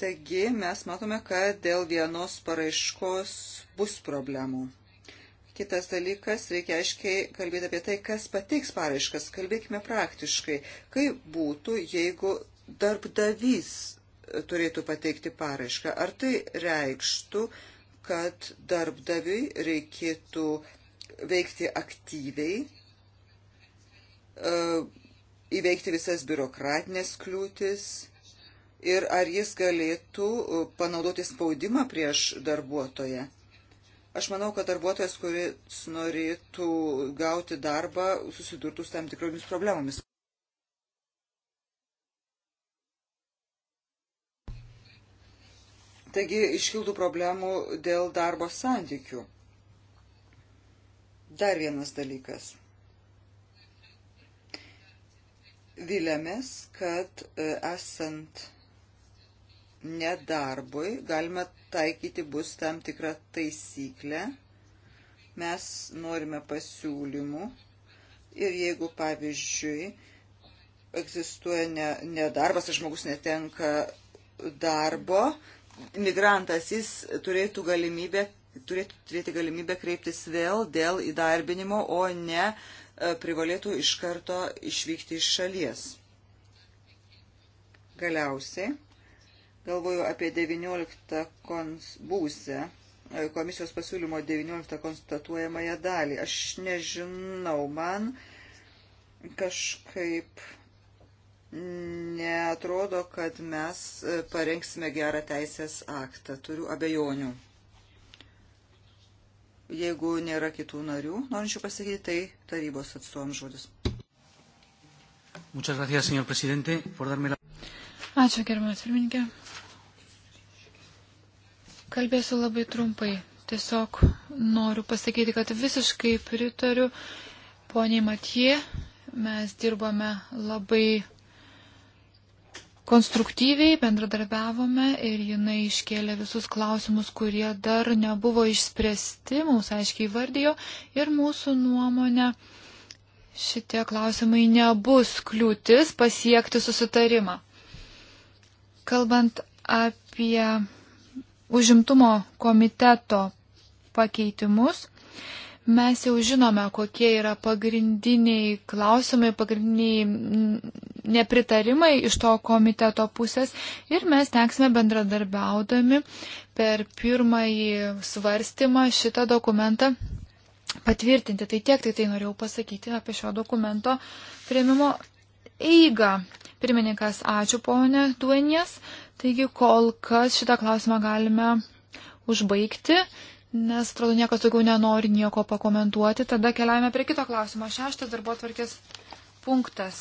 Taigi mes matome, kad dėl vienos paraiškos bus problemų. Kitas dalykas, reikia aiškiai kalbėti apie tai, kas pateiks paraiškas. Kalbėkime praktiškai. Kaip būtų, jeigu darbdavys turėtų pateikti paraišką? Ar tai reikštų, kad darbdaviui reikėtų veikti aktyviai, e, įveikti visas biurokratinės kliūtis, ir ar jis galėtų e, panaudoti spaudimą prieš darbuotoją. Aš manau, kad darbuotojas, kuris norėtų gauti darbą, susidurtų su tam tikromis problemomis. Taigi iškiltų problemų dėl darbo santykių. Dar vienas dalykas. Vilėmės, kad e, esant nedarbui galima taikyti bus tam tikrą taisyklę. Mes norime pasiūlymų ir jeigu, pavyzdžiui, egzistuoja ne, nedarbas, tai žmogus netenka darbo, migrantas jis turėtų galimybę turėtų turėti galimybę kreiptis vėl dėl įdarbinimo, o ne e, privalėtų iš karto išvykti iš šalies. Galiausiai Galvoju apie 19 kons, būsę e, komisijos pasiūlymo 19 konstatuojamąją dalį. Aš nežinau, man kažkaip netrodo, kad mes e, parengsime gerą teisės aktą. Turiu abejonių. Jeigu nėra kitų narių, norinčių pasakyti, tai tarybos atstovams žodis. Muchas gracias, señor presidente, por darme la... Ačiū, gerbiamas pirmininkė. Kalbėsiu labai trumpai. Tiesiog noriu pasakyti, kad visiškai pritariu poniai Matie. Mes dirbame labai konstruktyviai, bendradarbiavome ir jinai iškėlė visus klausimus, kurie dar nebuvo išspręsti, mums aiškiai vardijo ir mūsų nuomonė šitie klausimai nebus kliūtis pasiekti susitarimą. Kalbant apie užimtumo komiteto pakeitimus, mes jau žinome, kokie yra pagrindiniai klausimai, pagrindiniai mm, nepritarimai iš to komiteto pusės ir mes tenksime bendradarbiaudami per pirmąjį svarstymą šitą dokumentą patvirtinti. Tai tiek tai, tai norėjau pasakyti apie šio dokumento prieimimo eigą. Pirmininkas, ačiū ponė Duenės. Taigi kol kas šitą klausimą galime užbaigti, nes atrodo niekas daugiau nenori nieko pakomentuoti. Tada keliaujame prie kito klausimo. Šeštas darbo tvarkės punktas.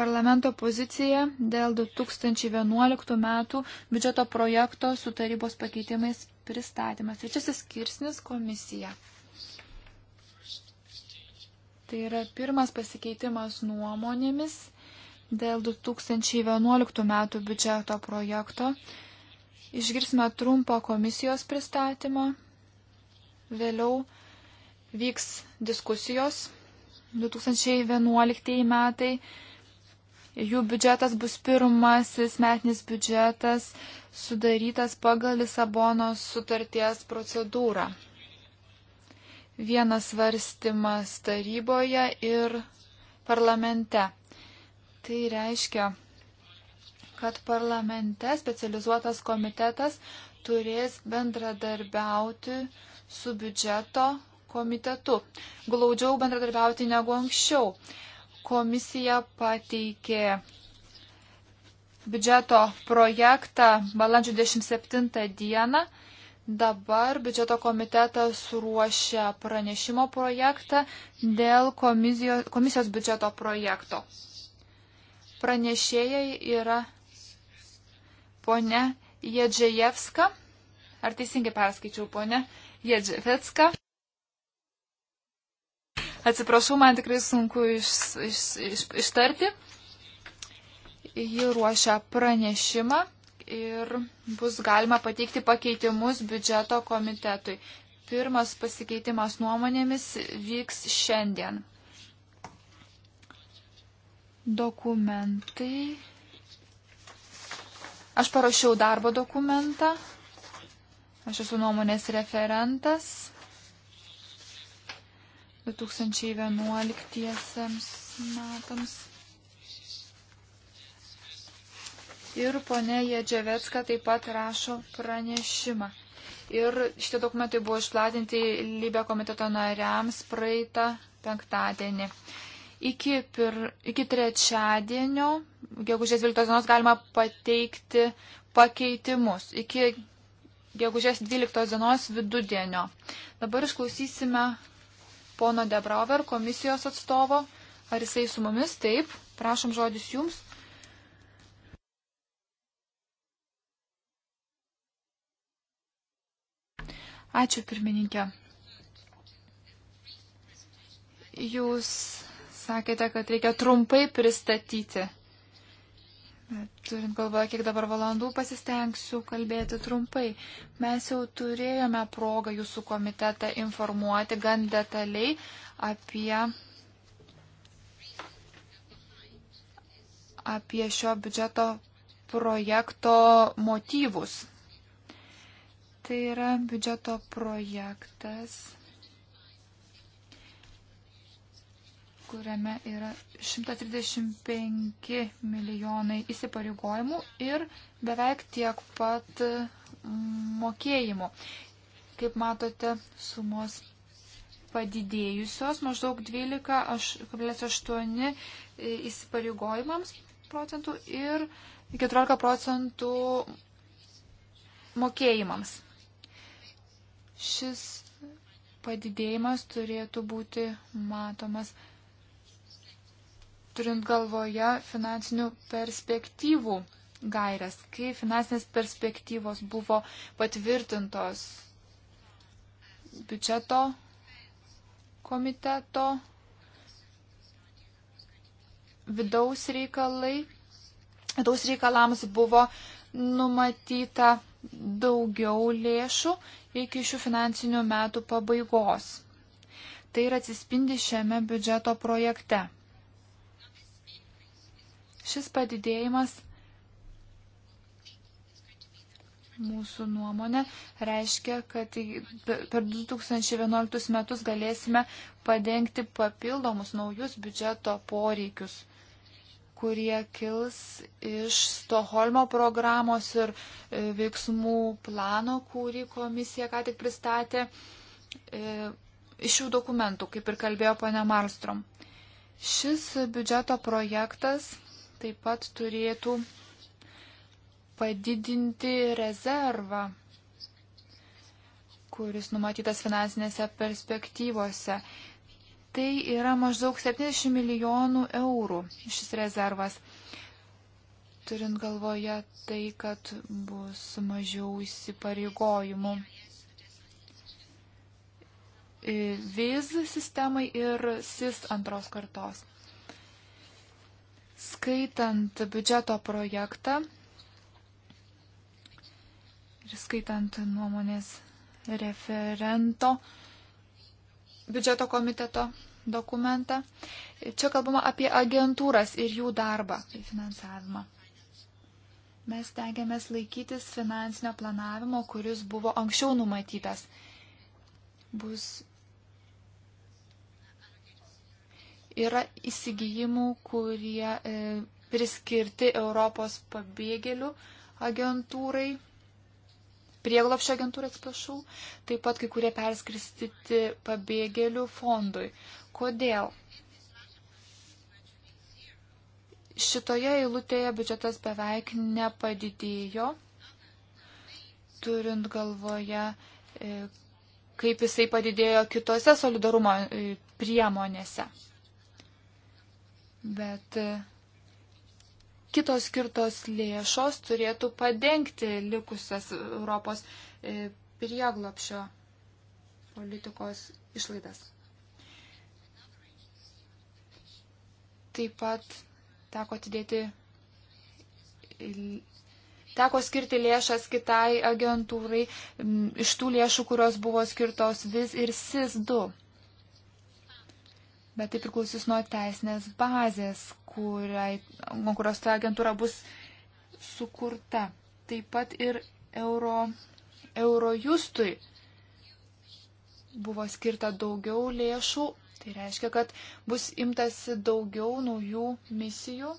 Parlamento pozicija dėl 2011 metų biudžeto projekto su tarybos pakeitimais pristatymas. Trečiasis skirsnis komisija. Tai yra pirmas pasikeitimas nuomonėmis dėl 2011 metų biudžeto projekto. Išgirsime trumpą komisijos pristatymą. Vėliau vyks diskusijos. 2011 metai. Jų biudžetas bus pirmasis metinis biudžetas sudarytas pagal Lisabonos sutarties procedūrą vienas varstimas taryboje ir parlamente. Tai reiškia, kad parlamente specializuotas komitetas turės bendradarbiauti su biudžeto komitetu. Glaudžiau bendradarbiauti negu anksčiau. Komisija pateikė biudžeto projektą balandžio 27 dieną Dabar biudžeto komitetas ruošia pranešimo projektą dėl komisijos, komisijos biudžeto projekto. Pranešėjai yra ponia Jedžejevska. Ar teisingai perskaičiau, ponia Jedževecka? Atsiprašau, man tikrai sunku iš, iš, iš, ištarti. Ji ruošia pranešimą ir bus galima pateikti pakeitimus biudžeto komitetui. Pirmas pasikeitimas nuomonėmis vyks šiandien. Dokumentai. Aš parašiau darbo dokumentą. Aš esu nuomonės referentas 2011 metams. ir ponė Jedževetska taip pat rašo pranešimą. Ir šitie dokumentai buvo išplatinti Libė komiteto nariams praeitą penktadienį. Iki, pir, iki trečiadienio, gegužės 12 dienos, galima pateikti pakeitimus. Iki gegužės 12 dienos vidudienio. Dabar išklausysime pono Debrauver, komisijos atstovo. Ar jisai su mumis? Taip. Prašom žodis jums. Ačiū pirmininkė. Jūs sakėte, kad reikia trumpai pristatyti. Turint galvoje, kiek dabar valandų pasistengsiu kalbėti trumpai. Mes jau turėjome progą jūsų komitetą informuoti gan detaliai apie, apie šio biudžeto projekto motyvus. Tai yra biudžeto projektas, kuriame yra 135 milijonai įsipareigojimų ir beveik tiek pat mm, mokėjimų. Kaip matote, sumos padidėjusios maždaug 12,8 e, įsipareigojimams procentų ir 14 procentų mokėjimams. Šis padidėjimas turėtų būti matomas turint galvoje finansinių perspektyvų gairias, kai finansinės perspektyvos buvo patvirtintos biudžeto komiteto vidaus reikalai. Vidaus reikalams buvo numatyta daugiau lėšų iki šių finansinių metų pabaigos. Tai ir atsispindi šiame biudžeto projekte. Šis padidėjimas mūsų nuomonė reiškia, kad per 2011 metus galėsime padengti papildomus naujus biudžeto poreikius kurie kils iš Stoholmo programos ir e, veiksmų plano, kurį komisija ką tik pristatė e, iš šių dokumentų, kaip ir kalbėjo ponia Marstrom. Šis biudžeto projektas taip pat turėtų padidinti rezervą, kuris numatytas finansinėse perspektyvose. Tai yra maždaug 70 milijonų eurų šis rezervas. Turint galvoje tai, kad bus mažiau įsipareigojimų e, viz sistemai ir sis antros kartos. Skaitant biudžeto projektą ir skaitant nuomonės referento biudžeto komiteto dokumentą. Čia kalbama apie agentūras ir jų darbą bei finansavimą. Mes tengiamės laikytis finansinio planavimo, kuris buvo anksčiau numatytas. Bus yra įsigijimų, kurie e, priskirti Europos pabėgėlių agentūrai prieglopšio agentūrą atsiprašau, taip pat kai kurie perskristyti pabėgėlių fondui. Kodėl? Šitoje eilutėje biudžetas beveik nepadidėjo, turint galvoje, e, kaip jisai padidėjo kitose solidarumo e, priemonėse. Bet e, kitos skirtos lėšos turėtų padengti likusias Europos e, prieglopšio politikos išlaidas. Taip pat teko atidėti, teko skirti lėšas kitai agentūrai iš tų lėšų, kurios buvo skirtos vis ir SIS 2. Bet tai priklausys nuo teisinės bazės, kuriai, kurios ta agentūra bus sukurta. Taip pat ir Euro, Eurojustui buvo skirta daugiau lėšų, tai reiškia, kad bus imtasi daugiau naujų misijų,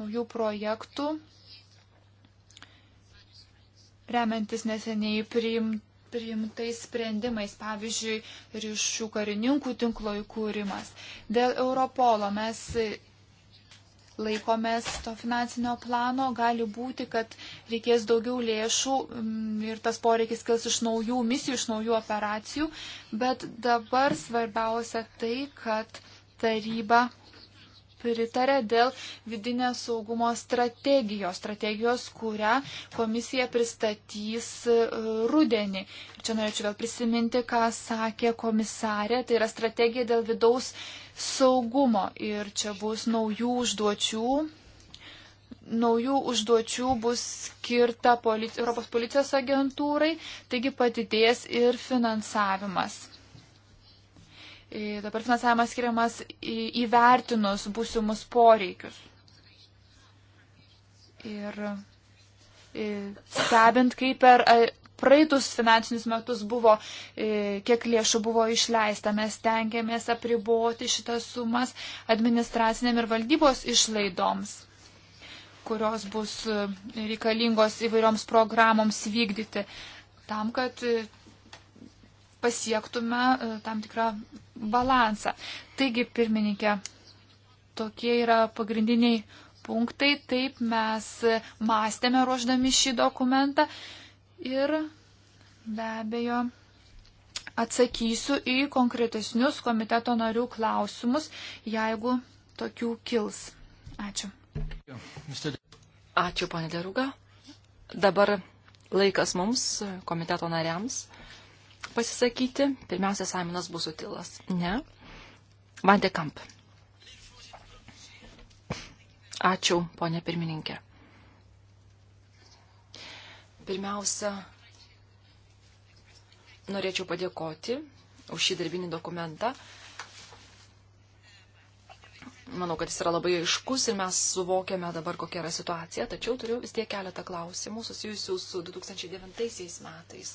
naujų projektų, remiantis neseniai priimtų priimtais sprendimais, pavyzdžiui, ryšių karininkų tinklo įkūrimas. Dėl Europolo mes laikomės to finansinio plano, gali būti, kad reikės daugiau lėšų mm, ir tas poreikis kils iš naujų misijų, iš naujų operacijų, bet dabar svarbiausia tai, kad taryba pritarė dėl vidinės saugumo strategijos, strategijos, kurią komisija pristatys e, rudenį. Ir čia norėčiau vėl prisiminti, ką sakė komisarė, tai yra strategija dėl vidaus saugumo ir čia bus naujų užduočių. Naujų užduočių bus skirta polici Europos policijos agentūrai, taigi padidės ir finansavimas. E, dabar finansavimas skiriamas įvertinus būsimus poreikius. Ir e, stebint, kaip per e, praeitus finansinius metus buvo, kiek lėšų buvo išleista. Mes tengiamės apriboti šitas sumas administraciniam ir valdybos išlaidoms, kurios bus reikalingos įvairioms programoms vykdyti, tam, kad pasiektume e, tam tikrą balansą. Taigi, pirmininkė, tokie yra pagrindiniai punktai. Taip mes mąstėme ruoždami šį dokumentą ir be abejo atsakysiu į konkretesnius komiteto narių klausimus, jeigu tokių kils. Ačiū. Ačiū, ponė Deruga. Dabar laikas mums, komiteto nariams pasisakyti. Pirmiausia, Simonas Busutilas. Ne. Vandekamp. Ačiū, ponė pirmininkė. Pirmiausia, norėčiau padėkoti už šį darbinį dokumentą. Manau, kad jis yra labai aiškus ir mes suvokiame dabar, kokia yra situacija, tačiau turiu vis tiek keletą klausimų susijusių su 2009 metais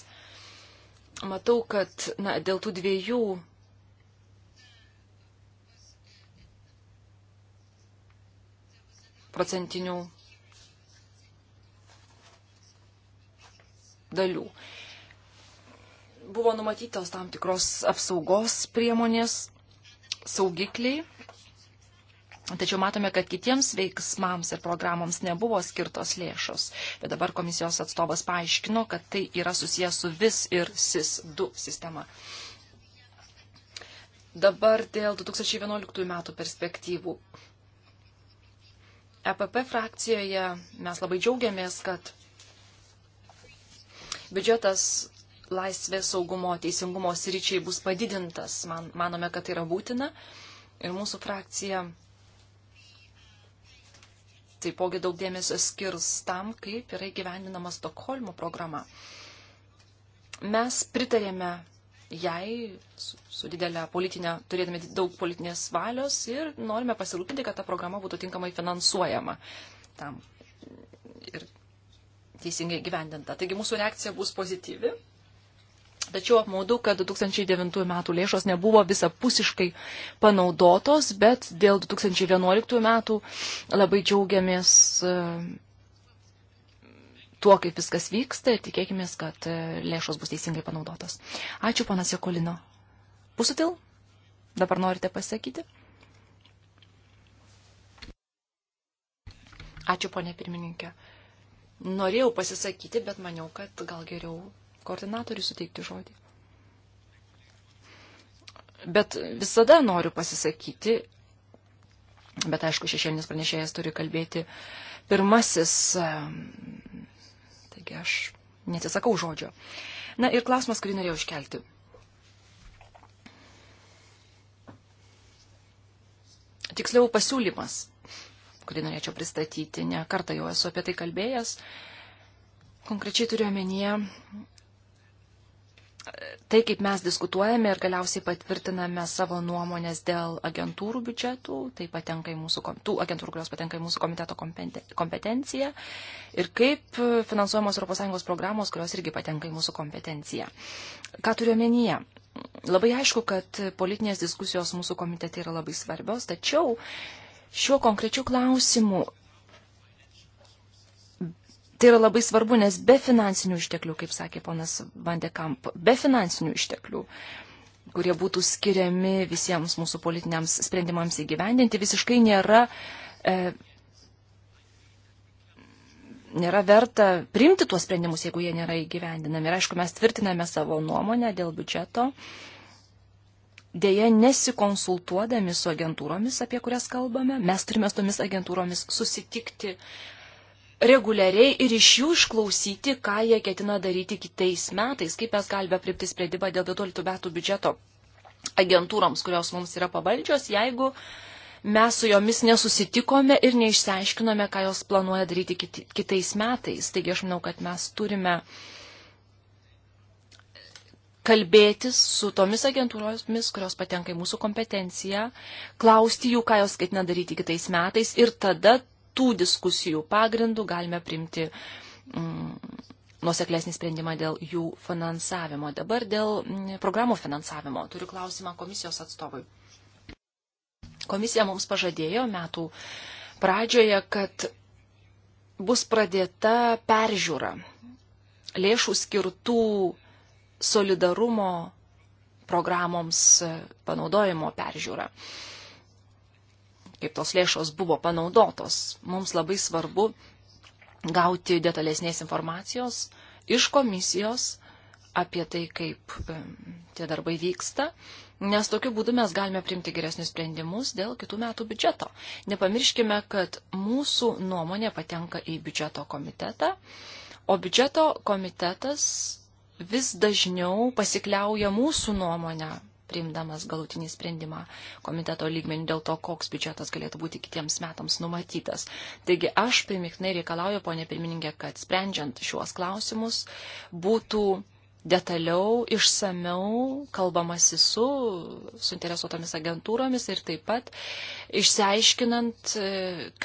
matau, kad na, dėl tų dviejų procentinių dalių. Buvo numatytos tam tikros apsaugos priemonės, saugikliai Tačiau matome, kad kitiems veiksmams ir programoms nebuvo skirtos lėšos. Bet dabar komisijos atstovas paaiškino, kad tai yra susijęs su vis ir SIS2 sistema. Dabar dėl 2011 metų perspektyvų. EPP frakcijoje mes labai džiaugiamės, kad biudžetas laisvės saugumo teisingumo sričiai bus padidintas. Man, manome, kad tai yra būtina. Ir mūsų frakcija taipogi daug dėmesio skirs tam, kaip yra įgyvendinama Stokholmo programa. Mes pritarėme jai su, su didelė politinė, turėdami daug politinės valios ir norime pasirūpinti, kad ta programa būtų tinkamai finansuojama tam ir teisingai gyvendinta. Taigi mūsų reakcija bus pozityvi Tačiau apmaudu, kad 2009 metų lėšos nebuvo visapusiškai panaudotos, bet dėl 2011 metų labai džiaugiamės e, tuo, kaip viskas vyksta ir tikėkime, kad e, lėšos bus teisingai panaudotos. Ačiū, panas Jekolino. Pusutil, dabar norite pasakyti? Ačiū, ponė pirmininkė. Norėjau pasisakyti, bet maniau, kad gal geriau koordinatoriui suteikti žodį. Bet visada noriu pasisakyti, bet aišku, šešėlinis pranešėjas turi kalbėti pirmasis, taigi aš netisakau žodžio. Na ir klausimas, kurį norėjau iškelti. Tiksliau pasiūlymas, kurį norėčiau pristatyti, ne kartą jau esu apie tai kalbėjęs. Konkrečiai turiu omenyje tai, kaip mes diskutuojame ir galiausiai patvirtiname savo nuomonės dėl agentūrų biudžetų, tai patenka į mūsų, tų agentūrų, kurios patenka į mūsų komiteto kompetenciją, ir kaip finansuojamos ES programos, kurios irgi patenka į mūsų kompetenciją. Ką turiu omenyje? Labai aišku, kad politinės diskusijos mūsų komitete yra labai svarbios, tačiau šiuo konkrečiu klausimu Tai yra labai svarbu, nes be finansinių išteklių, kaip sakė ponas Vandekamp, be finansinių išteklių, kurie būtų skiriami visiems mūsų politiniams sprendimams įgyvendinti, visiškai nėra, e, nėra verta priimti tuos sprendimus, jeigu jie nėra įgyvendinami. Ir aišku, mes tvirtiname savo nuomonę dėl biudžeto, dėje nesikonsultuodami su agentūromis, apie kurias kalbame, mes turime su tomis agentūromis susitikti reguliariai ir iš jų išklausyti, ką jie ketina daryti kitais metais, kaip mes galime pripti sprendimą dėl 12 metų biudžeto agentūroms, kurios mums yra pavaldžios, jeigu mes su jomis nesusitikome ir neišsiaiškinome, ką jos planuoja daryti kitais metais. Taigi aš manau, kad mes turime kalbėtis su tomis agentūromis, kurios patenka į mūsų kompetenciją, klausti jų, ką jos ketina daryti kitais metais ir tada tų diskusijų pagrindų galime primti mm, nuoseklesnį sprendimą dėl jų finansavimo. Dabar dėl mm, programų finansavimo. Turiu klausimą komisijos atstovui. Komisija mums pažadėjo metų pradžioje, kad bus pradėta peržiūra lėšų skirtų solidarumo programoms panaudojimo peržiūra kaip tos lėšos buvo panaudotos. Mums labai svarbu gauti detalesnės informacijos iš komisijos apie tai, kaip tie darbai vyksta, nes tokiu būdu mes galime primti geresnius sprendimus dėl kitų metų biudžeto. Nepamirškime, kad mūsų nuomonė patenka į biudžeto komitetą, o biudžeto komitetas vis dažniau pasikliauja mūsų nuomonę, priimdamas galutinį sprendimą komiteto lygmenį dėl to, koks biudžetas galėtų būti kitiems metams numatytas. Taigi aš primiknai reikalauju, ponė pirmininkė, kad sprendžiant šiuos klausimus būtų detaliau, išsameu kalbamasi su suinteresuotomis agentūromis ir taip pat išsiaiškinant,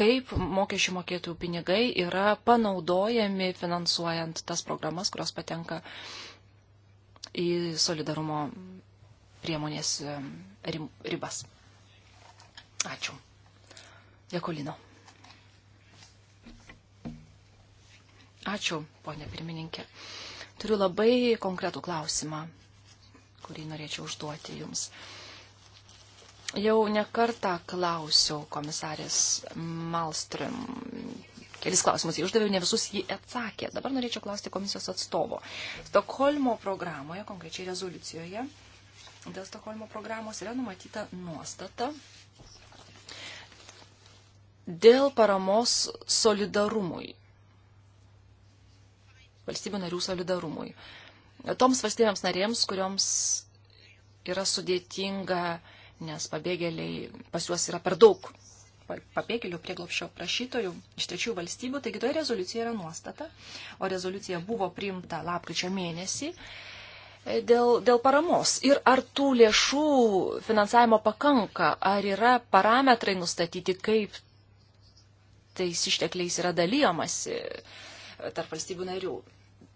kaip mokesčių mokėtojų pinigai yra panaudojami finansuojant tas programas, kurios patenka į solidarumo priemonės ribas. Ačiū. Jekolino. Ačiū, ponė pirmininkė. Turiu labai konkretų klausimą, kurį norėčiau užduoti jums. Jau nekartą klausiau komisarės Malstrom. Kelis klausimus jį uždaviau, ne visus jį atsakė. Dabar norėčiau klausti komisijos atstovo. Stokholmo programoje, konkrečiai rezoliucijoje, dėl Stokholmo programos yra numatyta nuostata dėl paramos solidarumui. Valstybių narių solidarumui. Toms valstybėms narėms, kurioms yra sudėtinga, nes pabėgėliai pas juos yra per daug pabėgėlių prieglopšio prašytojų iš trečių valstybių. Taigi toje rezoliucijoje yra nuostata, o rezoliucija buvo priimta lapkričio mėnesį dėl, dėl paramos. Ir ar tų lėšų finansavimo pakanka, ar yra parametrai nustatyti, kaip tais ištekliais yra dalyjamasi tarp valstybių narių.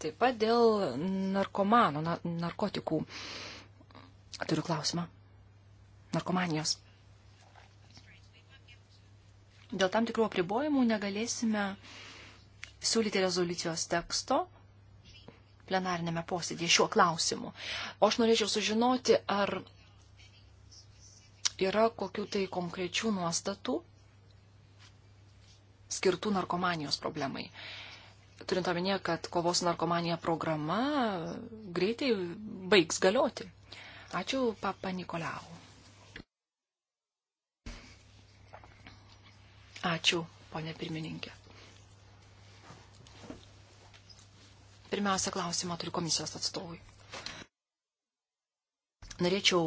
Taip pat dėl narkomanų, na, narkotikų. Turiu klausimą. Narkomanijos. Dėl tam tikrų apribojimų negalėsime siūlyti rezoliucijos teksto, plenarinėme posėdėje šiuo klausimu. O aš norėčiau sužinoti, ar yra kokių tai konkrečių nuostatų skirtų narkomanijos problemai. Turint omenyje, kad kovos narkomanija programa greitai baigs galioti. Ačiū, papa Nikolau. Ačiū, ponė pirmininkė. Pirmiausia, klausimą turiu komisijos atstovui. Norėčiau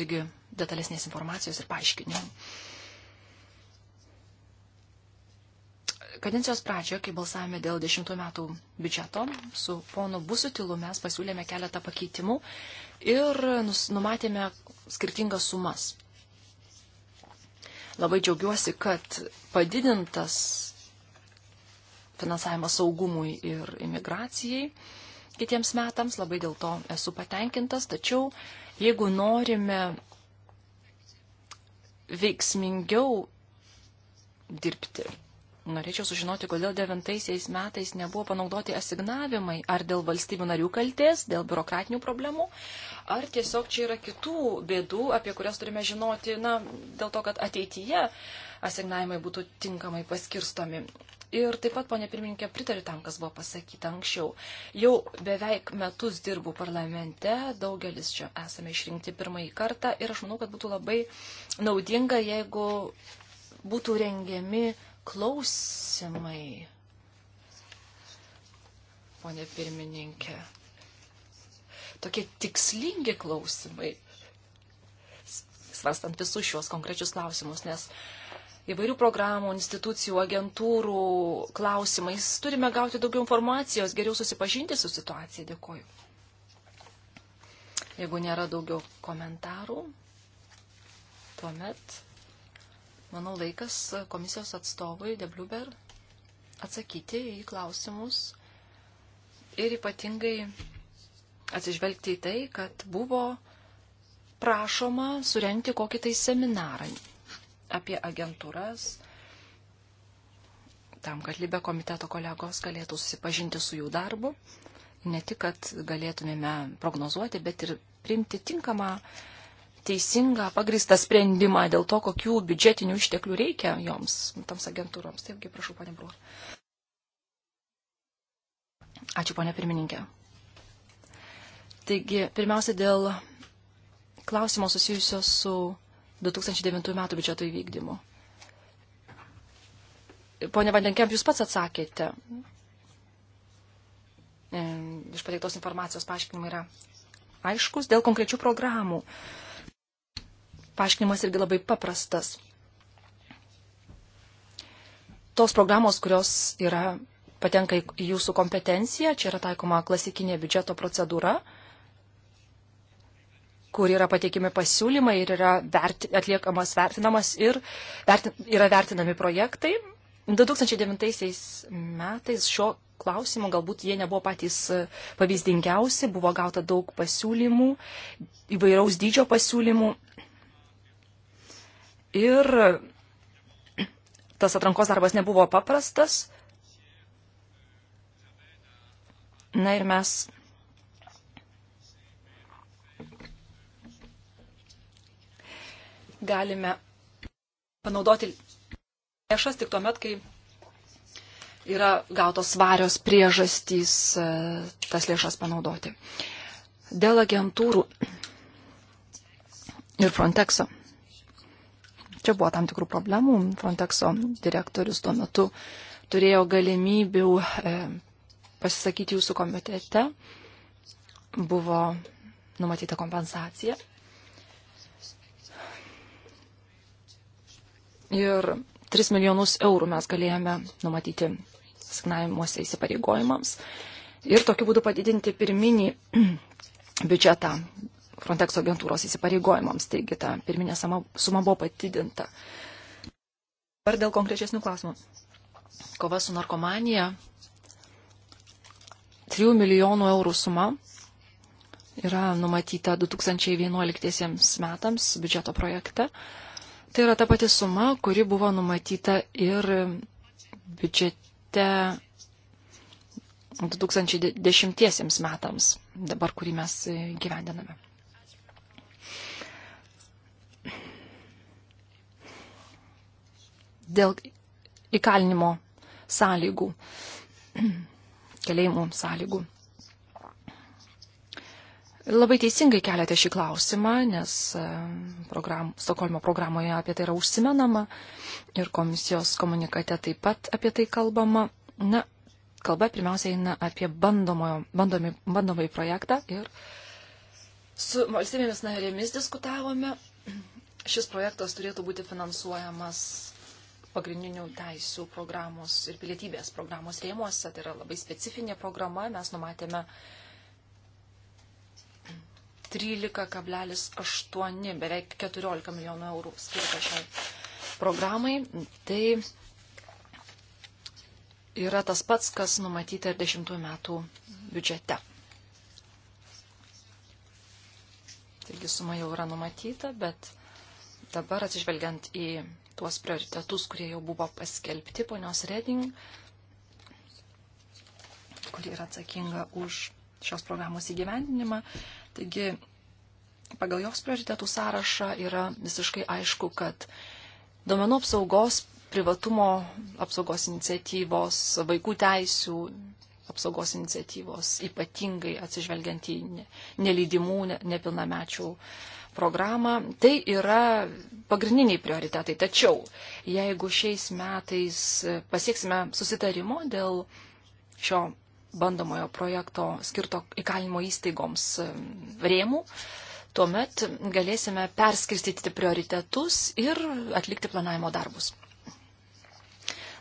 irgi detalesnės informacijos ir paaiškinimų. Kadencijos pradžioje, kai balsavome dėl 10 metų biudžeto, su ponu Busutilu mes pasiūlėme keletą pakeitimų ir numatėme skirtingas sumas. Labai džiaugiuosi, kad padidintas finansavimą saugumui ir imigracijai kitiems metams, labai dėl to esu patenkintas, tačiau jeigu norime veiksmingiau dirbti, norėčiau sužinoti, kodėl devintaisiais metais nebuvo panaudoti asignavimai, ar dėl valstybių narių kaltės, dėl biurokratinių problemų, ar tiesiog čia yra kitų bėdų, apie kurias turime žinoti, na, dėl to, kad ateityje asignavimai būtų tinkamai paskirstomi ir taip pat, ponė pirmininkė, pritariu tam, kas buvo pasakyta anksčiau. Jau beveik metus dirbu parlamente, daugelis čia esame išrinkti pirmąjį kartą ir aš manau, kad būtų labai naudinga, jeigu būtų rengiami klausimai. Pone pirmininkė, tokie tikslingi klausimai, svarstant visus šios konkrečius klausimus, nes uh, įvairių programų, institucijų, agentūrų klausimais. Turime gauti daugiau informacijos, geriau susipažinti su situacija. Dėkoju. Jeigu nėra daugiau komentarų, tuomet, manau, laikas komisijos atstovui Debliuber atsakyti į klausimus ir ypatingai atsižvelgti į tai, kad buvo prašoma surenkti kokį tai seminarą apie agentūras, tam, kad Libė komiteto kolegos galėtų susipažinti su jų darbu. Ne tik, kad galėtumėme prognozuoti, bet ir priimti tinkamą, teisingą, pagristą sprendimą dėl to, kokių biudžetinių išteklių reikia joms, toms agentūroms. Taipgi, prašau, ponė Brūr. Ačiū, ponė pirmininkė. Taigi, pirmiausia, dėl klausimo susijusio su 2009 metų biudžeto įvykdymu. Pone Vandenkiamp, jūs pats atsakėte. E, iš pateiktos informacijos paaiškinimai yra aiškus dėl konkrečių programų. Paaiškinimas irgi labai paprastas. Tos programos, kurios yra patenka į jūsų kompetenciją, čia yra taikoma klasikinė biudžeto procedūra kur yra pateikimi pasiūlymai ir yra verti, atliekamas vertinamas ir vertin, yra vertinami projektai. 2009 metais šio klausimo galbūt jie nebuvo patys e, pavyzdingiausi, buvo gauta daug pasiūlymų, įvairaus dydžio pasiūlymų. Ir tas atrankos darbas nebuvo paprastas. Na ir mes galime panaudoti lėšas tik tuomet, kai yra gautos svarios priežastys e, tas lėšas panaudoti. Dėl agentūrų ir Frontexo. Čia buvo tam tikrų problemų. Frontexo direktorius tuo metu turėjo galimybių e, pasisakyti jūsų komitete. Buvo numatyta kompensacija ir 3 milijonus eurų mes galėjome numatyti signavimuose įsipareigojimams ir tokiu būdu padidinti pirminį biudžetą Frontex agentūros įsipareigojimams. Taigi ta pirminė suma buvo padidinta. Ar dėl konkrečesnių klausimų? Kova su narkomanija. 3 milijonų eurų suma yra numatyta 2011 metams biudžeto projekte. Tai yra ta pati suma, kuri buvo numatyta ir biudžete 2010 metams, dabar kurį mes e, gyvendiname. Dėl įkalinimo sąlygų, kalėjimų sąlygų. Labai teisingai keliate šį klausimą, nes e, program, Stokholmo programoje apie tai yra užsimenama ir komisijos komunikate taip pat apie tai kalbama. Na, kalba pirmiausia eina apie bandomąjį projektą ir su valstybėmis narėmis diskutavome. Šis projektas turėtų būti finansuojamas pagrindinių teisų programos ir pilietybės programos rėmuose. Tai yra labai specifinė programa. Mes numatėme uh, 13,8, beveik 14 milijonų eurų skirta šiai programai. Tai yra tas pats, kas numatyta ir 10 metų biudžete. Taigi suma jau yra numatyta, bet dabar atsižvelgiant į tuos prioritetus, kurie jau buvo paskelbti ponios Reding, kuri yra atsakinga už šios programos įgyvendinimą, Taigi, pagal jos prioritetų sąrašą yra visiškai aišku, kad duomenų apsaugos, privatumo apsaugos iniciatyvos, vaikų teisių apsaugos iniciatyvos, ypatingai atsižvelgiant į nelydimų, nepilnamečių programą. Tai yra pagrindiniai prioritetai. Tačiau, jeigu šiais metais pasieksime susitarimo dėl šio bandomojo projekto skirto įkalinimo įstaigoms rėmų, tuomet galėsime perskirstyti prioritetus ir atlikti planavimo darbus.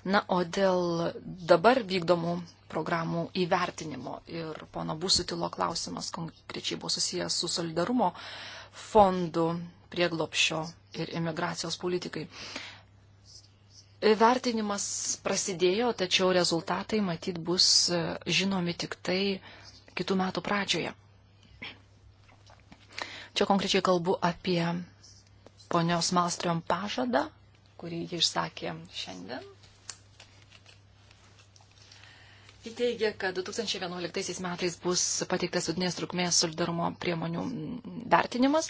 Na, o dėl dabar vykdomų programų įvertinimo ir pono Busutilo klausimas konkrečiai buvo susijęs su solidarumo fondu prieglopšio ir imigracijos politikai. Vertinimas prasidėjo, tačiau rezultatai matyt bus e, žinomi tik tai kitų metų pradžioje. Čia konkrečiai kalbu apie ponios Malstriom pažadą, kurį ji išsakė šiandien. Ji teigia, kad 2011 metais bus pateiktas vidinės trukmės solidarumo priemonių vertinimas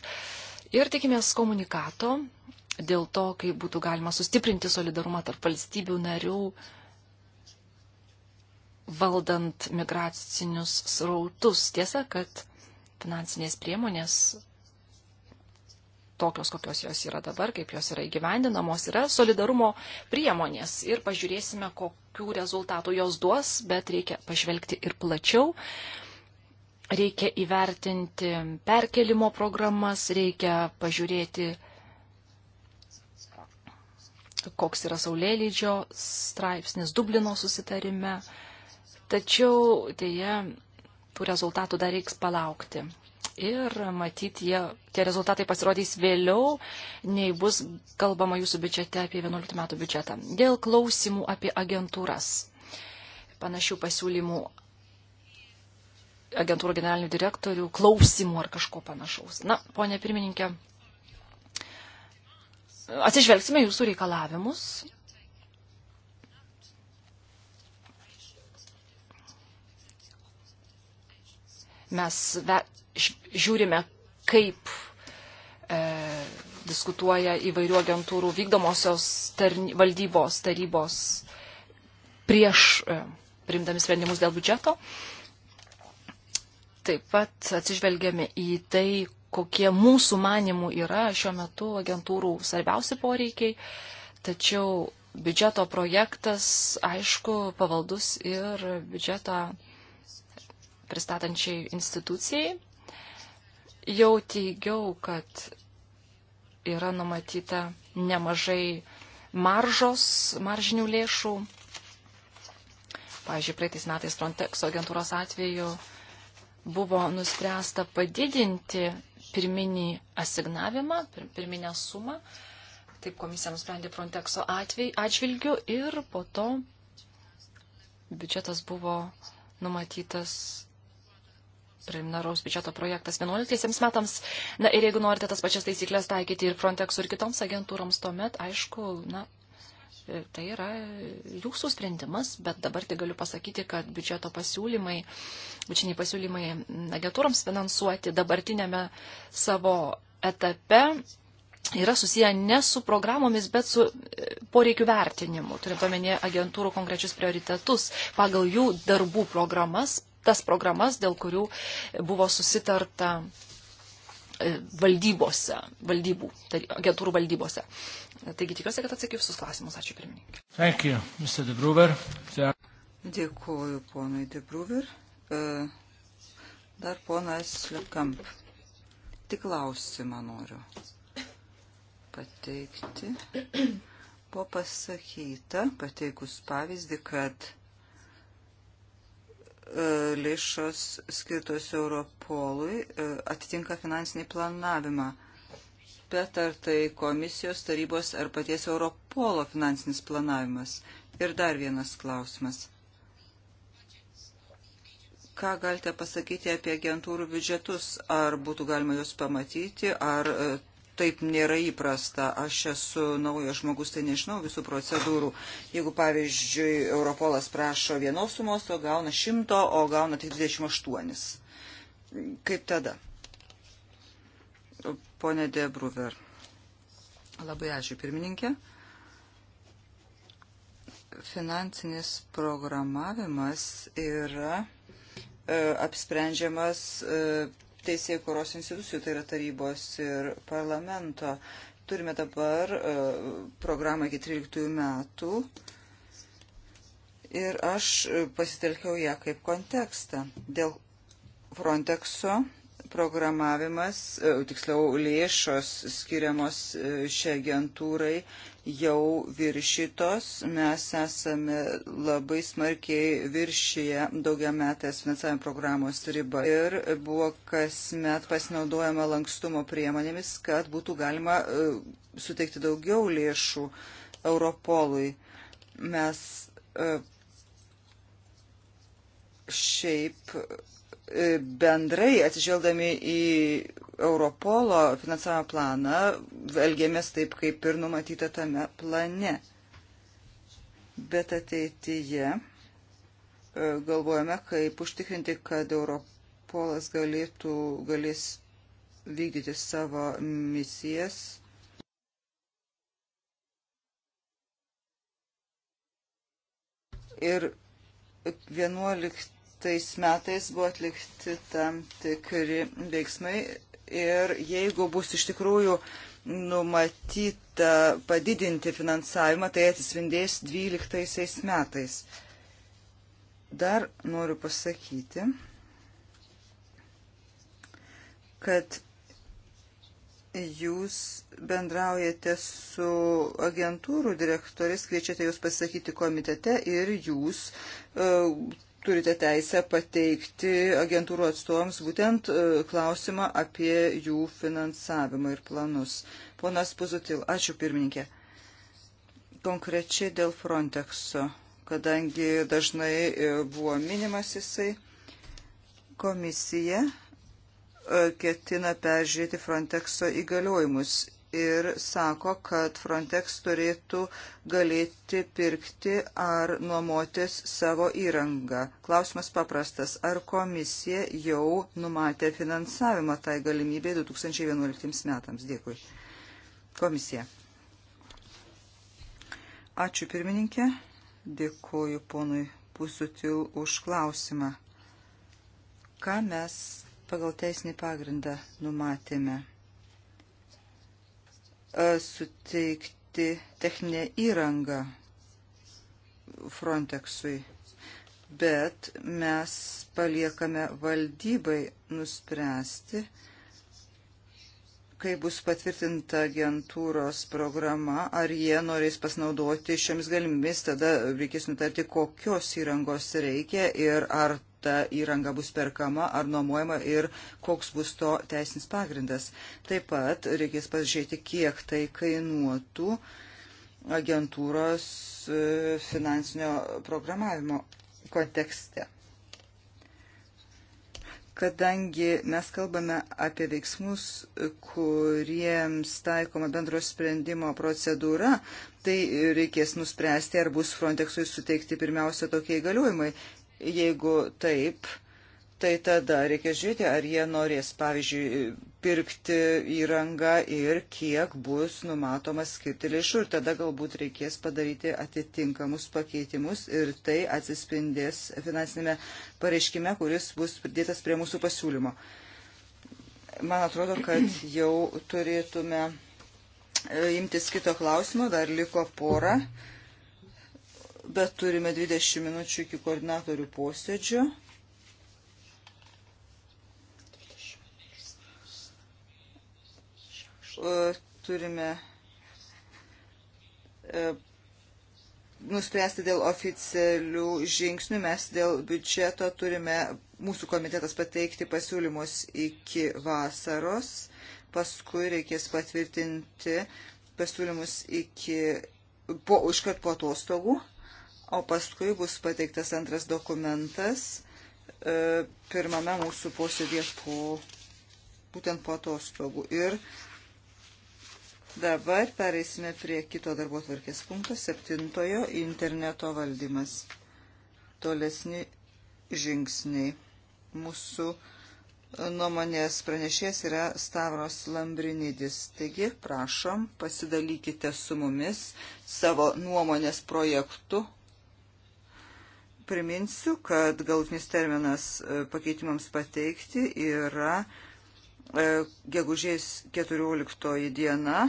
ir tikimės komunikato dėl to, kaip būtų galima sustiprinti solidarumą tarp valstybių narių, valdant migracinius srautus. Tiesa, kad finansinės priemonės, tokios kokios jos yra dabar, kaip jos yra įgyvendinamos, yra solidarumo priemonės. Ir pažiūrėsime, kokių rezultatų jos duos, bet reikia pažvelgti ir plačiau. Reikia įvertinti perkelimo programas, reikia pažiūrėti, koks yra Saulėlydžio straipsnis Dublino susitarime. Tačiau dėje tų rezultatų dar reiks palaukti. Ir matyt, jie, tie rezultatai pasirodys vėliau, nei bus kalbama jūsų biudžete apie 11 metų biudžetą. Dėl klausimų apie agentūras. Panašių pasiūlymų agentūrų generalinių direktorių klausimų ar kažko panašaus. Na, ponė pirmininkė, atsižvelgsime jūsų reikalavimus. Mes žiūrime, kaip e, diskutuoja įvairių agentūrų vykdomosios tarny, valdybos tarybos prieš e, priimdami sprendimus dėl biudžeto. Taip pat atsižvelgiame į tai, kokie mūsų manimų yra šiuo metu agentūrų svarbiausi poreikiai, tačiau biudžeto projektas, aišku, pavaldus ir biudžetą pristatančiai institucijai. Jau teigiau, kad yra numatyta nemažai maržos, maržinių lėšų. Pavyzdžiui, praeitais metais Frontex agentūros atveju buvo nuspręsta padidinti pirminį asignavimą, pirminę sumą. Taip komisija nusprendė Frontexo atžvilgiu ir po to biudžetas buvo numatytas preliminaraus biudžeto projektas 11 metams. Na ir jeigu norite tas pačias taisyklės taikyti ir Frontexų ir kitoms agentūroms, tuomet, aišku, na, E, tai yra jūsų sprendimas, bet dabar tik galiu pasakyti, kad biudžeto pasiūlymai, biudžetiniai pasiūlymai agentūrams finansuoti dabartinėme savo etape yra susiję ne su programomis, bet su e, poreikių vertinimu. Turint omenyje agentūrų konkrečius prioritetus pagal jų darbų programas, tas programas, dėl kurių buvo susitarta e, valdybose, valdybų, tai agentūrų valdybose. Taigi tikiuosi, kad atsakiau visus klausimus. Ačiū pirmininkai. Thank you, Mr. De Bruver. Dėkuoju ponui De Bruver. E, dar ponas Lekamp. Tik klausimą noriu pateikti. Buvo pasakyta, pateikus pavyzdį, kad e, lėšos skirtos Europolui e, atitinka finansinį planavimą bet ar tai komisijos tarybos ar paties Europolo finansinis planavimas. Ir dar vienas klausimas. Ką galite pasakyti apie agentūrų biudžetus? Ar būtų galima juos pamatyti, ar e, taip nėra įprasta, aš esu naujas žmogus, tai nežinau visų procedūrų. Jeigu, pavyzdžiui, Europolas prašo vienos sumos, o gauna šimto, o gauna tik 28. Kaip tada? Pone Debruver. Labai ačiū, pirmininkė. Finansinis programavimas yra e, apsprendžiamas e, teisėjų koros institucijų, tai yra tarybos ir parlamento. Turime dabar e, programą iki 13 metų ir aš pasitelkiau ją kaip kontekstą dėl Frontexo programavimas, e, tiksliau lėšos skiriamos e, šiai agentūrai jau viršytos. Mes esame labai smarkiai viršyje daugiametės finansavimo programos ribą ir buvo kasmet pasinaudojama lankstumo priemonėmis, kad būtų galima e, suteikti daugiau lėšų Europolui. Mes šiaip E, bendrai atsižvelgdami į Europolo finansavimo planą, elgėmės taip, kaip ir numatyta tame plane. Bet ateityje e, galvojame, kaip užtikrinti, kad Europolas galėtų, galės vykdyti savo misijas ir 11 tais metais buvo atlikti tam tikri veiksmai ir jeigu bus iš tikrųjų numatyta padidinti finansavimą, tai atsispindės 12 metais. Dar noriu pasakyti, kad jūs bendraujate su agentūrų direktoriais, kviečiate jūs pasakyti komitete ir jūs uh, turite teisę pateikti agentūrų atstovams būtent e, klausimą apie jų finansavimą ir planus. Ponas Puzutil, ačiū pirmininkė. Konkrečiai dėl Frontexo, kadangi dažnai e, buvo minimas jisai, komisija e, ketina peržiūrėti Frontexo įgaliojimus ir sako, kad Frontex turėtų galėti pirkti ar nuomotis savo įrangą. Klausimas paprastas. Ar komisija jau numatė finansavimą tai galimybė 2011 metams? Dėkui. Komisija. Ačiū pirmininkė. Dėkuoju ponui Pusutil už klausimą. Ką mes pagal teisinį pagrindą numatėme? E, suteikti techninę įrangą Frontexui, bet mes paliekame valdybai nuspręsti, kai bus patvirtinta agentūros programa, ar jie norės pasinaudoti šiomis galimybėmis, tada reikės nutarti, kokios įrangos reikia ir ar ta įranga bus perkama ar nuomojama ir koks bus to teisinis pagrindas. Taip pat reikės pasižiūrėti, kiek tai kainuotų agentūros e, finansinio programavimo kontekste. Kadangi mes kalbame apie veiksmus, kuriems taikoma bendro sprendimo procedūra, tai reikės nuspręsti, ar bus Frontexui suteikti pirmiausia tokie įgaliojimai. Jeigu taip, tai tada reikia žiūrėti, ar jie norės, pavyzdžiui, pirkti įrangą ir kiek bus numatoma skirti lėšų. Ir tada galbūt reikės padaryti atitinkamus pakeitimus ir tai atsispindės finansinėme pareiškime, kuris bus pridėtas prie mūsų pasiūlymo. Man atrodo, kad jau turėtume e, imtis kito klausimo, dar liko pora. Mhm bet turime 20 minučių iki koordinatorių posėdžio. E, turime e, nuspręsti dėl oficialių žingsnių. Mes dėl biudžeto turime mūsų komitetas pateikti pasiūlymus iki vasaros. Paskui reikės patvirtinti pasiūlymus iki po, iškart po atostogų o paskui bus pateiktas antras dokumentas e, pirmame mūsų posėdėje po, būtent po atostogų. Ir dabar pereisime prie kito darbo tvarkės punkto, septintojo interneto valdymas. Tolesni žingsniai. Mūsų nuomonės pranešės yra Stavros Lambrinidis. Taigi, prašom, pasidalykite su mumis savo nuomonės projektu, priminsiu, kad galutinis terminas e, pakeitimams pateikti yra e, gegužės 14 diena,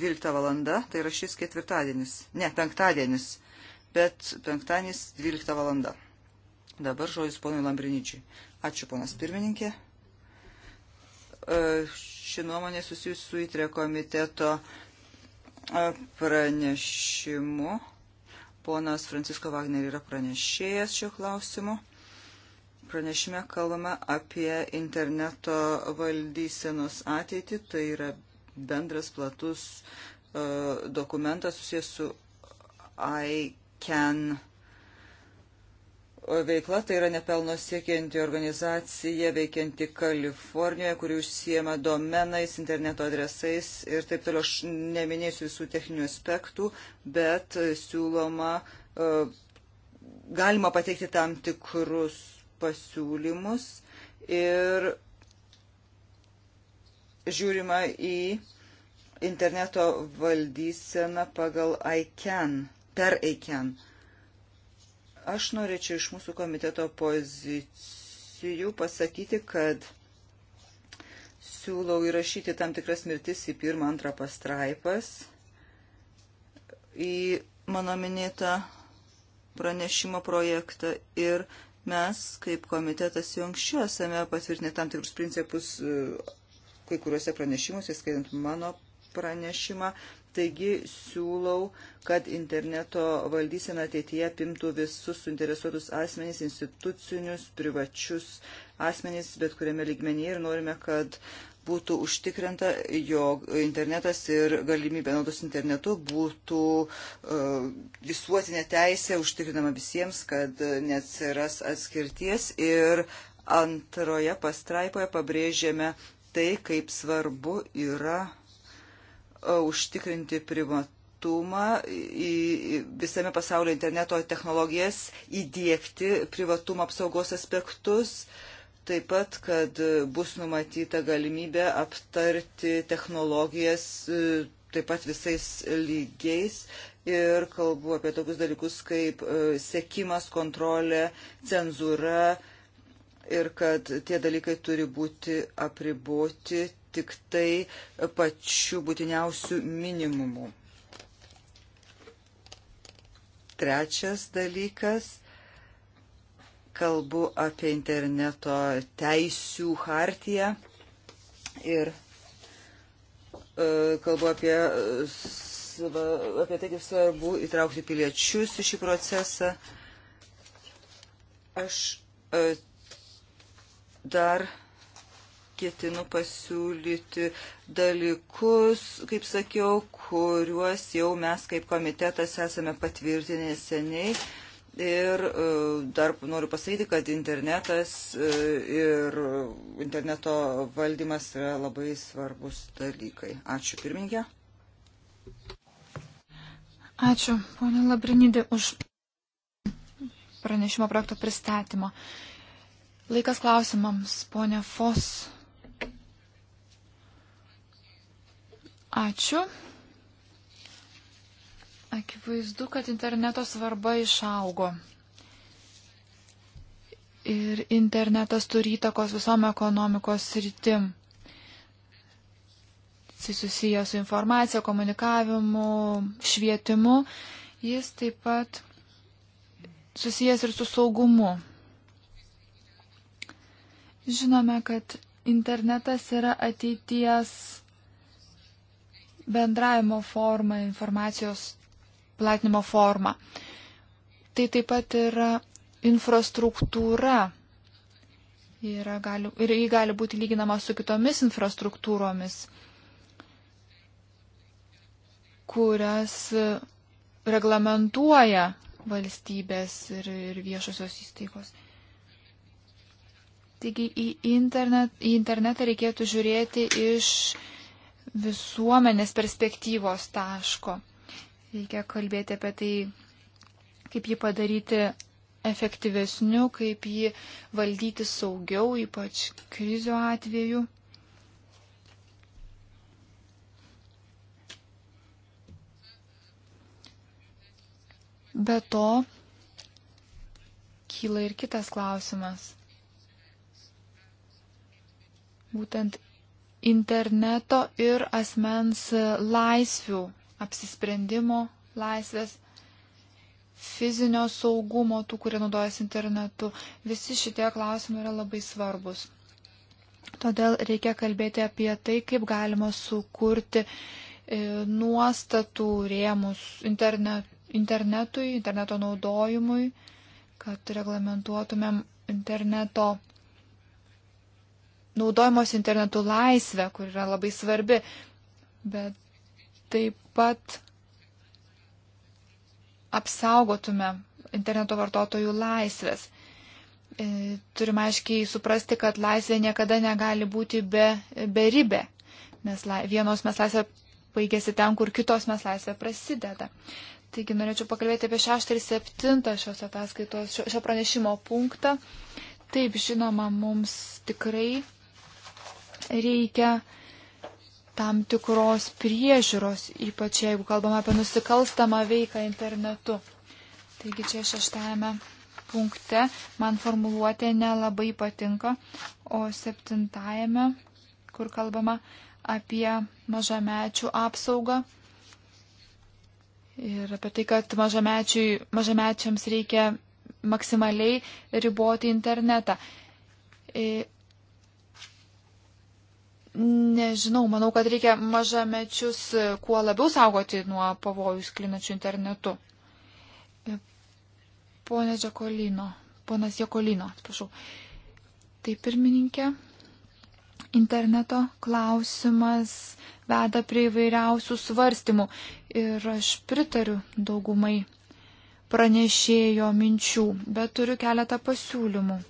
12 valanda, tai yra šis ketvirtadienis, ne, penktadienis, bet penktadienis 12 valanda. Dabar žodis ponui Lambriničiui. Ačiū, ponas pirmininkė. E, ši nuomonė susijusi su įtrė komiteto pranešimu Ponas Francisko Wagner yra pranešėjas šio klausimu. Pranešime kalbame apie interneto valdysenos ateitį. Tai yra bendras platus uh, dokumentas susijęs su ICANN veikla, tai yra nepelno siekianti organizacija, veikianti Kalifornijoje, kuri užsiema domenais, interneto adresais ir taip toliau. Aš neminėsiu visų techninių aspektų, bet siūloma, e, galima pateikti tam tikrus pasiūlymus ir žiūrima į interneto valdyseną pagal ICANN, per ICANN Aš norėčiau iš mūsų komiteto pozicijų pasakyti, kad siūlau įrašyti tam tikras mirtis į pirmą, antrą pastraipas, į mano minėtą pranešimo projektą ir mes, kaip komitetas, jau anksčiau esame patvirtinę tam tikrus principus e, kai kuriuose pranešimuose, skaitant mano pranešimą, Taigi siūlau, kad interneto valdysena ateityje apimtų visus suinteresuotus asmenys, institucinius, privačius asmenys, bet kuriame lygmenyje ir norime, kad būtų užtikrinta, jog internetas ir galimybė naudos internetu būtų uh, visuotinė teisė užtikrinama visiems, kad neatsiras atskirties ir antroje pastraipoje pabrėžėme tai, kaip svarbu yra užtikrinti privatumą į visame pasaulio interneto technologijas, įdėkti privatumo apsaugos aspektus, taip pat, kad bus numatyta galimybė aptarti technologijas e, taip pat visais lygiais ir kalbu apie tokius dalykus kaip e, sekimas, kontrolė, cenzūra ir kad tie dalykai turi būti apriboti tik tai pačių būtiniausių minimumų. Trečias dalykas - kalbu apie interneto teisių hartiją ir e, kalbu apie, apie tai, kaip svarbu įtraukti piliečius į šį procesą. Aš e, dar ketinu pasiūlyti dalykus, kaip sakiau, kuriuos jau mes kaip komitetas esame patvirtinę seniai. Ir e, dar noriu pasakyti, kad internetas e, ir interneto valdymas yra labai svarbus dalykai. Ačiū pirmininkė. Ačiū, ponė Labrinidė, už pranešimo projekto pristatymą. Laikas klausimams, ponė Fos. Ačiū. Akivaizdu, kad interneto svarba išaugo. Ir internetas turi įtakos visom ekonomikos rytim. Jis tai susijęs su informacija, komunikavimu, švietimu. Jis taip pat susijęs ir su saugumu. Žinome, kad internetas yra ateities bendravimo forma, informacijos platinimo forma. Tai taip pat yra infrastruktūra. Yra, gali, ir ji gali būti lyginama su kitomis infrastruktūromis, kurias e, reglamentuoja valstybės ir, ir viešosios įstaigos. Taigi į, internet, į internetą reikėtų žiūrėti iš visuomenės perspektyvos taško. Reikia kalbėti apie tai, kaip jį padaryti efektyvesniu, kaip jį valdyti saugiau, ypač krizių atveju. Be to, kyla ir kitas klausimas. Būtent interneto ir asmens laisvių, apsisprendimo laisvės, fizinio saugumo tų, kurie naudojasi internetu. Visi šitie klausimai yra labai svarbus. Todėl reikia kalbėti apie tai, kaip galima sukurti e, nuostatų rėmus internet, internetui, interneto naudojimui, kad reglamentuotumėm interneto naudojimos internetu laisvę, kur yra labai svarbi, bet taip pat apsaugotume interneto vartotojų laisvės. E, Turime aiškiai suprasti, kad laisvė niekada negali būti be, be ribė, nes la, vienos mes laisvė baigėsi ten, kur kitos mes laisvė prasideda. Taigi norėčiau pakalbėti apie šeštą ir septintą šios ataskaitos, šio, šio pranešimo punktą. Taip, žinoma, mums tikrai reikia tam tikros priežiūros, ypač jeigu kalbame apie nusikalstamą veiką internetu. Taigi čia šeštajame punkte man formuluotė nelabai patinka, o septintajame, kur kalbama apie mažamečių apsaugą ir apie tai, kad mažamečiams reikia maksimaliai riboti internetą. E, Nežinau, manau, kad reikia mažamečius e, kuo labiau saugoti nuo pavojų sklinačių internetu. E, Pone Džekolino, ponas Jekolino, atsiprašau. Tai pirmininkė, interneto klausimas veda prie įvairiausių svarstymų ir aš pritariu daugumai pranešėjo minčių, bet turiu keletą pasiūlymų.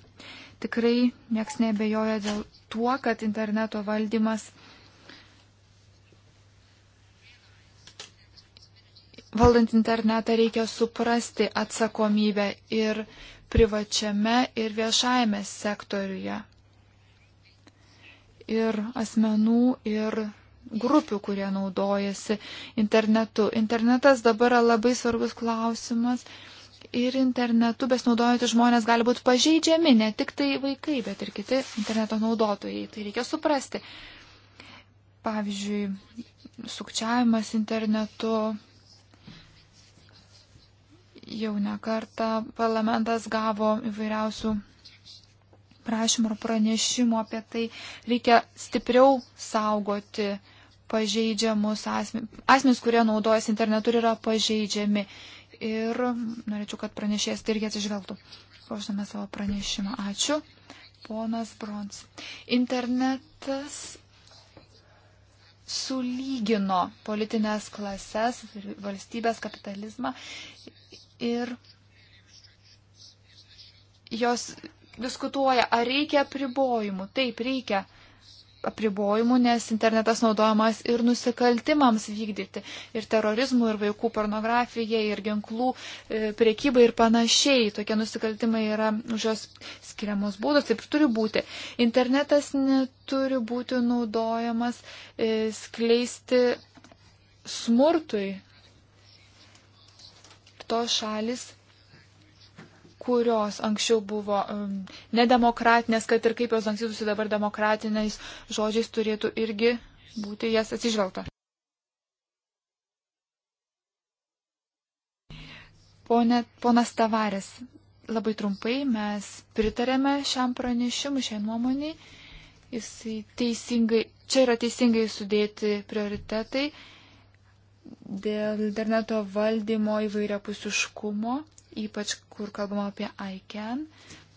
Tikrai nieks nebejoja dėl tuo, kad interneto valdymas valdant internetą reikia suprasti atsakomybę ir privačiame, ir viešajame sektoriuje. Ir asmenų, ir grupių, kurie naudojasi internetu. Internetas dabar yra labai svarbus klausimas ir internetu besinaudojantys žmonės gali būti pažeidžiami, ne tik tai vaikai, bet ir kiti interneto naudotojai. Tai reikia suprasti. Pavyzdžiui, sukčiavimas internetu. Jau nekarta parlamentas gavo įvairiausių prašymų ir pranešimų apie tai. Reikia stipriau saugoti pažeidžiamus asmenys. Asmenys, kurie naudojasi internetu, yra pažeidžiami. Uh, ir norėčiau, kad pranešėjas tai irgi atsižvelgtų. Ruošdame savo pranešimą. Ačiū. Ponas Brons. Internetas sulygino politinės klases, valstybės kapitalizmą ir jos diskutuoja, ar reikia pribojimų. Taip, reikia apribojimų, nes internetas naudojamas ir nusikaltimams vykdyti, ir terorizmų, ir vaikų pornografija, ir ginklų e, priekyba ir panašiai. Tokie nusikaltimai yra už jos skiriamos būdos, taip ir turi būti. Internetas neturi būti naudojamas e, skleisti smurtui. Tos šalis kurios anksčiau buvo um, nedemokratinės, kad ir kaip jos ankstyvusi dabar demokratiniais žodžiais turėtų irgi būti jas atsižvelgta. Pone, ponas Tavarės, labai trumpai mes pritarėme šiam pranešimui, šiai nuomoniai. Jis teisingai, čia yra teisingai sudėti prioritetai dėl interneto valdymo įvairiapusiškumo ypač kur kalbama apie ICAN.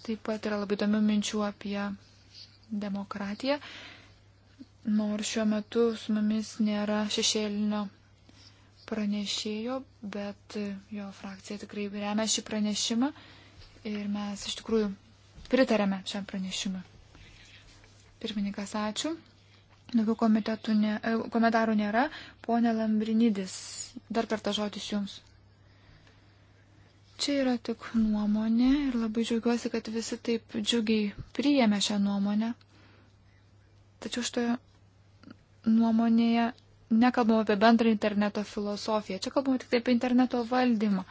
Taip pat yra labai įdomių minčių apie demokratiją. Nors šiuo metu su mumis nėra šešėlinio pranešėjo, bet jo frakcija tikrai remia šį pranešimą ir mes iš tikrųjų pritarėme šiam pranešimui. Pirmininkas, ačiū. Daugiau e, komentarų nėra. Pone Lambrinidis, dar kartą žodis jums. Čia yra tik nuomonė ir labai džiaugiuosi, kad visi taip džiugiai priėmė šią nuomonę. Tačiau šitoje nuomonėje nekalbam apie bendrą interneto filosofiją, čia kalbam tik apie interneto valdymą.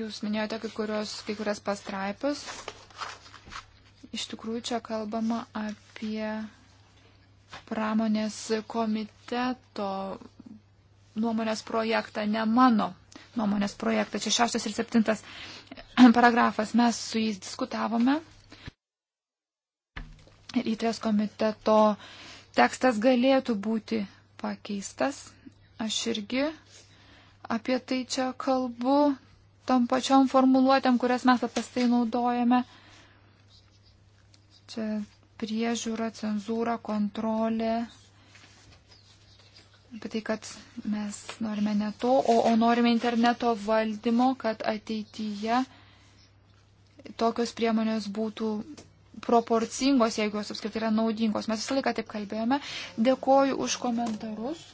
Jūs minėjote kai, kurios, kai kurias pastraipas. Iš tikrųjų, čia kalbama apie pramonės komiteto nuomonės projektą, ne mano nuomonės projektą. Čia šeštas ir septintas paragrafas. Mes su jais diskutavome. Ir įtrės komiteto tekstas galėtų būti pakeistas. Aš irgi apie tai čia kalbu, tom pačiom formuluotėm, kurias mes paprastai naudojame. Čia priežiūra, cenzūra, kontrolė, apie tai, kad mes norime ne to, o, o norime interneto valdymo, kad ateityje tokios priemonės būtų proporcingos, jeigu jos apskritai yra naudingos. Mes visą laiką taip kalbėjome. Dėkoju už komentarus.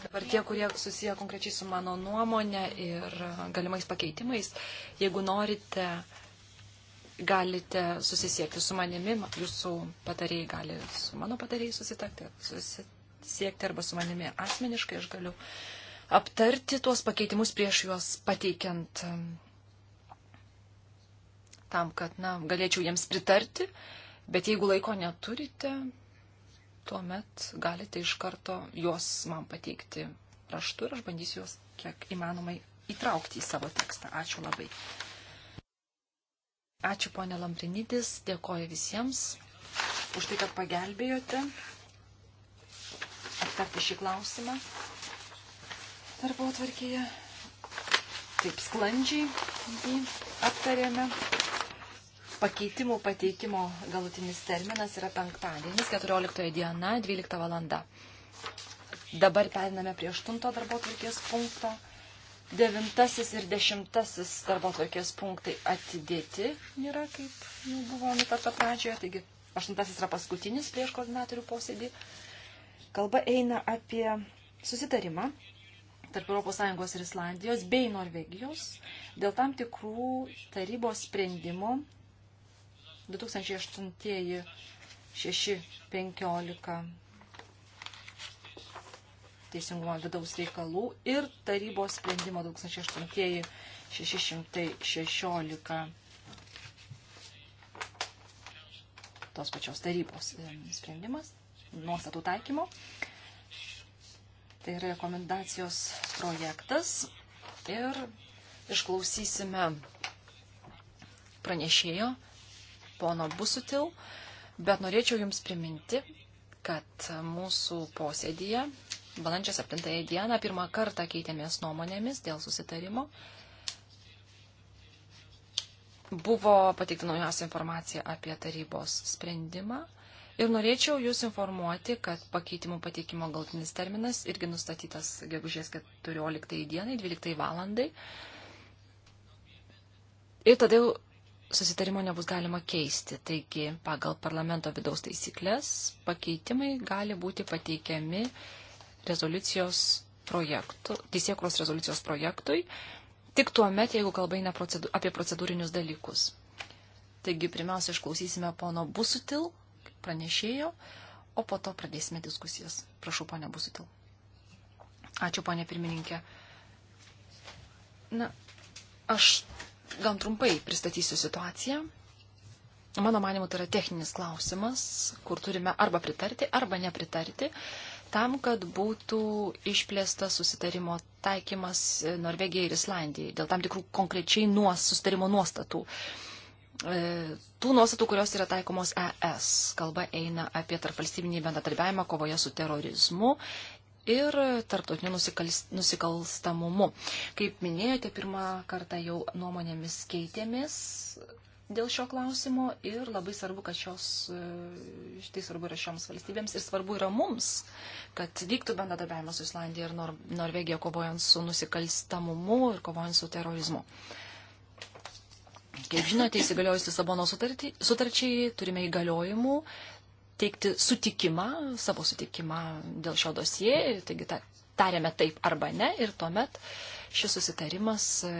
Dabar tie, kurie susiję konkrečiai su mano nuomonė ir galimais pakeitimais, jeigu norite galite susisiekti su manimi, jūsų patarėjai gali su mano patarėjai susitakti, susisiekti arba su manimi asmeniškai aš galiu aptarti tuos pakeitimus prieš juos pateikiant um, tam, kad, na, galėčiau jiems pritarti, bet jeigu laiko neturite, tuomet galite iš karto juos man pateikti raštu ir aš bandysiu juos kiek įmanomai įtraukti į savo tekstą. Ačiū labai. Ačiū ponė Lamprinytis, dėkoju visiems už tai, kad pagelbėjote aptarti šį klausimą darbo atvarkėje. Taip sklandžiai jį aptarėme. Pakeitimų pateikimo galutinis terminas yra penktadienis, 14 diena, 12 valanda. Dabar periname prie 8 darbo atvarkės punkto devintasis ir dešimtasis darbo tvarkės punktai atidėti yra, kaip jau buvo nutarta pradžioje, taigi aštuntasis yra paskutinis prieš koordinatorių posėdį. Kalba eina apie susitarimą tarp ES ir Islandijos bei Norvegijos dėl tam tikrų tarybos sprendimų 2008-615 teisingumo vidaus reikalų ir tarybos sprendimo 2008-616 tos pačios tarybos sprendimas, nuostatų taikymo. Tai yra rekomendacijos projektas ir išklausysime pranešėjo pono Busutil, bet norėčiau Jums priminti, kad mūsų posėdėje balandžio 7 dieną pirmą kartą keitėmės nuomonėmis dėl susitarimo. Buvo pateikta naujausia informacija apie tarybos sprendimą ir norėčiau Jūs informuoti, kad pakeitimų pateikimo galtinis terminas irgi nustatytas gegužės 14 dienai, 12 valandai. Ir tada jau susitarimo nebus galima keisti. Taigi, pagal parlamento vidaus taisyklės pakeitimai gali būti pateikiami rezoliucijos projektų, teisėkuros rezoliucijos projektui, tik tuo met, jeigu kalba eina procedu, apie procedūrinius dalykus. Taigi, pirmiausia, išklausysime pono Busutil, pranešėjo, o po to pradėsime diskusijas. Prašau, ponė Busutil. Ačiū, ponė pirmininkė. Na, aš gan trumpai pristatysiu situaciją. Mano manimu, tai yra techninis klausimas, kur turime arba pritarti, arba nepritarti tam, kad būtų išplėstas susitarimo taikymas Norvegijai ir Islandijai dėl tam tikrų konkrečiai nuos, susitarimo nuostatų. E, tų nuostatų, kurios yra taikomos ES, kalba eina apie tarpvalstybinį bendradarbiavimą kovoje su terorizmu ir tarptautiniu nusikalstamumu. Kaip minėjote, pirmą kartą jau nuomonėmis keitėmės dėl šio klausimo ir labai svarbu, kad šios, e, tai svarbu yra šioms valstybėms ir svarbu yra mums, kad vyktų bendradarbiavimas su Islandija ir Nor Norvegija kovojant su nusikalstamumu ir kovojant su terorizmu. Kaip žinote, įsigaliojus Lisabono sutarčiai turime įgaliojimų teikti sutikimą, savo sutikimą dėl šio dosie, taigi ta, tarėme taip arba ne ir tuomet šis susitarimas e,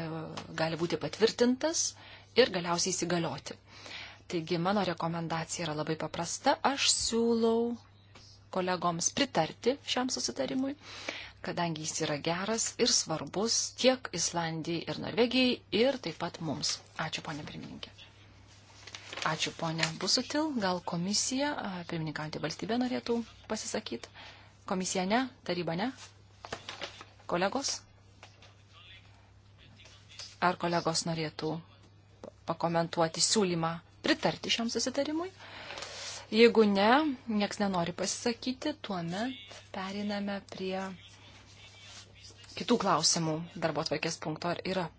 gali būti patvirtintas ir galiausiai įsigalioti. Taigi mano rekomendacija yra labai paprasta. Aš siūlau kolegoms pritarti šiam susitarimui, kadangi jis yra geras ir svarbus tiek Islandijai ir Norvegijai ir taip pat mums. Ačiū, ponė pirmininkė. Ačiū, ponė Busutil. Gal komisija, pirmininkantį valstybę norėtų pasisakyti? Komisija ne, taryba ne. Kolegos? Ar kolegos norėtų pakomentuoti siūlymą pritarti šiam susitarimui. Jeigu ne, nieks nenori pasisakyti, tuomet periname prie kitų klausimų darbo atvarkės punkto. Ar yra